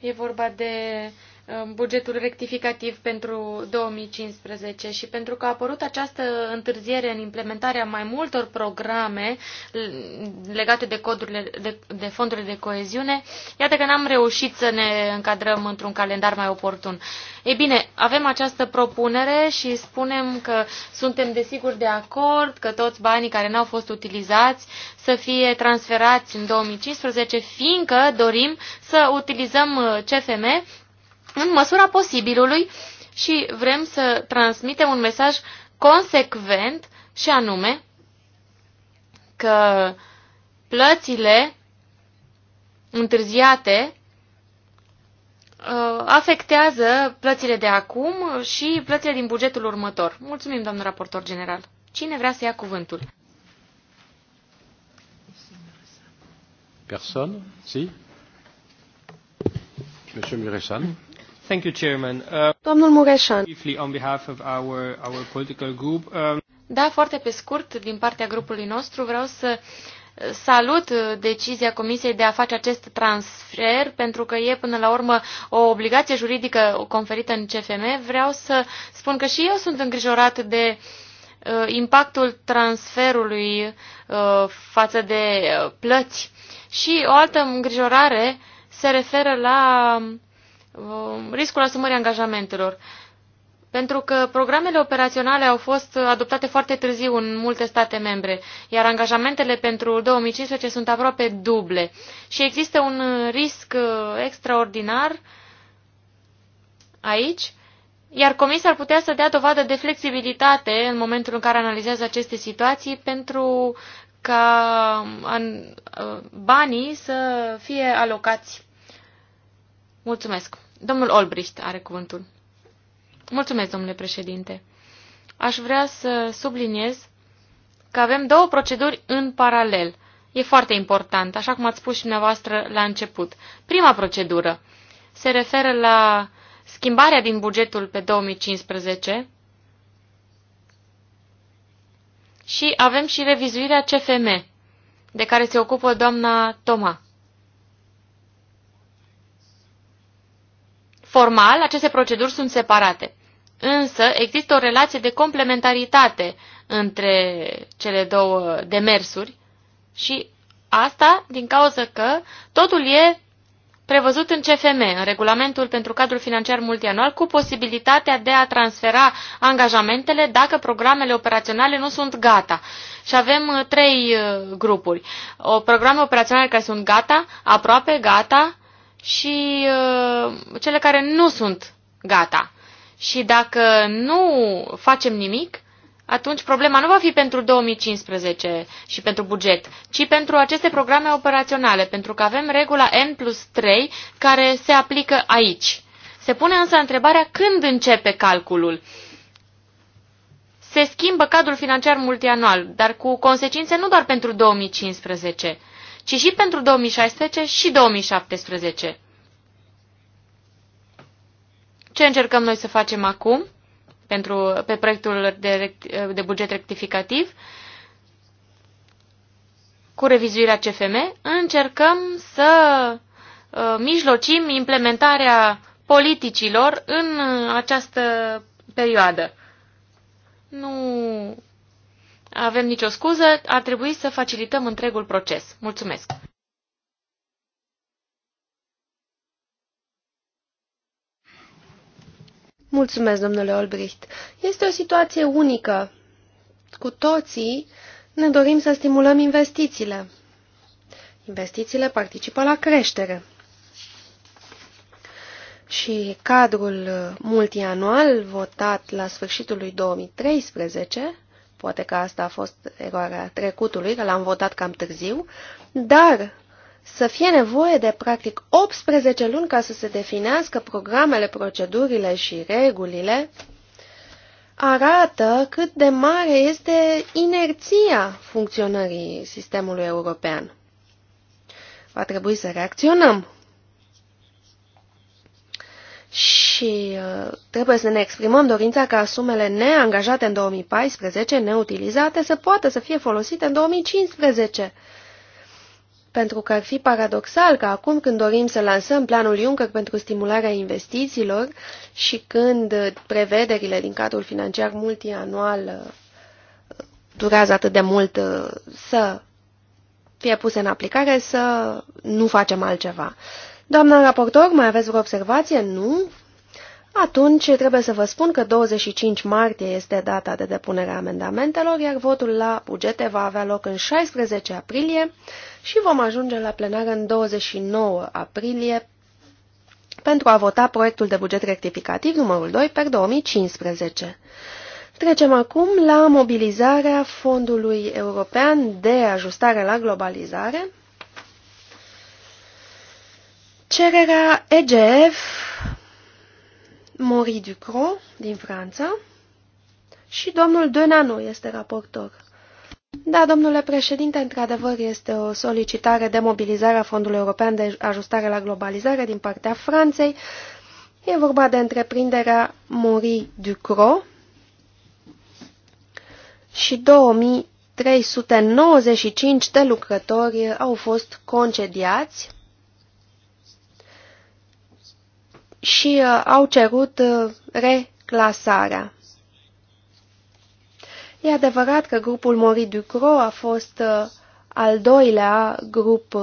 E vorba de Um, bugetul rectificativ pentru 2015 și pentru că a apărut această întârziere în implementarea mai multor programe legate de, codurile, de, de fondurile de coeziune, iată că n-am reușit să ne încadrăm într-un calendar mai oportun. Ei bine, avem această propunere și spunem că suntem desigur de acord că toți banii care n-au fost utilizați să fie transferați în 2015, fiindcă dorim să utilizăm uh, CFM în măsura posibilului și vrem să transmitem un mesaj consecvent și anume că plățile întârziate uh, afectează plățile de acum și plățile din bugetul următor. Mulțumim, doamnă raportor general. Cine vrea să ia cuvântul? Personne? Si? Monsieur Mureșan? Uh, Domnul Mureșan. Um, da, foarte pe scurt, din partea grupului nostru, vreau să salut uh, decizia Comisiei de a face acest transfer, pentru că e până la urmă o obligație juridică conferită în CFM. Vreau să spun că și eu sunt îngrijorat de uh, impactul transferului față de plăți. Și o altă îngrijorare se referă la uh, Um, riscul asumării angajamentelor. Pentru că programele operaționale au fost adoptate foarte târziu în multe state membre, iar angajamentele pentru 2015 sunt aproape duble. Și există un risc uh, extraordinar aici, iar Comisia ar putea să dea dovadă de flexibilitate în momentul în care analizează aceste situații pentru ca uh, banii să fie alocați. Mulțumesc! Domnul Olbricht are cuvântul. Mulțumesc, domnule președinte. Aș vrea să subliniez că avem două proceduri în paralel. E foarte important, așa cum ați spus și dumneavoastră la început. Prima procedură se referă la schimbarea din bugetul pe 2015 și avem și revizuirea CFM, de care se ocupă doamna Toma. Formal, aceste proceduri sunt separate, însă există o relație de complementaritate între cele două demersuri și asta din cauza că totul e prevăzut în CFM, în regulamentul pentru cadrul financiar multianual, cu posibilitatea de a transfera angajamentele dacă programele operaționale nu sunt gata. Și avem uh, trei uh, grupuri. O programe operaționale care sunt gata, aproape gata și uh, cele care nu sunt gata. Și dacă nu facem nimic, atunci problema nu va fi pentru 2015 și pentru buget, ci pentru aceste programe operaționale, pentru că avem regula N plus 3 care se aplică aici. Se pune însă întrebarea când începe calculul. Se schimbă cadrul financiar multianual, dar cu consecințe nu doar pentru 2015 ci și pentru 2016 și 2017. Ce încercăm noi să facem acum pentru, pe proiectul de, de buget rectificativ? Cu revizuirea CFM încercăm să uh, mijlocim implementarea politicilor în această perioadă. Nu avem nicio scuză, ar trebui să facilităm întregul proces. Mulțumesc! Mulțumesc, domnule Olbricht. Este o situație unică. Cu toții ne dorim să stimulăm investițiile. Investițiile participă la creștere. Și cadrul multianual votat la sfârșitul lui 2013 Poate că asta a fost eroarea trecutului, că l-am votat cam târziu, dar să fie nevoie de practic 18 luni ca să se definească programele, procedurile și regulile, arată cât de mare este inerția funcționării sistemului european. Va trebui să reacționăm și uh, trebuie să ne exprimăm dorința ca sumele neangajate în 2014, neutilizate, să poată să fie folosite în 2015. Pentru că ar fi paradoxal că acum când dorim să lansăm planul Juncker pentru stimularea investițiilor și când prevederile din cadrul financiar multianual uh, durează atât de mult uh, să fie puse în aplicare, să nu facem altceva. Doamna raportor, mai aveți vreo observație? Nu? Atunci trebuie să vă spun că 25 martie este data de depunere a amendamentelor, iar votul la bugete va avea loc în 16 aprilie și vom ajunge la plenară în 29 aprilie pentru a vota proiectul de buget rectificativ numărul 2 per 2015. Trecem acum la mobilizarea Fondului European de Ajustare la Globalizare. Cererea EGF Mori Ducro din Franța și domnul Denanu este raportor. Da, domnule președinte, într-adevăr este o solicitare de mobilizare a Fondului European de Ajustare la Globalizare din partea Franței. E vorba de întreprinderea Mori Ducro și 2395 de lucrători au fost concediați și uh, au cerut uh, reclasarea. E adevărat că grupul Mori Ducro a fost uh, al doilea grup uh,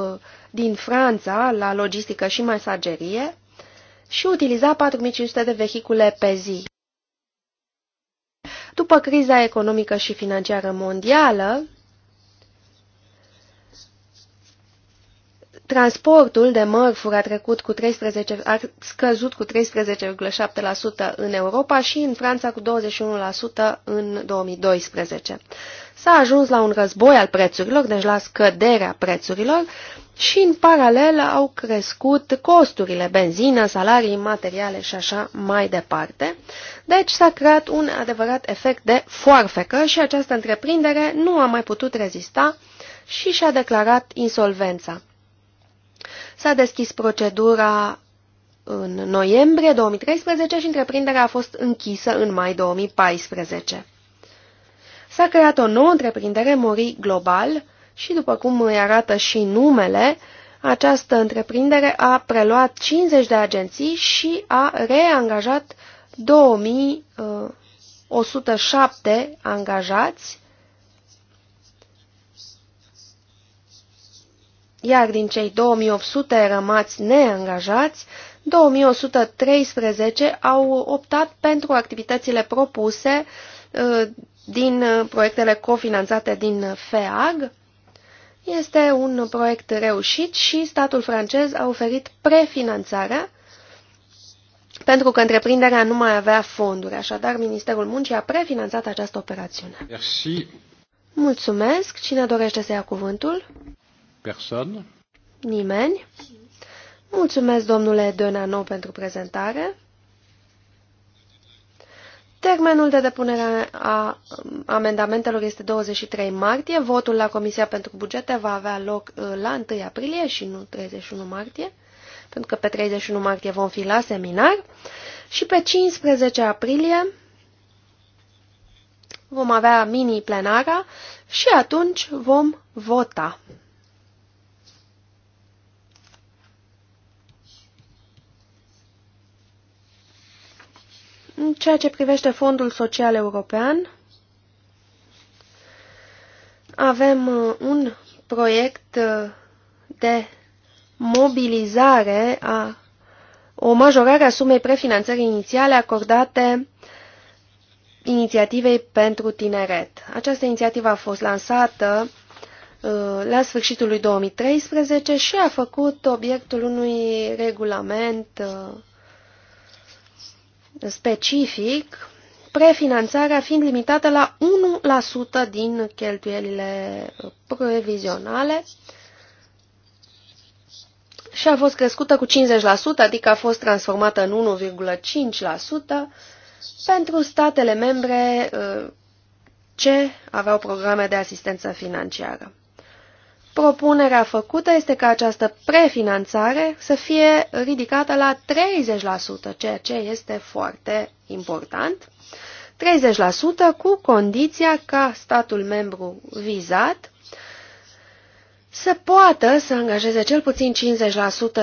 din Franța la logistică și mesagerie și utiliza 4500 de vehicule pe zi. După criza economică și financiară mondială, Transportul de mărfuri a, trecut cu 13, a scăzut cu 13,7% în Europa și în Franța cu 21% în 2012. S-a ajuns la un război al prețurilor, deci la scăderea prețurilor și în paralel au crescut costurile, benzină, salarii, materiale și așa mai departe. Deci s-a creat un adevărat efect de foarfecă și această întreprindere nu a mai putut rezista și și-a declarat insolvența. S-a deschis procedura în noiembrie 2013 și întreprinderea a fost închisă în mai 2014. S-a creat o nouă întreprindere, Mori Global, și după cum îi arată și numele, această întreprindere a preluat 50 de agenții și a reangajat 2107 uh, angajați iar din cei 2800 rămați neangajați, 2113 au optat pentru activitățile propuse uh, din uh, proiectele cofinanțate din FEAG. Este un proiect reușit și statul francez a oferit prefinanțarea pentru că întreprinderea nu mai avea fonduri, așadar Ministerul Muncii a prefinanțat această operațiune. Merci. Mulțumesc. Cine dorește să ia cuvântul? Personne. Nimeni. Mulțumesc, domnule Dönano, pentru prezentare. Termenul de depunere a amendamentelor este 23 martie. Votul la Comisia pentru Bugete va avea loc uh, la 1 aprilie și nu 31 martie, pentru că pe 31 martie vom fi la seminar. Și pe 15 aprilie vom avea mini-plenara și atunci vom vota. În ceea ce privește Fondul Social European, avem uh, un proiect uh, de mobilizare a o majorare a sumei prefinanțării inițiale acordate inițiativei pentru tineret. Această inițiativă a fost lansată uh, la sfârșitul lui 2013 și a făcut obiectul unui regulament specific, prefinanțarea fiind limitată la 1% din cheltuielile previzionale și a fost crescută cu 50%, adică a fost transformată în 1,5% pentru statele membre uh, ce aveau programe de asistență financiară. Propunerea făcută este ca această prefinanțare să fie ridicată la 30%, ceea ce este foarte important. 30% cu condiția ca statul membru vizat să poată să angajeze cel puțin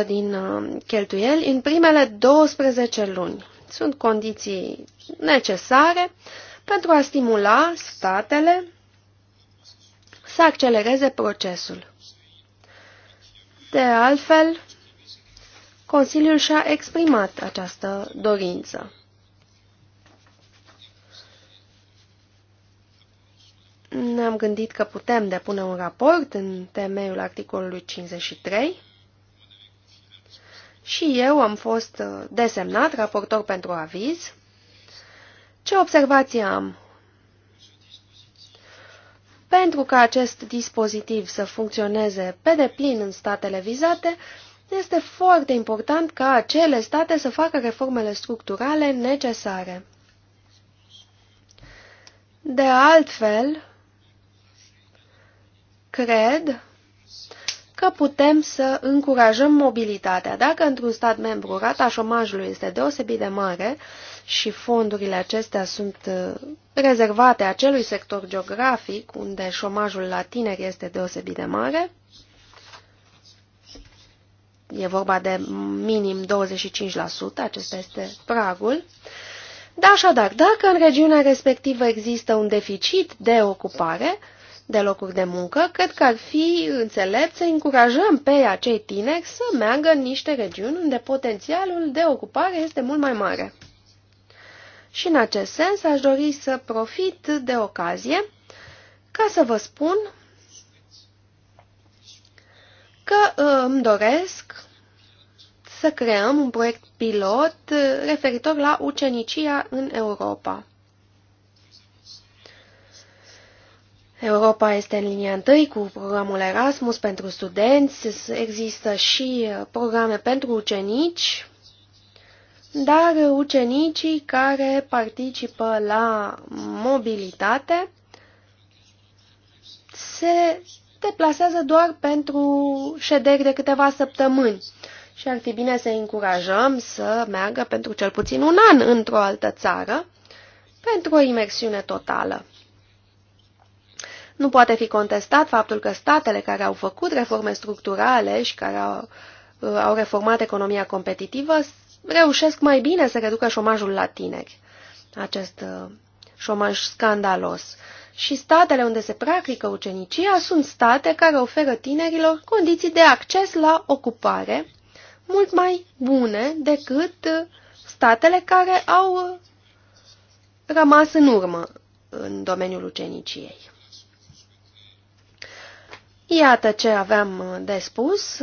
50% din uh, cheltuieli în primele 12 luni. Sunt condiții necesare pentru a stimula statele să accelereze procesul. De altfel, Consiliul și-a exprimat această dorință. Ne-am gândit că putem depune un raport în temeiul articolului 53 și eu am fost desemnat raportor pentru aviz. Ce observații am? Pentru ca acest dispozitiv să funcționeze pe deplin în statele vizate, este foarte important ca acele state să facă reformele structurale necesare. De altfel, cred că putem să încurajăm mobilitatea. Dacă într-un stat membru rata șomajului este deosebit de mare, și fondurile acestea sunt uh, rezervate acelui sector geografic unde șomajul la tineri este deosebit de mare. E vorba de minim 25%, acesta este pragul. Da, așadar, dacă în regiunea respectivă există un deficit de ocupare, de locuri de muncă, cred că ar fi înțelept să încurajăm pe acei tineri să meargă în niște regiuni unde potențialul de ocupare este mult mai mare. Și în acest sens aș dori să profit de ocazie ca să vă spun că uh, îmi doresc să creăm un proiect pilot uh, referitor la ucenicia în Europa. Europa este în linia întâi cu programul Erasmus pentru studenți, există și uh, programe pentru ucenici dar ucenicii care participă la mobilitate se deplasează doar pentru șederi de câteva săptămâni și ar fi bine să încurajăm să meargă pentru cel puțin un an într-o altă țară pentru o imersiune totală. Nu poate fi contestat faptul că statele care au făcut reforme structurale și care au, uh, au reformat economia competitivă reușesc mai bine să reducă șomajul la tineri, acest uh, șomaj scandalos. Și statele unde se practică ucenicia sunt state care oferă tinerilor condiții de acces la ocupare mult mai bune decât uh, statele care au uh, rămas în urmă în domeniul uceniciei. Iată ce aveam de spus.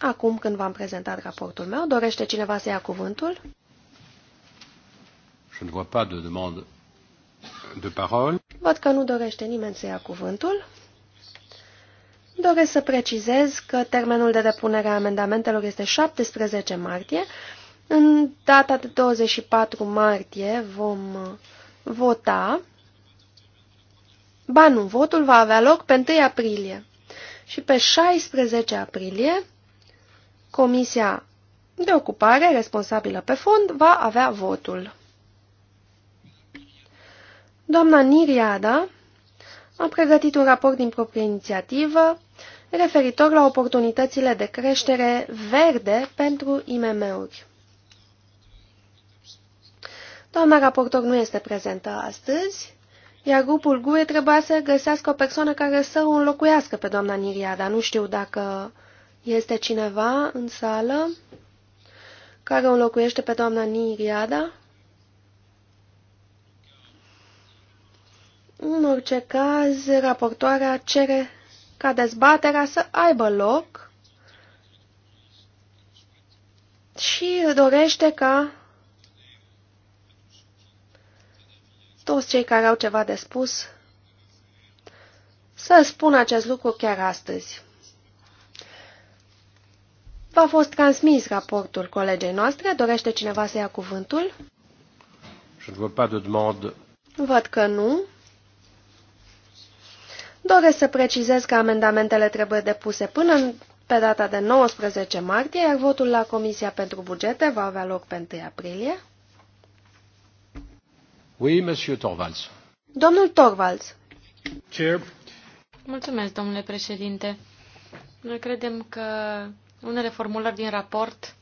Acum, când v-am prezentat raportul meu, dorește cineva să ia cuvântul? Je ne vois pas de demande de parole. Văd că nu dorește nimeni să ia cuvântul. Doresc să precizez că termenul de depunere a amendamentelor este 17 martie. În data de 24 martie vom uh, vota. Ba nu, votul va avea loc pe 1 aprilie. Și pe 16 aprilie Comisia de ocupare responsabilă pe fond va avea votul. Doamna Niriada a pregătit un raport din proprie inițiativă referitor la oportunitățile de creștere verde pentru IMM-uri. Doamna raportor nu este prezentă astăzi, iar grupul GUE trebuia să găsească o persoană care să o înlocuiască pe doamna Niriada. Nu știu dacă este cineva în sală care o locuiește pe doamna Niriada? În orice caz, raportoarea cere ca dezbaterea să aibă loc și dorește ca toți cei care au ceva de spus să spună acest lucru chiar astăzi. V-a fost transmis raportul colegei noastre. Dorește cineva să ia cuvântul? Je ne vois pas de demande. Văd că nu. Doresc să precizez că amendamentele trebuie depuse până în, pe data de 19 martie, iar votul la Comisia pentru Bugete va avea loc pe 1 aprilie. Oui, monsieur Torvalds. Domnul Torvalds. Chair. Mulțumesc, domnule președinte. Noi credem că unele formulări din raport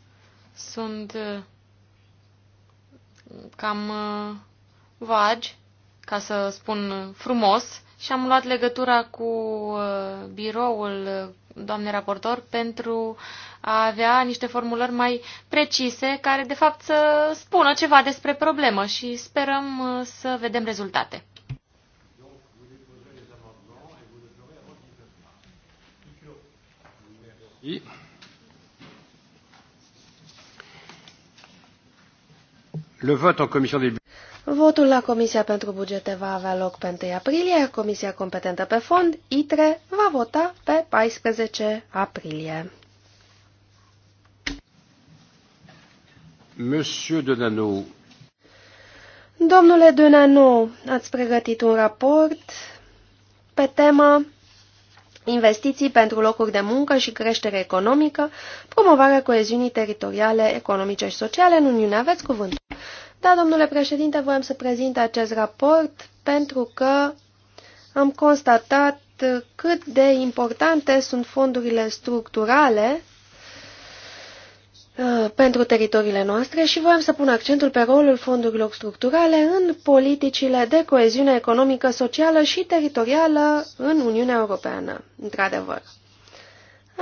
sunt uh, cam uh, vagi, ca să spun frumos, și am luat legătura cu uh, biroul doamnei raportor pentru a avea niște formulări mai precise care de fapt să spună ceva despre problemă și sperăm să vedem rezultate. Yeah. Le vote en commission des... Votul la Comisia pentru Bugete va avea loc pe 1 aprilie, iar Comisia competentă pe fond, ITRE, va vota pe 14 aprilie. Monsieur Denano. Domnule Denano, ați pregătit un raport pe tema investiții pentru locuri de muncă și creștere economică, promovarea coeziunii teritoriale, economice și sociale în Uniune. Aveți cuvânt. Da, domnule președinte, voiam să prezint acest raport pentru că am constatat cât de importante sunt fondurile structurale Uh, pentru teritoriile noastre și voiam să pun accentul pe rolul fondurilor structurale în politicile de coeziune economică, socială și teritorială în Uniunea Europeană, într-adevăr.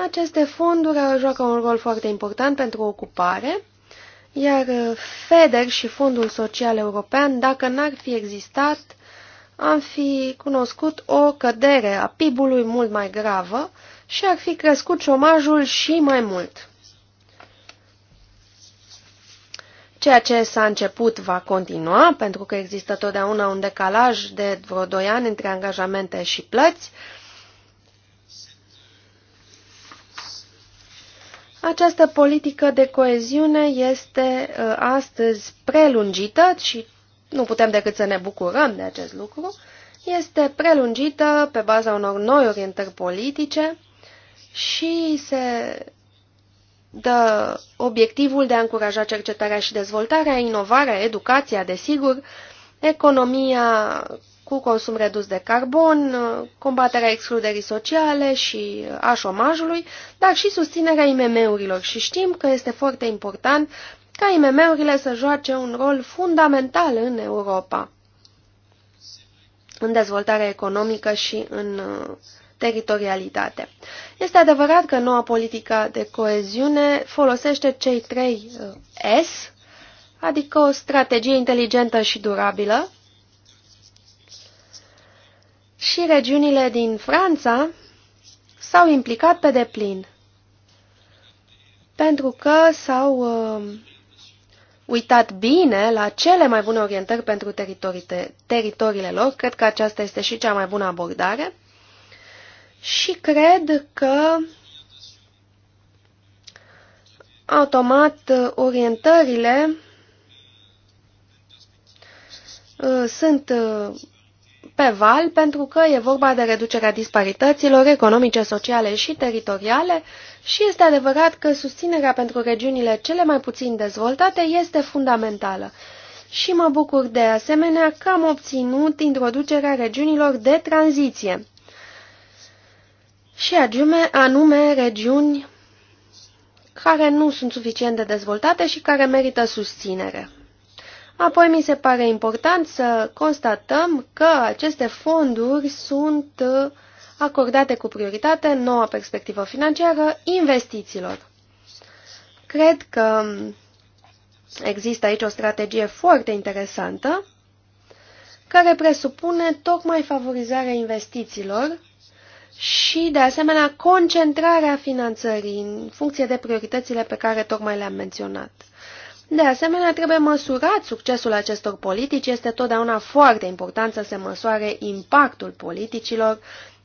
Aceste fonduri joacă un rol foarte important pentru ocupare, iar FEDER și Fondul Social European, dacă n-ar fi existat, am fi cunoscut o cădere a PIB-ului mult mai gravă și ar fi crescut șomajul și mai mult. Ceea ce s-a început va continua, pentru că există totdeauna un decalaj de vreo 2 ani între angajamente și plăți. Această politică de coeziune este uh, astăzi prelungită și nu putem decât să ne bucurăm de acest lucru. Este prelungită pe baza unor noi orientări politice și se dă obiectivul de a încuraja cercetarea și dezvoltarea, inovarea, educația, desigur, economia cu consum redus de carbon, combaterea excluderii sociale și a șomajului, dar și susținerea IMM-urilor și știm că este foarte important ca IMM-urile să joace un rol fundamental în Europa, în dezvoltarea economică și în teritorialitate. Este adevărat că noua politică de coeziune folosește cei trei eh, S, adică o strategie inteligentă și durabilă, și regiunile din Franța s-au implicat pe deplin, pentru că s-au uh, uitat bine la cele mai bune orientări pentru teritoriile lor. Cred că aceasta este și cea mai bună abordare și cred că automat orientările uh, sunt uh, pe val pentru că e vorba de reducerea disparităților economice, sociale și teritoriale și este adevărat că susținerea pentru regiunile cele mai puțin dezvoltate este fundamentală. Și mă bucur de asemenea că am obținut introducerea regiunilor de tranziție și anume, anume regiuni care nu sunt suficient de dezvoltate și care merită susținere. Apoi mi se pare important să constatăm că aceste fonduri sunt uh, acordate cu prioritate în noua perspectivă financiară investițiilor. Cred că există aici o strategie foarte interesantă care presupune tocmai favorizarea investițiilor și, de asemenea, concentrarea finanțării în funcție de prioritățile pe care tocmai le-am menționat. De asemenea, trebuie măsurat succesul acestor politici. Este totdeauna foarte important să se măsoare impactul politicilor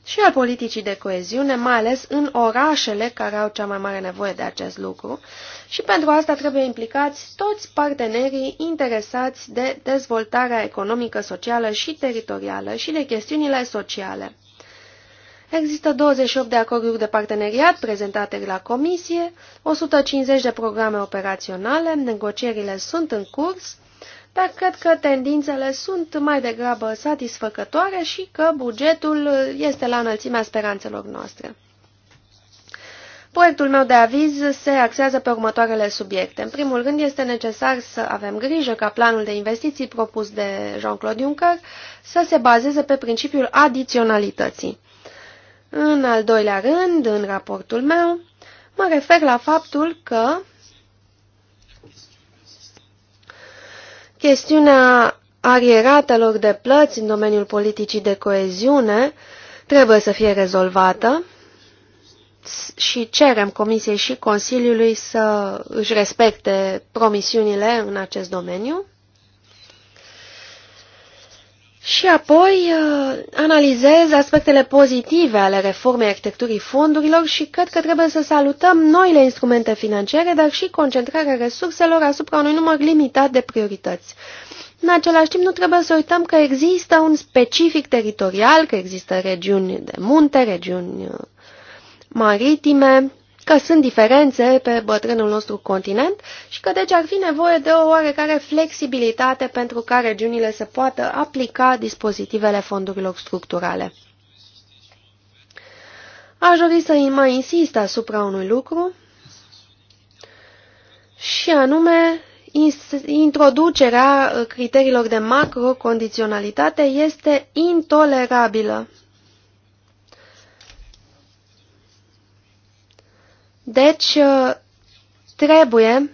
și al politicii de coeziune, mai ales în orașele care au cea mai mare nevoie de acest lucru. Și pentru asta trebuie implicați toți partenerii interesați de dezvoltarea economică, socială și teritorială și de chestiunile sociale. Există 28 de acorduri de parteneriat prezentate la comisie, 150 de programe operaționale, negocierile sunt în curs, dar cred că tendințele sunt mai degrabă satisfăcătoare și că bugetul este la înălțimea speranțelor noastre. Proiectul meu de aviz se axează pe următoarele subiecte. În primul rând, este necesar să avem grijă ca planul de investiții propus de Jean-Claude Juncker să se bazeze pe principiul adiționalității. În al doilea rând, în raportul meu, mă refer la faptul că chestiunea arieratelor de plăți în domeniul politicii de coeziune trebuie să fie rezolvată și cerem Comisiei și Consiliului să își respecte promisiunile în acest domeniu. Și apoi uh, analizez aspectele pozitive ale reformei arhitecturii fondurilor și cred că trebuie să salutăm noile instrumente financiare, dar și concentrarea resurselor asupra unui număr limitat de priorități. În același timp, nu trebuie să uităm că există un specific teritorial, că există regiuni de munte, regiuni uh, maritime, că sunt diferențe pe bătrânul nostru continent și că deci ar fi nevoie de o oarecare flexibilitate pentru ca regiunile să poată aplica dispozitivele fondurilor structurale. Aș dori să mai insist asupra unui lucru și anume introducerea uh, criteriilor de macrocondiționalitate este intolerabilă. Deci, uh, trebuie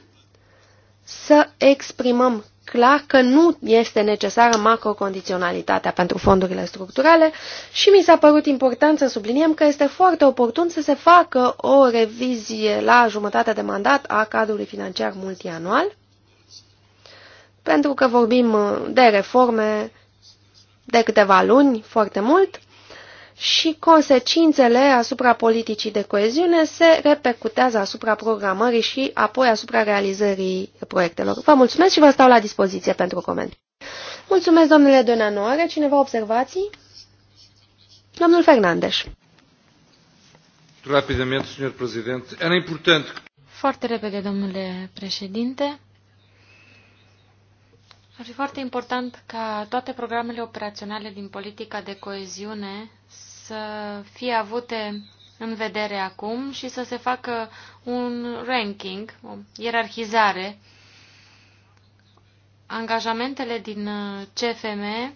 să exprimăm clar că nu este necesară macrocondiționalitatea pentru fondurile structurale și mi s-a părut important să subliniem că este foarte oportun să se facă o revizie la jumătate de mandat a cadrului financiar multianual, pentru că vorbim uh, de reforme de câteva luni, foarte mult, și consecințele asupra politicii de coeziune se repercutează asupra programării și apoi asupra realizării proiectelor. Vă mulțumesc și vă stau la dispoziție pentru comentarii. Mulțumesc, domnule Donano. cineva observații? Domnul Fernandes. Rapidamente, domnule președinte, Era important. Foarte repede, domnule președinte. Ar fi foarte important ca toate programele operaționale din politica de coeziune să fie avute în vedere acum și să se facă un ranking, o ierarhizare. Angajamentele din uh, CFM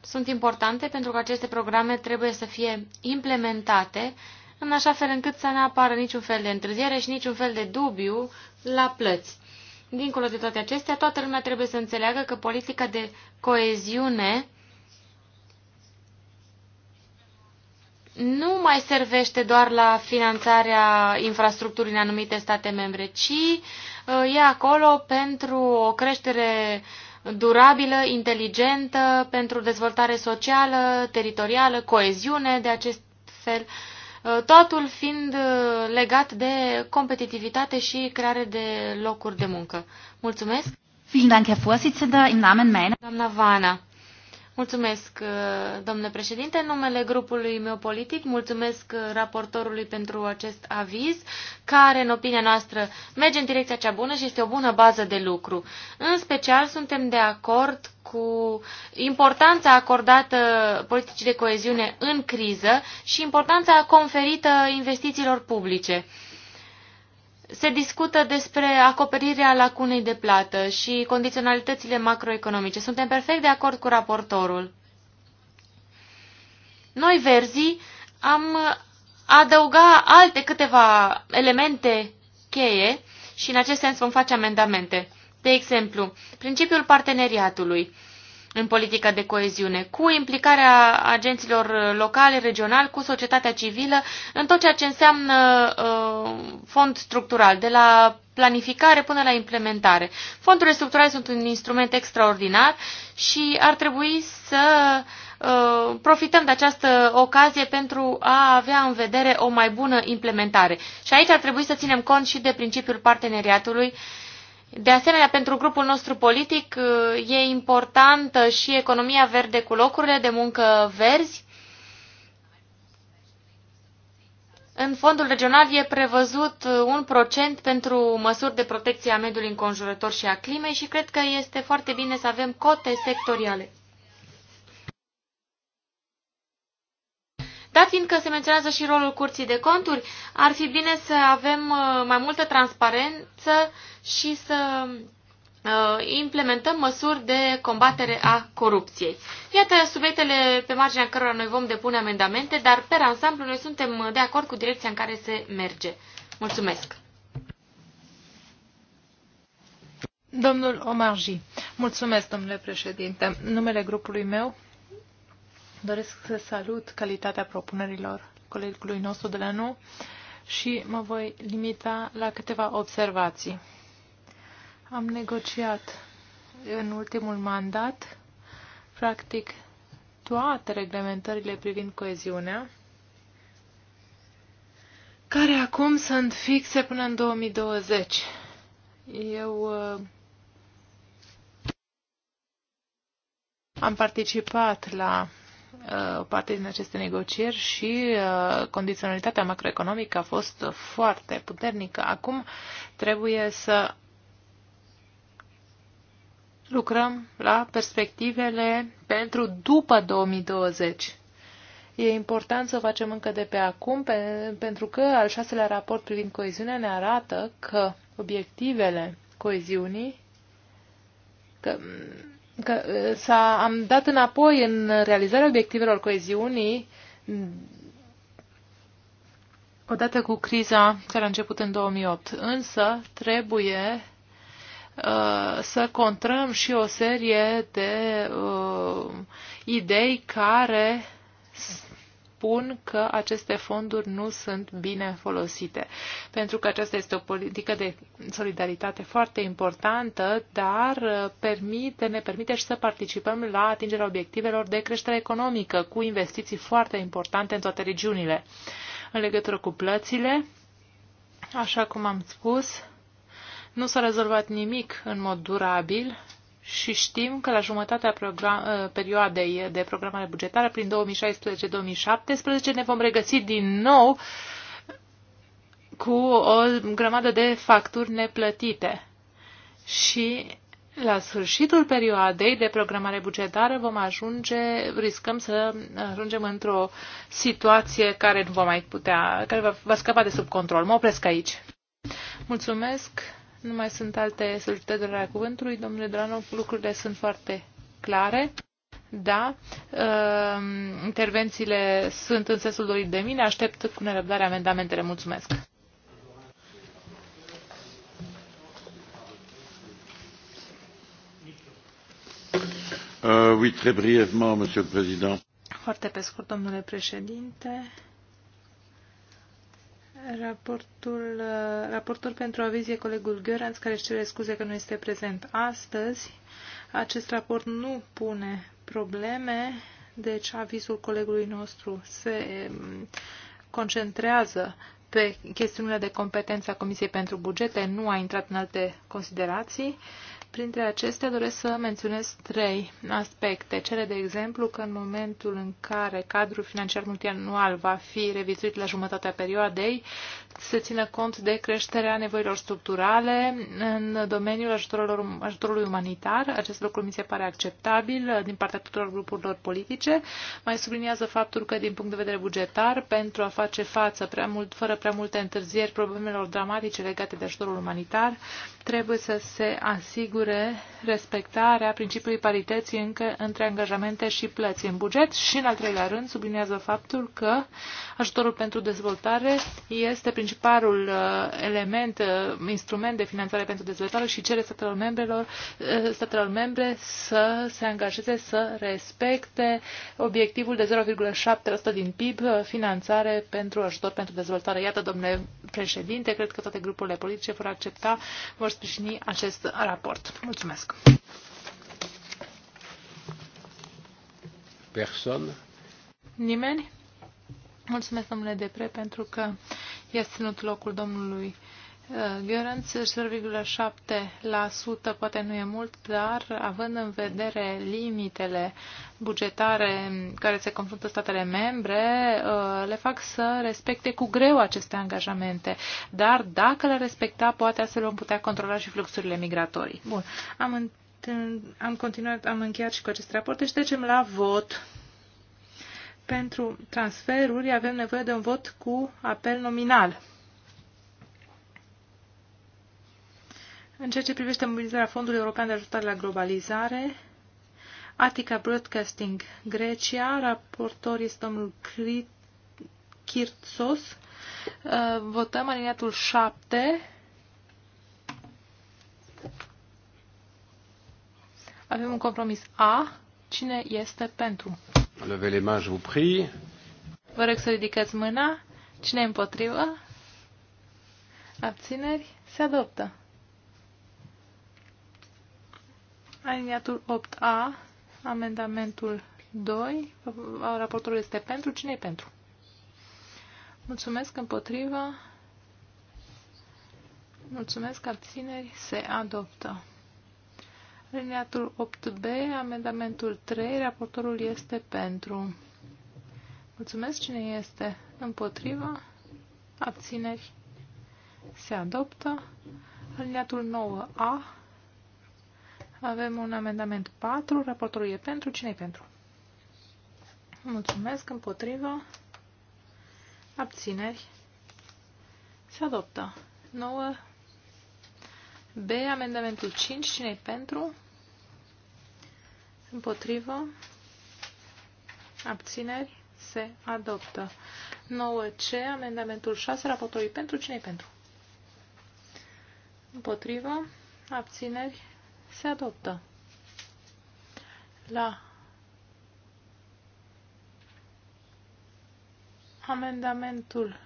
sunt importante pentru că aceste programe trebuie să fie implementate în așa fel încât să nu apară niciun fel de întârziere și niciun fel de dubiu la plăți. Dincolo de toate acestea, toată lumea trebuie să înțeleagă că politica de coeziune nu mai servește doar la finanțarea infrastructurii în anumite state membre, ci uh, e acolo pentru o creștere durabilă, inteligentă, pentru dezvoltare socială, teritorială, coeziune de acest fel, uh, totul fiind uh, legat de competitivitate și creare de locuri de muncă. Mulțumesc! Vielen Dank, Herr Vorsitzender, im Namen meiner... Doamna Vana, Mulțumesc, uh, domnule președinte. În numele grupului meu politic, mulțumesc uh, raportorului pentru acest aviz, care, în opinia noastră, merge în direcția cea bună și este o bună bază de lucru. În special, suntem de acord cu importanța acordată politicii de coeziune în criză și importanța conferită investițiilor publice se discută despre acoperirea lacunei de plată și condiționalitățile macroeconomice. Suntem perfect de acord cu raportorul. Noi, verzii, am adăuga alte câteva elemente cheie și în acest sens vom face amendamente. De exemplu, principiul parteneriatului în politica de coeziune, cu implicarea agenților locale, regionali, cu societatea civilă, în tot ceea ce înseamnă uh, fond structural, de la planificare până la implementare. Fondurile structurale sunt un instrument extraordinar și ar trebui să uh, profităm de această ocazie pentru a avea în vedere o mai bună implementare. Și aici ar trebui să ținem cont și de principiul parteneriatului uh, de asemenea, pentru grupul nostru politic uh, e importantă și economia verde cu locurile de muncă verzi. În fondul regional e prevăzut uh, un procent pentru măsuri de protecție a mediului înconjurător și a climei și cred că este foarte bine să avem cote sectoriale. Dar fiindcă se menționează și rolul curții de conturi, ar fi bine să avem uh, mai multă transparență și să uh, implementăm măsuri de combatere a corupției. Iată subiectele pe marginea cărora noi vom depune amendamente, dar pe ansamblu noi suntem de acord cu direcția în care se merge. Mulțumesc! Domnul Omarji, mulțumesc, domnule președinte. Numele grupului meu Doresc să salut calitatea propunerilor colegului nostru de la NU și mă voi limita la câteva observații. Am negociat în ultimul mandat, practic, toate reglementările privind coeziunea, care acum sunt fixe până în 2020. Eu uh, am participat la o uh, parte din aceste negocieri și uh, condiționalitatea macroeconomică a fost foarte puternică. Acum trebuie să lucrăm la perspectivele pentru după 2020. E important să o facem încă de pe acum, pe, pentru că al șaselea raport privind coeziunea ne arată că obiectivele coeziunii, că că uh, s-a, am dat înapoi în realizarea obiectivelor coeziunii odată cu criza care a început în 2008. Însă trebuie uh, să contrăm și o serie de uh, idei care spun că aceste fonduri nu sunt bine folosite, pentru că aceasta este o politică de solidaritate foarte importantă, dar uh, permite, ne permite și să participăm la atingerea obiectivelor de creștere economică, cu investiții foarte importante în toate regiunile. În legătură cu plățile, așa cum am spus, nu s-a rezolvat nimic în mod durabil și știm că la jumătatea program, ă, perioadei de programare bugetară, prin 2016-2017, ne vom regăsi din nou cu o grămadă de facturi neplătite. Și la sfârșitul perioadei de programare bugetară vom ajunge, riscăm să ajungem într-o situație care nu va mai putea, care va, va scăpa de sub control. Mă opresc aici. Mulțumesc. Nu mai sunt alte solicitări de la cuvântului. Domnule Dranu, lucrurile sunt foarte clare. Da, uh, intervențiile sunt în sensul dorit de mine. Aștept cu nerăbdare amendamentele. Mulțumesc. Uh, oui, très brièvement, Monsieur le Président. Foarte pe scurt, domnule președinte. Raportul, uh, raportul pentru avizie colegul Gheoranț, care își cere scuze că nu este prezent astăzi. Acest raport nu pune probleme, deci avizul colegului nostru se um, concentrează pe chestiunile de competență a Comisiei pentru Bugete, nu a intrat în alte considerații. Uh, Printre acestea doresc să menționez trei aspecte. Cele de exemplu că în momentul în care cadrul financiar multianual va fi revizuit la jumătatea perioadei, se țină cont de creșterea nevoilor structurale în domeniul ajutorului, ajutorului umanitar. Acest lucru mi se pare acceptabil din partea tuturor grupurilor politice. Mai subliniază faptul că din punct de vedere bugetar, pentru a face față prea mult, fără prea multe întârzieri problemelor dramatice legate de ajutorul umanitar, trebuie să se asigure asigure respectarea principiului parității încă între angajamente și plăți în buget și, în al treilea rând, subliniază faptul că ajutorul pentru dezvoltare este principalul uh, element, uh, instrument de finanțare pentru dezvoltare și cere statelor, membrelor, uh, statelor membre să se angajeze să respecte obiectivul de 0,7% din PIB finanțare pentru ajutor pentru dezvoltare. Iată, domnule președinte, cred că toate grupurile politice vor accepta, vor sprijini acest raport. Mulțumesc! Person. Nimeni? Mulțumesc, domnule Depre, pentru că i-a ținut locul domnului Gheorenț, uh, 0,7% poate nu e mult, dar având în vedere limitele bugetare care se confruntă statele membre, uh, le fac să respecte cu greu aceste angajamente. Dar dacă le respecta, poate astfel vom putea controla și fluxurile migratorii. Bun, am, am continuat, am încheiat și cu acest raport, deci trecem la vot. Pentru transferuri avem nevoie de un vot cu apel nominal. În ceea ce privește mobilizarea Fondului European de Ajutare la Globalizare, Attica Broadcasting Grecia, raportor este domnul Kirtsos. Uh, votăm aliniatul 7. Avem un compromis A. Cine este pentru? Levez les mains, je vous prie. Vă rog să ridicați mâna. Cine e împotrivă? Abțineri? Se adoptă. Aliniatul 8A, amendamentul 2, raportul este pentru. cine e pentru? Mulțumesc Împotrivă. Mulțumesc abțineri. Se adoptă. Alineatul 8B, amendamentul 3, raportorul este pentru. Mulțumesc cine este împotrivă? Abțineri. Se adoptă. Alineatul 9A, avem un amendament 4. Raportorul e pentru. cine e pentru? Mulțumesc. Împotrivă. Abțineri. Se adoptă. 9. B. Amendamentul 5. cine e pentru? Împotrivă. Abțineri. Se adoptă. 9C. Amendamentul 6. Raportorul e pentru. cine e pentru? Împotrivă. Abțineri se adoptă. La amendamentul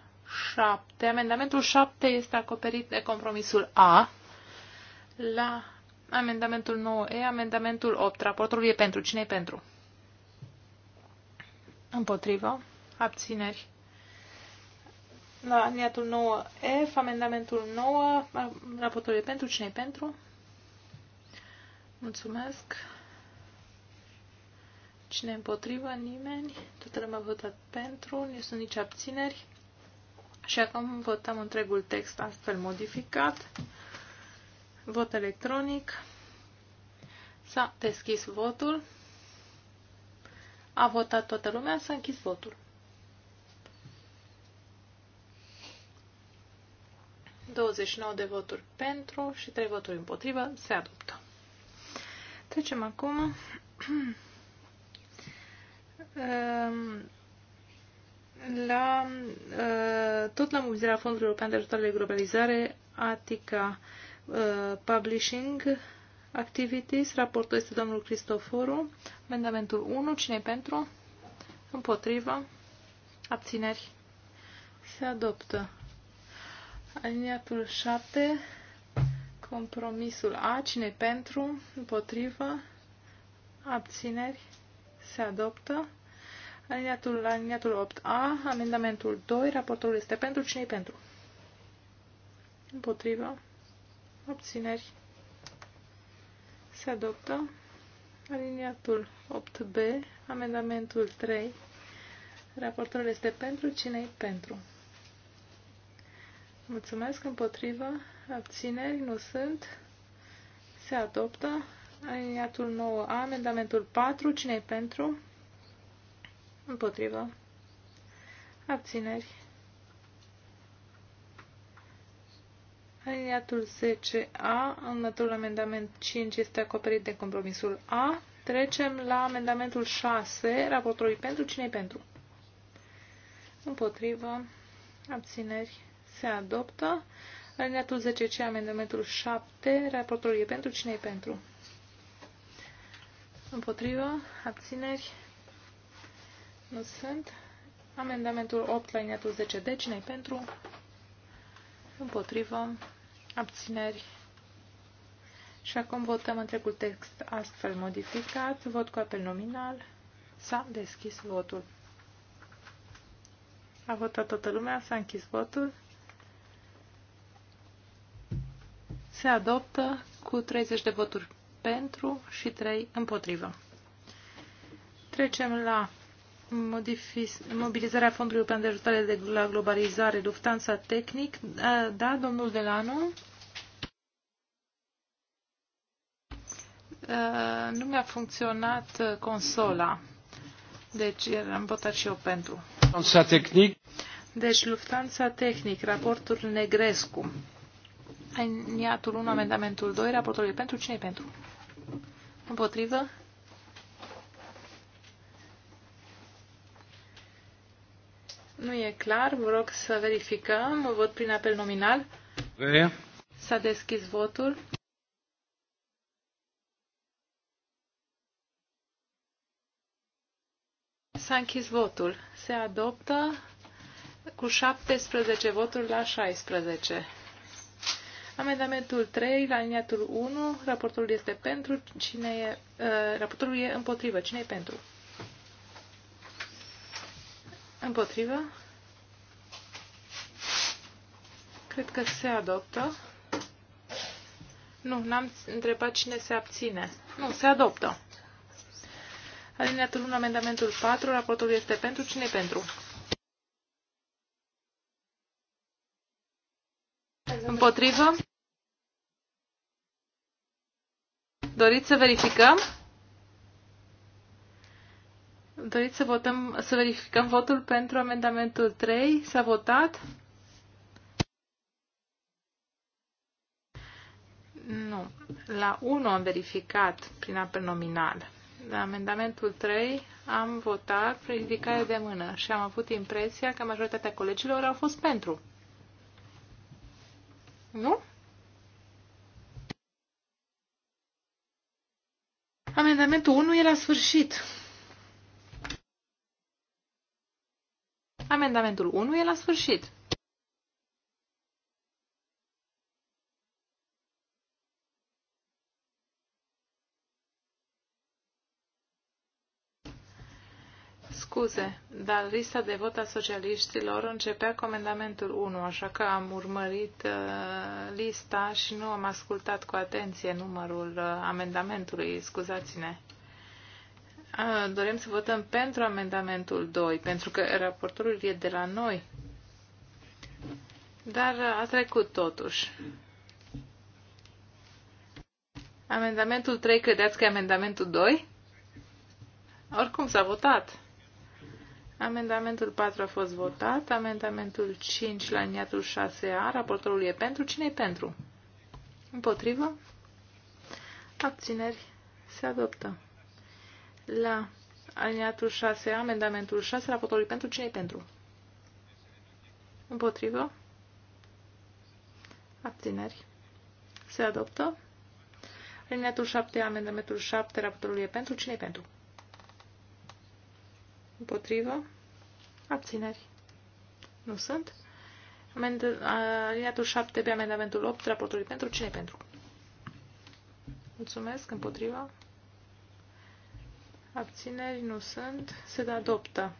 7. Amendamentul 7 este acoperit de compromisul A. La amendamentul 9E, amendamentul 8. Raportul e pentru. cine e pentru? Împotrivă. Abțineri. La aniatul 9F, amendamentul 9, raportul e pentru. cine e pentru? Mulțumesc. Cine împotrivă? Nimeni. Toată lumea a votat pentru. Nu sunt nici abțineri. Și acum votăm întregul text astfel modificat. Vot electronic. S-a deschis votul. A votat toată lumea, s-a închis votul. 29 de voturi pentru și 3 voturi împotrivă se adoptă. Trecem acum la, uh, tot la mobilizarea Fondului European de Ajutare de Globalizare, Atica uh, Publishing Activities. Raportul este domnul Cristoforu. Amendamentul 1. cine pentru? Împotrivă. Abțineri. Se adoptă. Aliniatul 7. Compromisul A, cine pentru, împotrivă, abțineri, se adoptă. Aliniatul, aliniatul 8A, amendamentul 2, raportul este pentru, cine pentru? Împotrivă, abțineri, se adoptă. Aliniatul 8B, amendamentul 3, raportul este pentru, cine pentru? Mulțumesc, împotrivă, abțineri, nu sunt, se adoptă. Aliniatul 9 amendamentul 4, cine e pentru? Împotrivă. Abțineri. Aliniatul 10A, următorul amendament 5 este acoperit de compromisul A. Trecem la amendamentul 6, raportului pentru, cine e pentru? Împotrivă. Abțineri. Se adoptă. Alineatul 10C, amendamentul 7, raportul e pentru, cine e pentru? Împotrivă, abțineri, nu sunt. Amendamentul 8 la liniatul 10D, cine e pentru? Împotrivă, abțineri. Și acum votăm întregul text astfel modificat, vot cu apel nominal. S-a deschis votul. A votat toată lumea, s-a închis votul. se adoptă cu 30 de voturi pentru și 3 împotrivă. Trecem la mobilizarea Fondului pentru de Ajutare de la Globalizare, Lufthansa Tehnic. Da, da domnul Delanu? Uh, nu mi-a funcționat uh, consola, deci am votat și eu pentru. Lufthansa Tehnic? Deci Lufthansa Tehnic, raportul Negrescu. Aliniatul 1, amendamentul 2, raportul pentru cine e pentru? Împotrivă? Nu e clar, vă rog să verificăm. Vot prin apel nominal. S-a deschis votul. S-a închis votul. Se adoptă cu 17 voturi la 16. Amendamentul 3, la liniatul 1, raportul este pentru, cine e, uh, raportul e împotrivă, cine e pentru? Împotrivă? Cred că se adoptă. Nu, n-am întrebat cine se abține. Nu, se adoptă. Alineatul 1, amendamentul 4, raportul este pentru, cine e pentru? Împotrivă? Doriți să verificăm? Doriți să, votăm, să verificăm votul pentru amendamentul 3? S-a votat? Nu. La 1 am verificat prin apel nominal. La amendamentul 3 am votat prin ridicare de mână și am avut impresia că majoritatea colegilor au fost pentru. Nu? Amendamentul 1 e la sfârșit. Amendamentul 1 e la sfârșit. scuze, dar lista de vot a socialiștilor începea cu amendamentul 1, așa că am urmărit uh, lista și nu am ascultat cu atenție numărul uh, amendamentului, scuzați-ne. Uh, dorim să votăm pentru amendamentul 2, pentru că raportorul e de la noi. Dar uh, a trecut totuși. Amendamentul 3, credeți că e amendamentul 2? Oricum s-a votat. Amendamentul 4 a fost votat. Amendamentul 5 la liniatul 6A. Raportorul e pentru. cine e pentru? Împotrivă? Abțineri? Se adoptă. La aliniatul 6A, amendamentul 6, raportorul e pentru. cine e pentru? Împotrivă? Abțineri? Se adoptă. Aliniatul 7, amendamentul 7, raportorul e pentru. cine e pentru? Împotrivă. Abțineri. Nu sunt. Aliniatul 7 pe amendamentul 8, raportului pentru. Cine pentru? Mulțumesc. Împotrivă. Abțineri nu sunt. Se adoptă.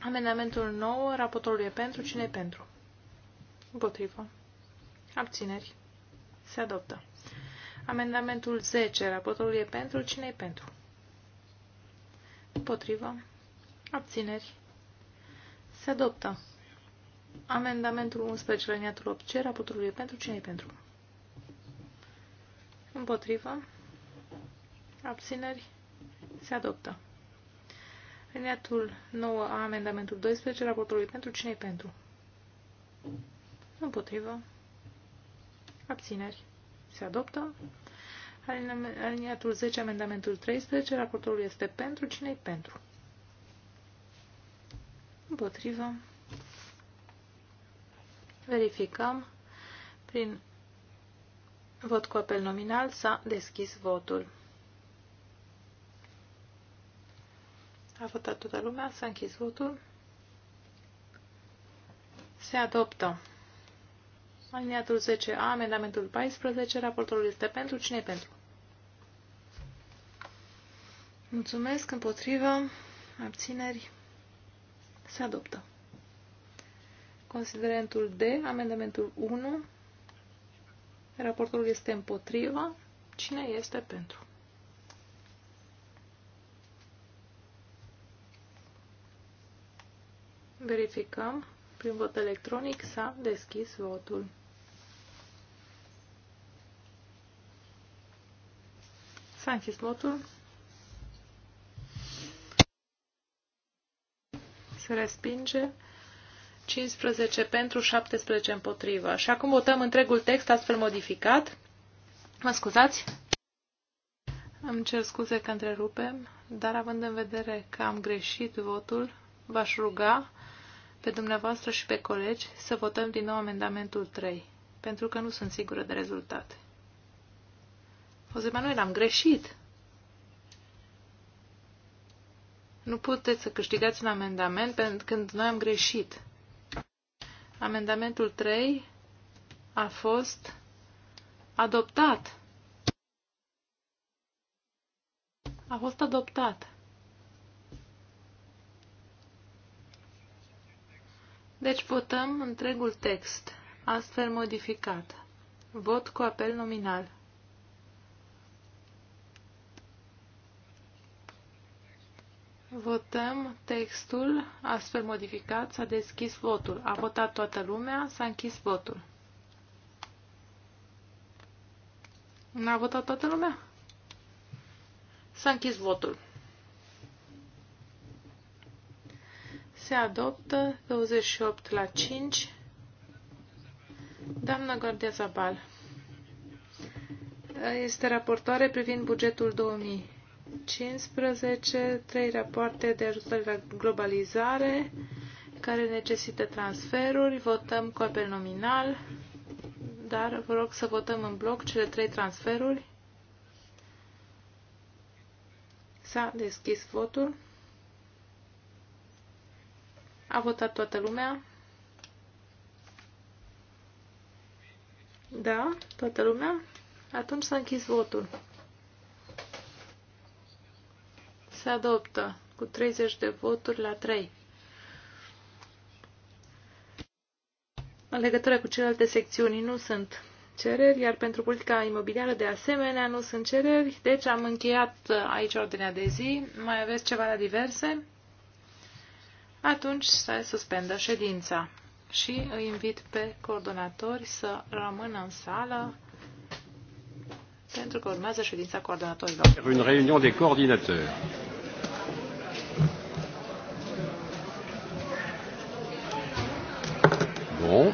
Amendamentul 9, raportul e pentru. Cine pentru? Împotrivă. Abțineri. Se adoptă. Amendamentul 10, raportul e pentru. Cine e pentru? Împotrivă. Abțineri. Se adoptă. Amendamentul 11, liniatul 8, c raportul e pentru, cine e pentru? Împotrivă. Abțineri. Se adoptă. Liniatul 9 a amendamentul 12, raportul e pentru, cine e pentru? Împotrivă. Abțineri. Se adoptă. Aliniatul 10, amendamentul 13, raportul este pentru, cine e pentru? împotrivă. Verificăm prin vot cu apel nominal s-a deschis votul. A votat toată lumea, s-a închis votul. Se adoptă. Aliniatul 10A, amendamentul 14, raportul este pentru. Cine pentru? Mulțumesc, împotrivă, abțineri. Se adoptă. Considerentul D, amendamentul 1. Raportorul este împotriva. Cine este pentru? Verificăm. Prin vot electronic s-a deschis votul. S-a închis votul. se respinge. 15 pentru, 17 împotrivă. Și acum votăm întregul text astfel modificat. Mă scuzați? Îmi cer scuze că întrerupem, dar având în vedere că am greșit votul, v-aș ruga pe dumneavoastră și pe colegi să votăm din nou amendamentul 3, pentru că nu sunt sigură de rezultat. Jose Manuel, am greșit! Nu puteți să câștigați un amendament pentru când noi am greșit. Amendamentul 3 a fost adoptat. A fost adoptat. Deci votăm întregul text, astfel modificat. Vot cu apel nominal. Votăm textul astfel modificat. S-a deschis votul. A votat toată lumea. S-a închis votul. N-a votat toată lumea? S-a închis votul. Se adoptă 28 la 5. Doamna Gordia Zabal este raportoare privind bugetul 2000. 15, trei rapoarte de ajutor la globalizare care necesită transferuri. Votăm cu apel nominal, dar vă rog să votăm în bloc cele trei transferuri. S-a deschis votul. A votat toată lumea. Da, toată lumea. Atunci s-a închis votul. se adoptă cu 30 de voturi la 3. În legătură cu celelalte secțiuni nu sunt cereri, iar pentru politica imobiliară de asemenea nu sunt cereri, deci am încheiat uh, aici ordinea de zi. Mai aveți ceva la diverse? Atunci se suspendă ședința și îi invit pe coordonatori să rămână în sală pentru că urmează ședința coordonatorilor. Une réunion des coordinateurs. Bon.